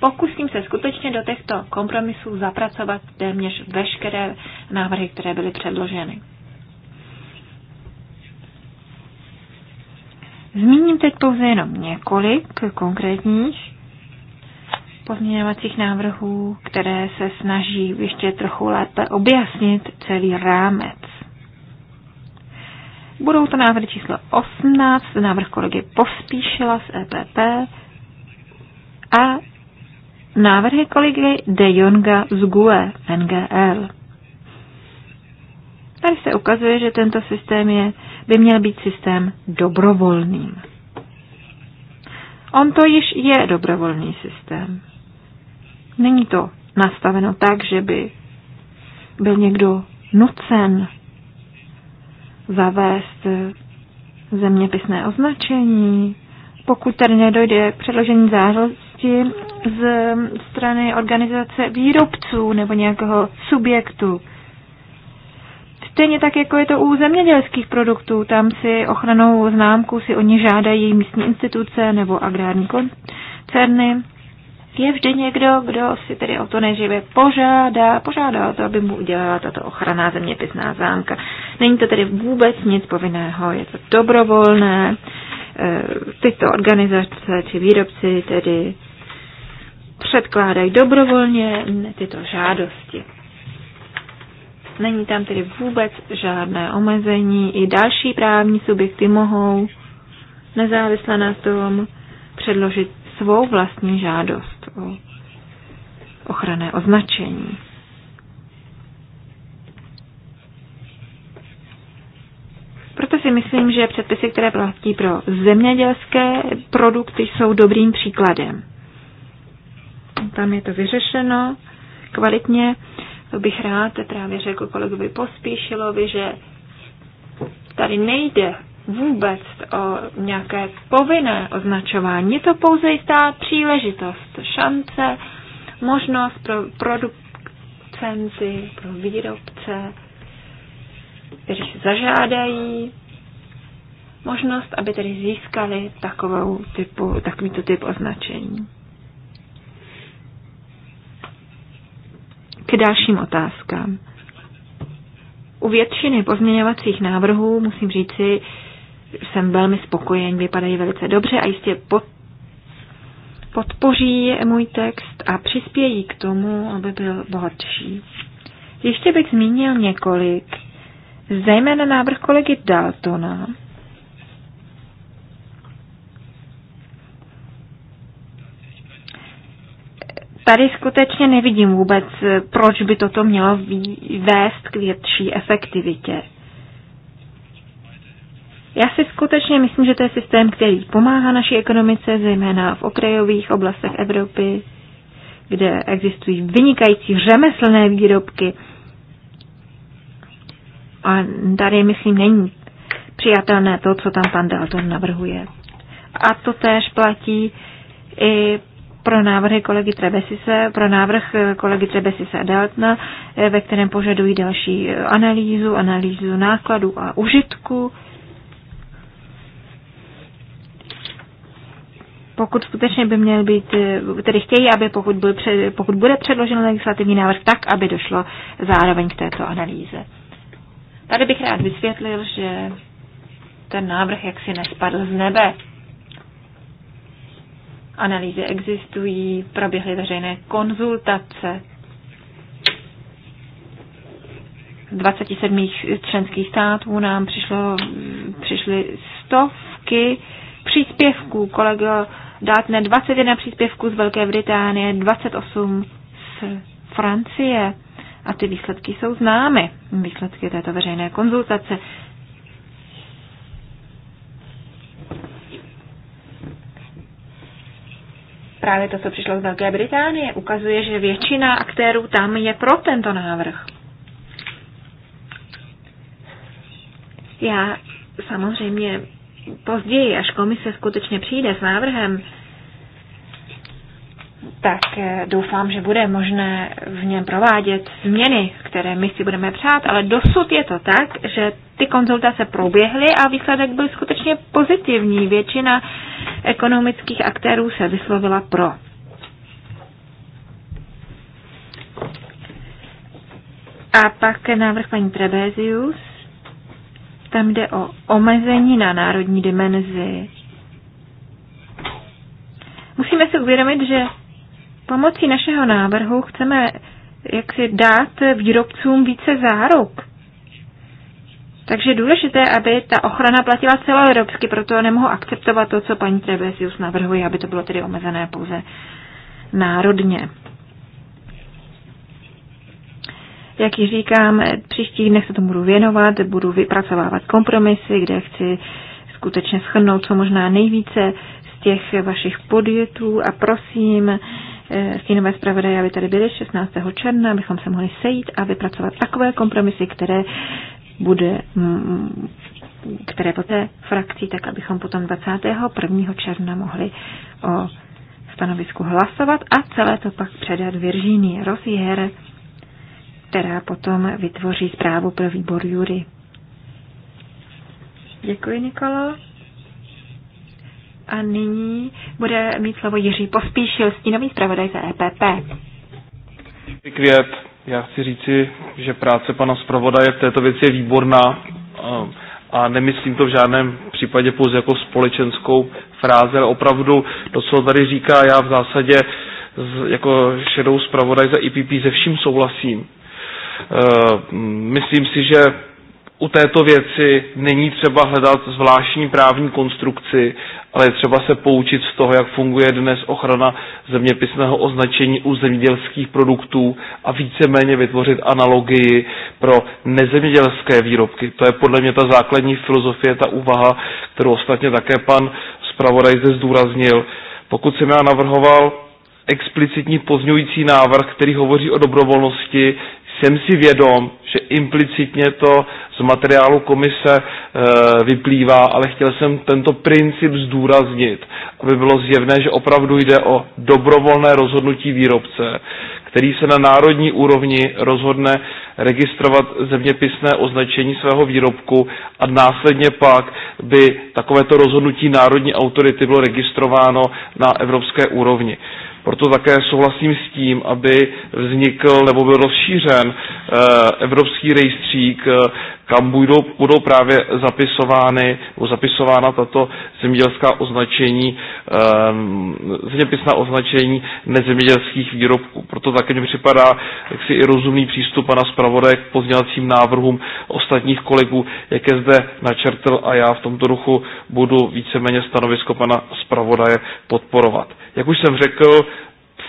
Pokusím se skutečně do těchto kompromisů zapracovat téměř veškeré návrhy, které byly předloženy. Zmíním teď pouze jenom několik konkrétních pozměňovacích návrhů, které se snaží ještě trochu lépe objasnit celý rámec. Budou to návrhy číslo 18, návrh kolegy Pospíšila z EPP a návrhy kolegy De Jonga z GUE NGL. Tady se ukazuje, že tento systém je, by měl být systém dobrovolným. On to již je dobrovolný systém. Není to nastaveno tak, že by byl někdo nucen zavést eh, zeměpisné označení, pokud tady nedojde k předložení zářosti z strany organizace výrobců nebo nějakého subjektu. Stejně tak, jako je to u zemědělských produktů, tam si ochranou známku si oni žádají místní instituce nebo agrární koncerny je vždy někdo, kdo si tedy o to neživě požádá, požádá o to, aby mu udělala tato ochranná zeměpisná zámka. Není to tedy vůbec nic povinného, je to dobrovolné. E, tyto organizace či výrobci tedy předkládají dobrovolně tyto žádosti. Není tam tedy vůbec žádné omezení. I další právní subjekty mohou, nezávisle na tom, předložit svou vlastní žádost o ochranné označení. Proto si myslím, že předpisy, které platí pro zemědělské produkty, jsou dobrým příkladem. Tam je to vyřešeno kvalitně. Bych rád právě řekl kolegovi Pospíšilovi, že tady nejde vůbec o nějaké povinné označování. Je to pouze jistá příležitost, šance, možnost pro producenty, pro výrobce, kteří se zažádají, možnost, aby tedy získali takovou typu, takovýto typ označení. K dalším otázkám. U většiny pozměňovacích návrhů musím říci, jsem velmi spokojen, vypadají velice dobře a jistě pod, podpoří můj text a přispějí k tomu, aby byl bohatší. Ještě bych zmínil několik, zejména návrh kolegy Daltona. Tady skutečně nevidím vůbec, proč by toto mělo vést k větší efektivitě. Já si skutečně myslím, že to je systém, který pomáhá naší ekonomice, zejména v okrajových oblastech Evropy, kde existují vynikající řemeslné výrobky. A tady, myslím, není přijatelné to, co tam pan Dalton navrhuje. A to též platí i pro návrhy kolegy Trebesise, pro návrh kolegy Trebesise a Deltna, eh, ve kterém požadují další analýzu, analýzu nákladů a užitku. pokud skutečně by měl být, eh, tedy chtějí, aby pokud, byl před, pokud bude předložen legislativní návrh, tak aby došlo zároveň k této analýze. Tady bych rád vysvětlil, že ten návrh jaksi nespadl z nebe. Analýzy existují, proběhly veřejné konzultace 27 členských států nám přišlo, přišly stovky příspěvků. Kolego dát ne 21 příspěvků z Velké Británie, 28 z Francie. A ty výsledky jsou známy, výsledky této veřejné konzultace. Právě to, co přišlo z Velké Británie, ukazuje, že většina aktérů tam je pro tento návrh. Já samozřejmě později, až komise skutečně přijde s návrhem, tak eh, doufám, že bude možné v něm provádět změny, které my si budeme přát, ale dosud je to tak, že ty konzultace proběhly a výsledek byl skutečně pozitivní. Většina ekonomických aktérů se vyslovila pro. A pak návrh paní Trebezius. Tam jde o omezení na národní dimenzi. Musíme si uvědomit, že pomocí našeho návrhu chceme jak si dát výrobcům více záruk. Takže je důležité, aby ta ochrana platila celoevropsky, proto nemohu akceptovat to, co paní Trebesius navrhuje, aby to bylo tedy omezené pouze národně. Jak ji říkám, příští dnech se tomu budu věnovat, budu vypracovávat kompromisy, kde chci skutečně schrnout co možná nejvíce z těch vašich podjetů a prosím eh, stínové zpravodaje, aby tady byly 16. června, abychom se mohli sejít a vypracovat takové kompromisy, které bude, mm, které poté frakcí, tak abychom potom 21. června mohli o stanovisku hlasovat a celé to pak předat Virginie Rosier, která potom vytvoří zprávu pro výbor jury. Děkuji, Nikolo. A nyní bude mít slovo Jiří Pospíšil, stínový zpravodaj za EPP. Květ, já chci říci, že práce pana zpravodaje v této věci je výborná eh, a nemyslím to v žádném případě pouze jako společenskou frázi, ale opravdu to, co tady říká, já v zásadě jako šedou zpravodaj za IPP e ze vším souhlasím. Eh, myslím si, že u této věci není třeba hledat zvláštní právní konstrukci, ale je třeba se poučit z toho, jak funguje dnes ochrana zeměpisného označení u zemědělských produktů a víceméně vytvořit analogii pro nezemědělské výrobky. To je podle mě ta základní filozofie, ta úvaha, kterou ostatně také pan zpravodaj zde zdůraznil. Pokud jsem já navrhoval explicitní pozňující návrh, který hovoří o dobrovolnosti, jsem si vědom, že implicitně to z materiálu komise e, vyplývá, ale chtěl jsem tento princip zdůraznit, aby bylo zjevné, že opravdu jde o dobrovolné rozhodnutí výrobce, který se na národní úrovni rozhodne registrovat zeměpisné označení svého výrobku a následně pak by takovéto rozhodnutí národní autority bylo registrováno na evropské úrovni. Proto také souhlasím s tím, aby vznikl nebo byl rozšířen eh, evropský rejstřík eh, kam budou, budou právě zapisovány, budou zapisována tato zemědělská označení, ehm, zeměpisná označení nezemědělských výrobků. Proto také mi připadá jak si i rozumný přístup pana zpravodaje k pozdělacím návrhům ostatních kolegů, jak je zde načrtl a já v tomto ruchu budu víceméně stanovisko pana zpravodaje podporovat. Jak už jsem řekl,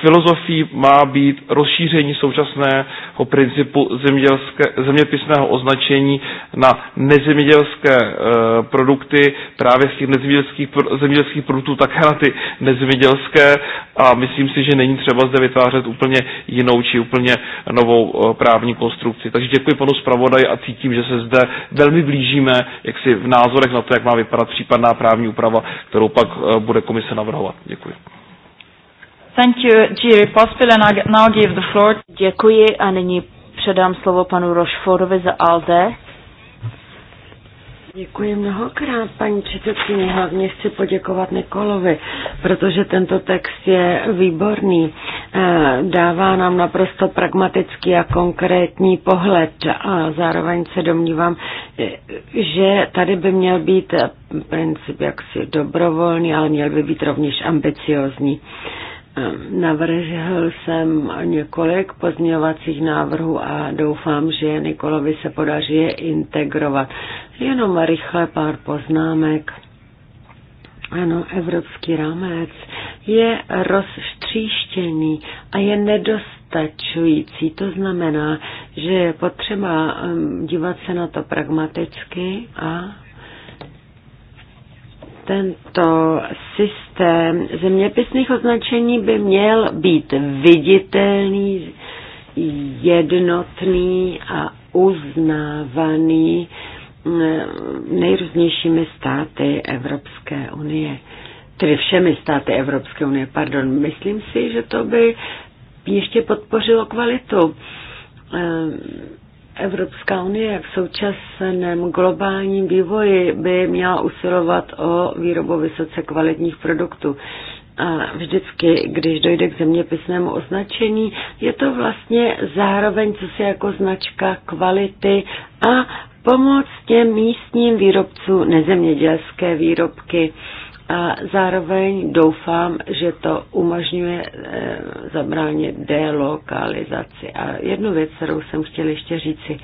filozofií má být rozšíření současného principu zemědělské, zeměpisného označení na nezemědělské e, produkty, právě z těch nezemědělských, zemědělských produktů také na ty nezemědělské a myslím si, že není třeba zde vytvářet úplně jinou či úplně novou e, právní konstrukci. Takže děkuji panu zpravodaji a cítím, že se zde velmi blížíme jak si v názorech na to, jak má vypadat případná právní úprava, kterou pak e, bude komise navrhovat. Děkuji. Thank you, Jiri Pospil, and I now give the floor. Děkuji a nyní předám slovo panu Rošfordovi za ALDE. Děkuji mnohokrát, paní předsedkyně. Hlavně chci poděkovat Nikolovi, protože tento text je výborný. Eh, dává nám naprosto pragmatický a konkrétní pohled a zároveň se domnívám, eh, že tady by měl být princip jaksi dobrovolný, ale měl by být rovněž ambiciozní. Navrhl jsem několik pozměňovacích návrhů a doufám, že Nikolovi se podaří je integrovat. Jenom rychle pár poznámek. Ano, evropský rámec je rozstříštěný a je nedostačující. To znamená, že je potřeba um, dívat se na to pragmaticky a tento systém zeměpisných označení by měl být viditelný, jednotný a uznávaný eh, nejrůznějšími státy Evropské unie, tedy všemi státy Evropské unie, pardon. Myslím si, že to by ještě podpořilo kvalitu eh, Evropská unie v současném globálním vývoji by měla usilovat o výrobu vysoce kvalitních produktů. A vždycky, když dojde k zeměpisnému označení, je to vlastně zároveň, co se jako značka kvality a pomoc těm místním výrobcům nezemědělské výrobky a zároveň doufám, že to umožňuje eh, zabránit delokalizaci. A jednu věc, kterou jsem chtěl ještě říci,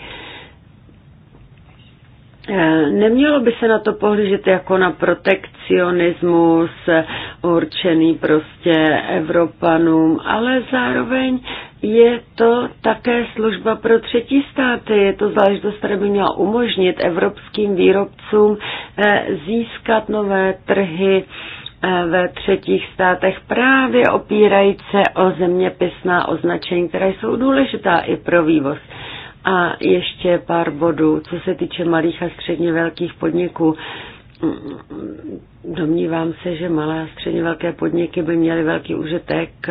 Eh, nemělo by se na to pohlížet jako na protekcionismus určený prostě Evropanům, ale zároveň je to také služba pro třetí státy. Je to záležitost, která by měla umožnit evropským výrobcům eh, získat nové trhy eh, ve třetích státech právě opírající se o zeměpisná označení, která jsou důležitá i pro vývoz. A ještě pár bodů, co se týče malých a středně velkých podniků. Domnívám se, že malé a středně velké podniky by měly velký užitek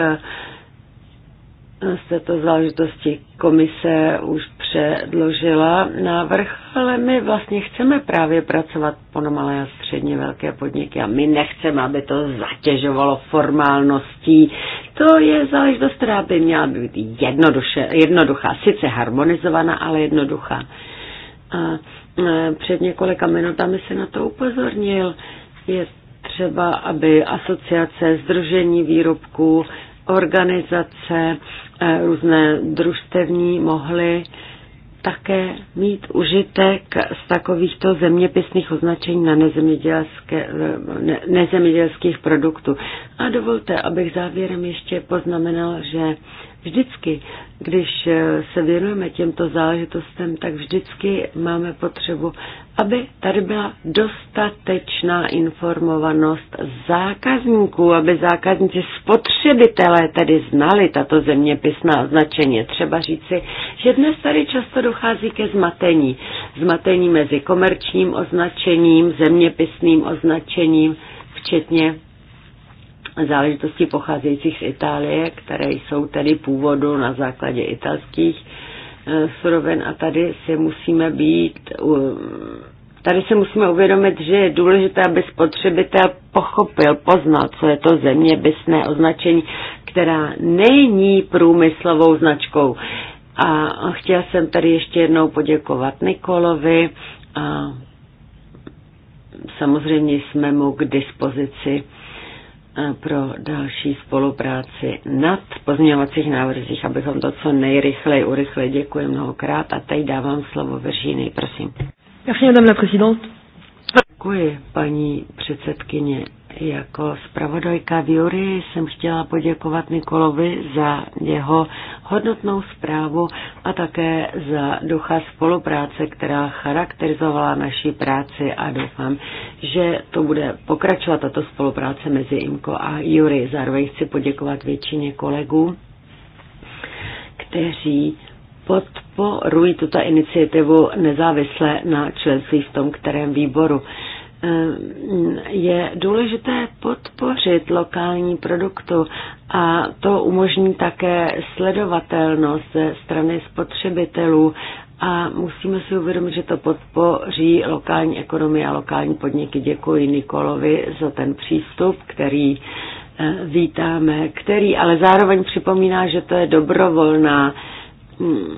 z této záležitosti komise už předložila návrh, ale my vlastně chceme právě pracovat po malé a středně velké podniky a my nechceme, aby to zatěžovalo formálností. To je záležitost, která by měla být jednoduše, jednoduchá, sice harmonizovaná, ale jednoduchá. A e, před několika minutami se na to upozornil. Je třeba, aby asociace, združení výrobků, organizace, eh, různé družstevní mohly také mít užitek z takovýchto zeměpisných označení na nezemědělské, eh, ne, nezemědělských produktů. A dovolte, abych závěrem ještě poznamenal, že Vždycky, když eh, se věnujeme těmto záležitostem, tak vždycky máme potřebu, aby tady byla dostatečná informovanost zákazníků, aby zákazníci spotřebitelé tedy znali tato zeměpisná označení. Třeba říci, že dnes tady často dochází ke zmatení. Zmatení mezi komerčním označením, zeměpisným označením, včetně záležitostí pocházejících z Itálie, které jsou tedy původu na základě italských eh, suroven a tady si musíme být Tady se musíme uvědomit, že je důležité, aby spotřebitel pochopil, poznal, co je to zeměpisné označení, která není průmyslovou značkou. A chtěla jsem tady ještě jednou poděkovat Nikolovi a samozřejmě jsme mu k dispozici pro další spolupráci nad pozměňovacích návrzích, abychom to co nejrychleji urychle Děkuji mnohokrát a teď dávám slovo Veříny, prosím. Děkuji, paní předsedkyně. Jako zpravodajka v Jury jsem chtěla poděkovat Nikolovi za jeho hodnotnou zprávu a také za ducha spolupráce, která charakterizovala naší práci a doufám, že to bude pokračovat tato spolupráce mezi Imko a Jury. Zároveň chci poděkovat většině kolegů, kteří podporují tuto iniciativu nezávisle na členství v tom kterém výboru. Eh, je důležité podpořit lokální produktu a to umožní také sledovatelnost ze strany spotřebitelů a musíme si uvědomit, že to podpoří lokální ekonomie a lokální podniky. Děkuji Nikolovi za ten přístup, který eh, vítáme, který ale zároveň připomíná, že to je dobrovolná hm,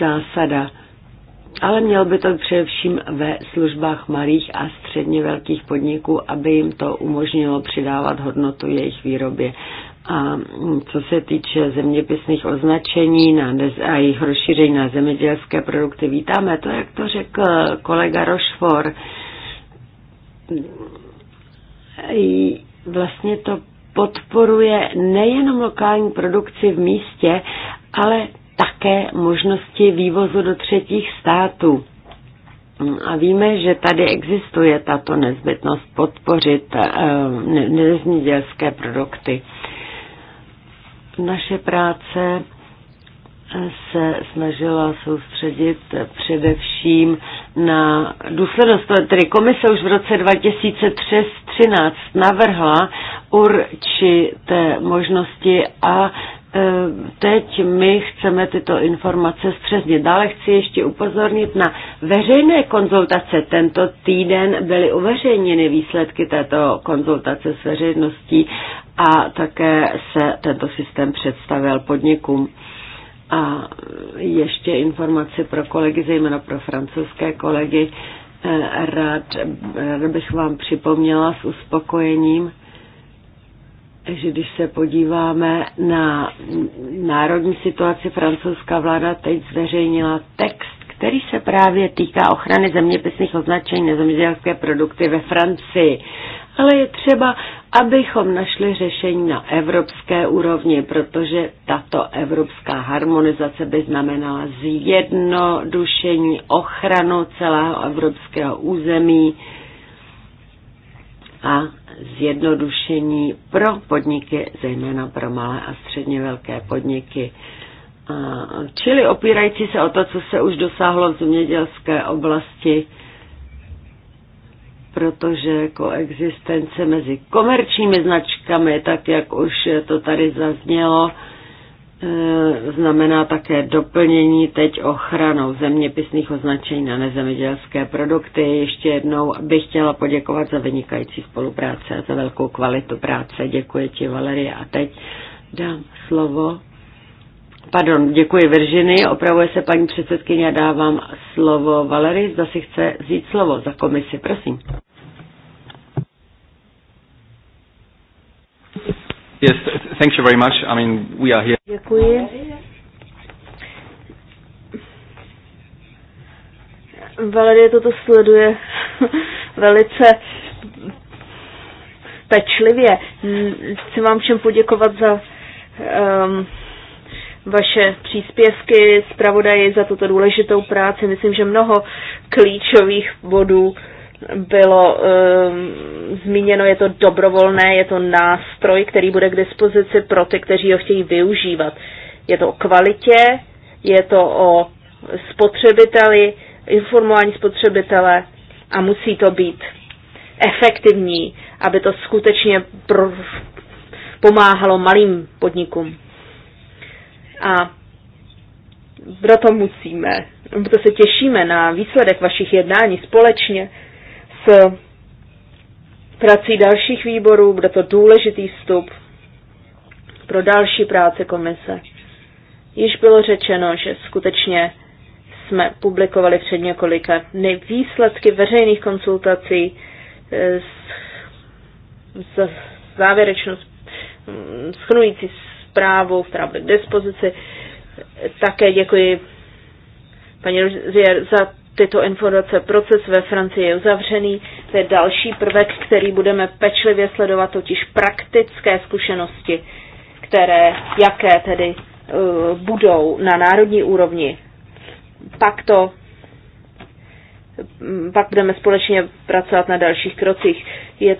zásada ale měl by to především ve službách malých a středně velkých podniků, aby jim to umožnilo přidávat hodnotu jejich výrobě. A co se týče zeměpisných označení na, a jejich rozšíření na zemědělské produkty, vítáme to, jak to řekl kolega Rošfor. Vlastně to podporuje nejenom lokální produkci v místě, ale také možnosti vývozu do třetích států. A víme, že tady existuje tato nezbytnost podpořit eh, nezemědělské produkty. Naše práce se snažila soustředit především na důslednost. Tedy komise už v roce 2013 navrhla určité možnosti a E, teď my chceme tyto informace střeznit. Dále chci ještě upozornit na veřejné konzultace. Tento týden byly uveřejněny výsledky této konzultace s veřejností a také se tento systém představil podnikům. A ještě informace pro kolegy, zejména pro francouzské kolegy. E, rád, rád bych vám připomněla s uspokojením, takže když se podíváme na národní situaci, francouzská vláda teď zveřejnila text, který se právě týká ochrany zeměpisných označení na zemědělské produkty ve Francii. Ale je třeba, abychom našli řešení na evropské úrovni, protože tato evropská harmonizace by znamenala zjednodušení ochranu celého evropského území a zjednodušení pro podniky, zejména pro malé a středně velké podniky. Čili opírající se o to, co se už dosáhlo v zemědělské oblasti, protože koexistence mezi komerčními značkami, tak jak už to tady zaznělo, Eh, znamená také doplnění teď ochranou zeměpisných označení na nezemědělské produkty. Ještě jednou bych chtěla poděkovat za vynikající spolupráce a za velkou kvalitu práce. Děkuji ti, Valerie. A teď dám slovo. Pardon, děkuji Viržiny. Opravuje se paní předsedkyně a dávám slovo Valerii. Zda si chce vzít slovo za komisi, prosím. Yes, thank you very much. I mean, we are here. Děkuji. Valerie toto sleduje velice pečlivě. Chci vám všem poděkovat za um, vaše příspěvky, zpravodaji za tuto důležitou práci. Myslím, že mnoho klíčových bodů bylo um, zmíněno, je to dobrovolné, je to nástroj, který bude k dispozici pro ty, kteří ho chtějí využívat. Je to o kvalitě, je to o spotřebiteli, informování spotřebitele a musí to být efektivní, aby to skutečně pomáhalo malým podnikům. A proto musíme, proto se těšíme na výsledek vašich jednání společně s prací dalších výborů. Bude to důležitý vstup pro další práce komise. Již bylo řečeno, že skutečně jsme publikovali před několika dny výsledky veřejných konsultací eh, s závěrečnou schnující zprávu, která bude k dispozici. Také děkuji paní Rozier za tyto informace. Proces ve Francii je uzavřený. To je další prvek, který budeme pečlivě sledovat, totiž praktické zkušenosti, které, jaké tedy uh, budou na národní úrovni. Pak to mm, pak budeme společně pracovat na dalších krocích. Je,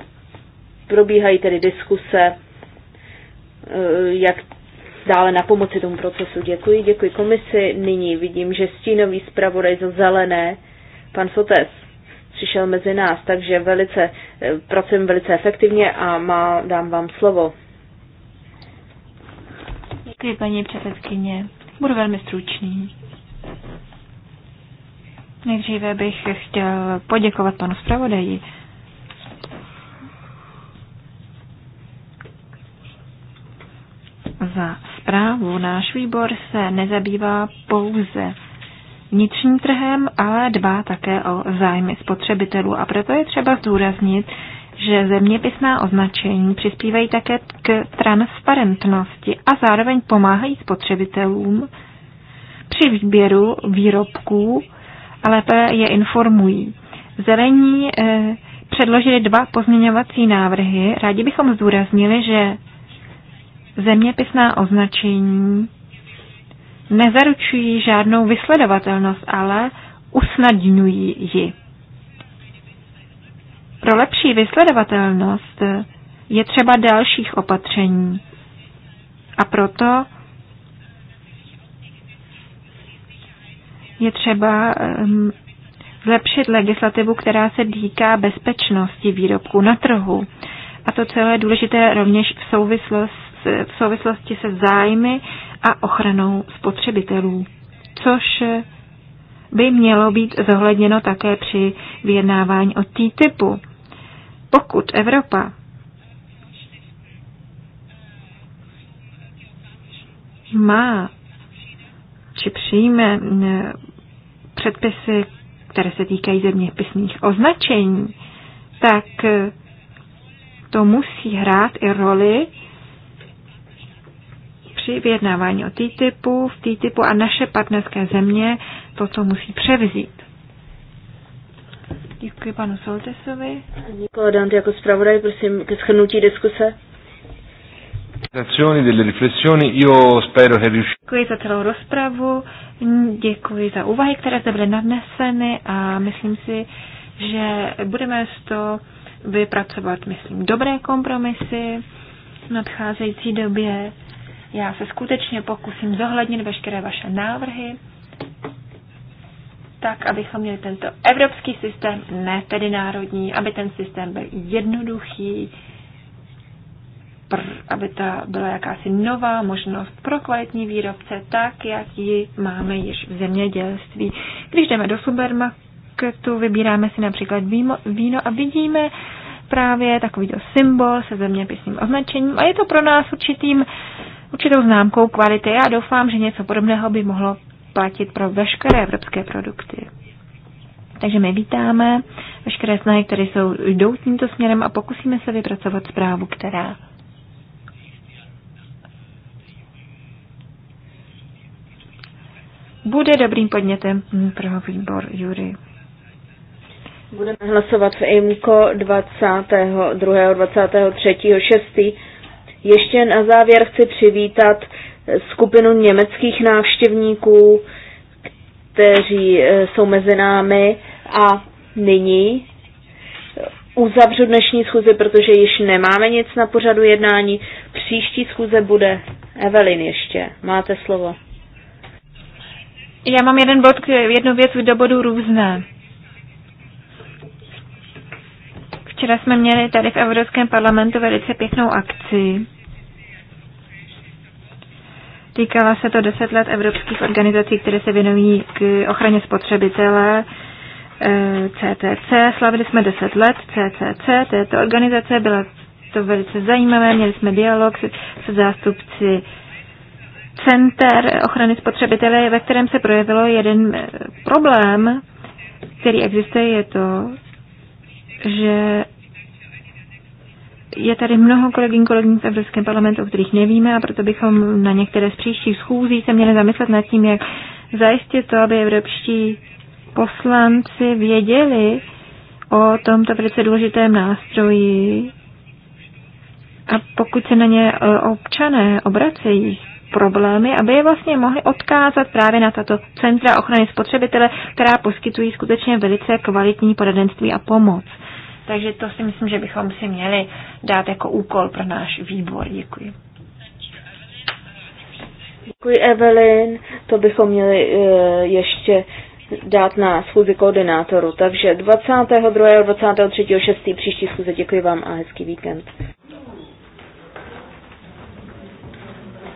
probíhají tedy diskuse, eh, jak dále na pomoci tomu procesu. Děkuji, děkuji komisi. Nyní vidím, že stínový zpravodaj za zelené, pan Sotes, přišel mezi nás, takže velice, eh, pracujeme velice efektivně a má, dám vám slovo. Děkuji, paní předsedkyně. Budu velmi stručný. Nejdříve bych chtěl poděkovat panu zpravodaji. za zprávu. Náš výbor se nezabývá pouze vnitřním trhem, ale dbá také o zájmy spotřebitelů. A proto je třeba zdůraznit, že zeměpisná označení přispívají také k transparentnosti a zároveň pomáhají spotřebitelům při výběru výrobků ale je informují. Zelení e, předložili dva pozměňovací návrhy. Rádi bychom zdůraznili, že zeměpisná označení nezaručují žádnou vysledovatelnost, ale usnadňují ji. Pro lepší vysledovatelnost je třeba dalších opatření. A proto je třeba ehm, zlepšit legislativu, která se týká bezpečnosti výrobků na trhu. A to celé je důležité rovněž v souvislosti v souvislosti se zájmy a ochranou spotřebitelů, což by mělo být zohledněno také při vyjednávání o TTIPu. Pokud Evropa má či přijme předpisy, které se týkají zeměpisných označení, tak to musí hrát i roli při vyjednávání o TTIPu, v TTIPu a naše partnerské země to, co musí převzít. Děkuji panu Soltesovi. Děkuji, Dante jako zpravodaj, prosím, ke schrnutí diskuse. Děkuji za celou rozpravu, děkuji za úvahy, které zde byly nadneseny a myslím si, že budeme z toho vypracovat, myslím, dobré kompromisy v nadcházející době. Já se skutečně pokusím zohlednit veškeré vaše návrhy, tak, abychom měli tento evropský systém, ne tedy národní, aby ten systém byl jednoduchý, pr, aby to byla jakási nová možnost pro kvalitní výrobce, tak, jak ji máme již v zemědělství. Když jdeme do supermarketu, vybíráme si například víno a vidíme právě takovýto symbol se zeměpisným označením a je to pro nás určitým určitou známkou kvality. Já doufám, že něco podobného by mohlo platit pro veškeré evropské produkty. Takže my vítáme veškeré snahy, které jsou, jdou tímto směrem a pokusíme se vypracovat zprávu, která bude dobrým podnětem pro výbor jury. Budeme hlasovat v IMCO 22. 23. 6. Ještě na závěr chci přivítat skupinu německých návštěvníků, kteří eh, jsou mezi námi a nyní eh, uzavřu dnešní schůze, protože již nemáme nic na pořadu jednání. Příští schůze bude Evelyn ještě. Máte slovo. Já mám jeden bod, jednu věc do bodu různé. Včera jsme měli tady v Evropském parlamentu velice pěknou akci. Týkala se to deset let evropských organizací, které se věnují k ochraně spotřebitele. CTC eh, slavili jsme deset let CCC, této organizace, byla to velice zajímavé, měli jsme dialog se zástupci Center ochrany spotřebitele, ve kterém se projevilo jeden eh, problém, který existuje, je to, že je tady mnoho kolegyň kolegů z Evropském parlamentu, o kterých nevíme a proto bychom na některé z příštích schůzí se měli zamyslet nad tím, jak zajistit to, aby evropští poslanci věděli o tomto velice důležitém nástroji a pokud se na ně e, občané obracejí problémy, aby je vlastně mohli odkázat právě na tato centra ochrany spotřebitele, která poskytují skutečně velice kvalitní poradenství a pomoc. Takže to si myslím, že bychom si měli dát jako úkol pro náš výbor. Děkuji. Děkuji, Evelyn. To bychom měli eh, ještě dát na schůzi koordinátoru. Takže 22. 23. 6. příští schůze. Děkuji vám a hezký víkend.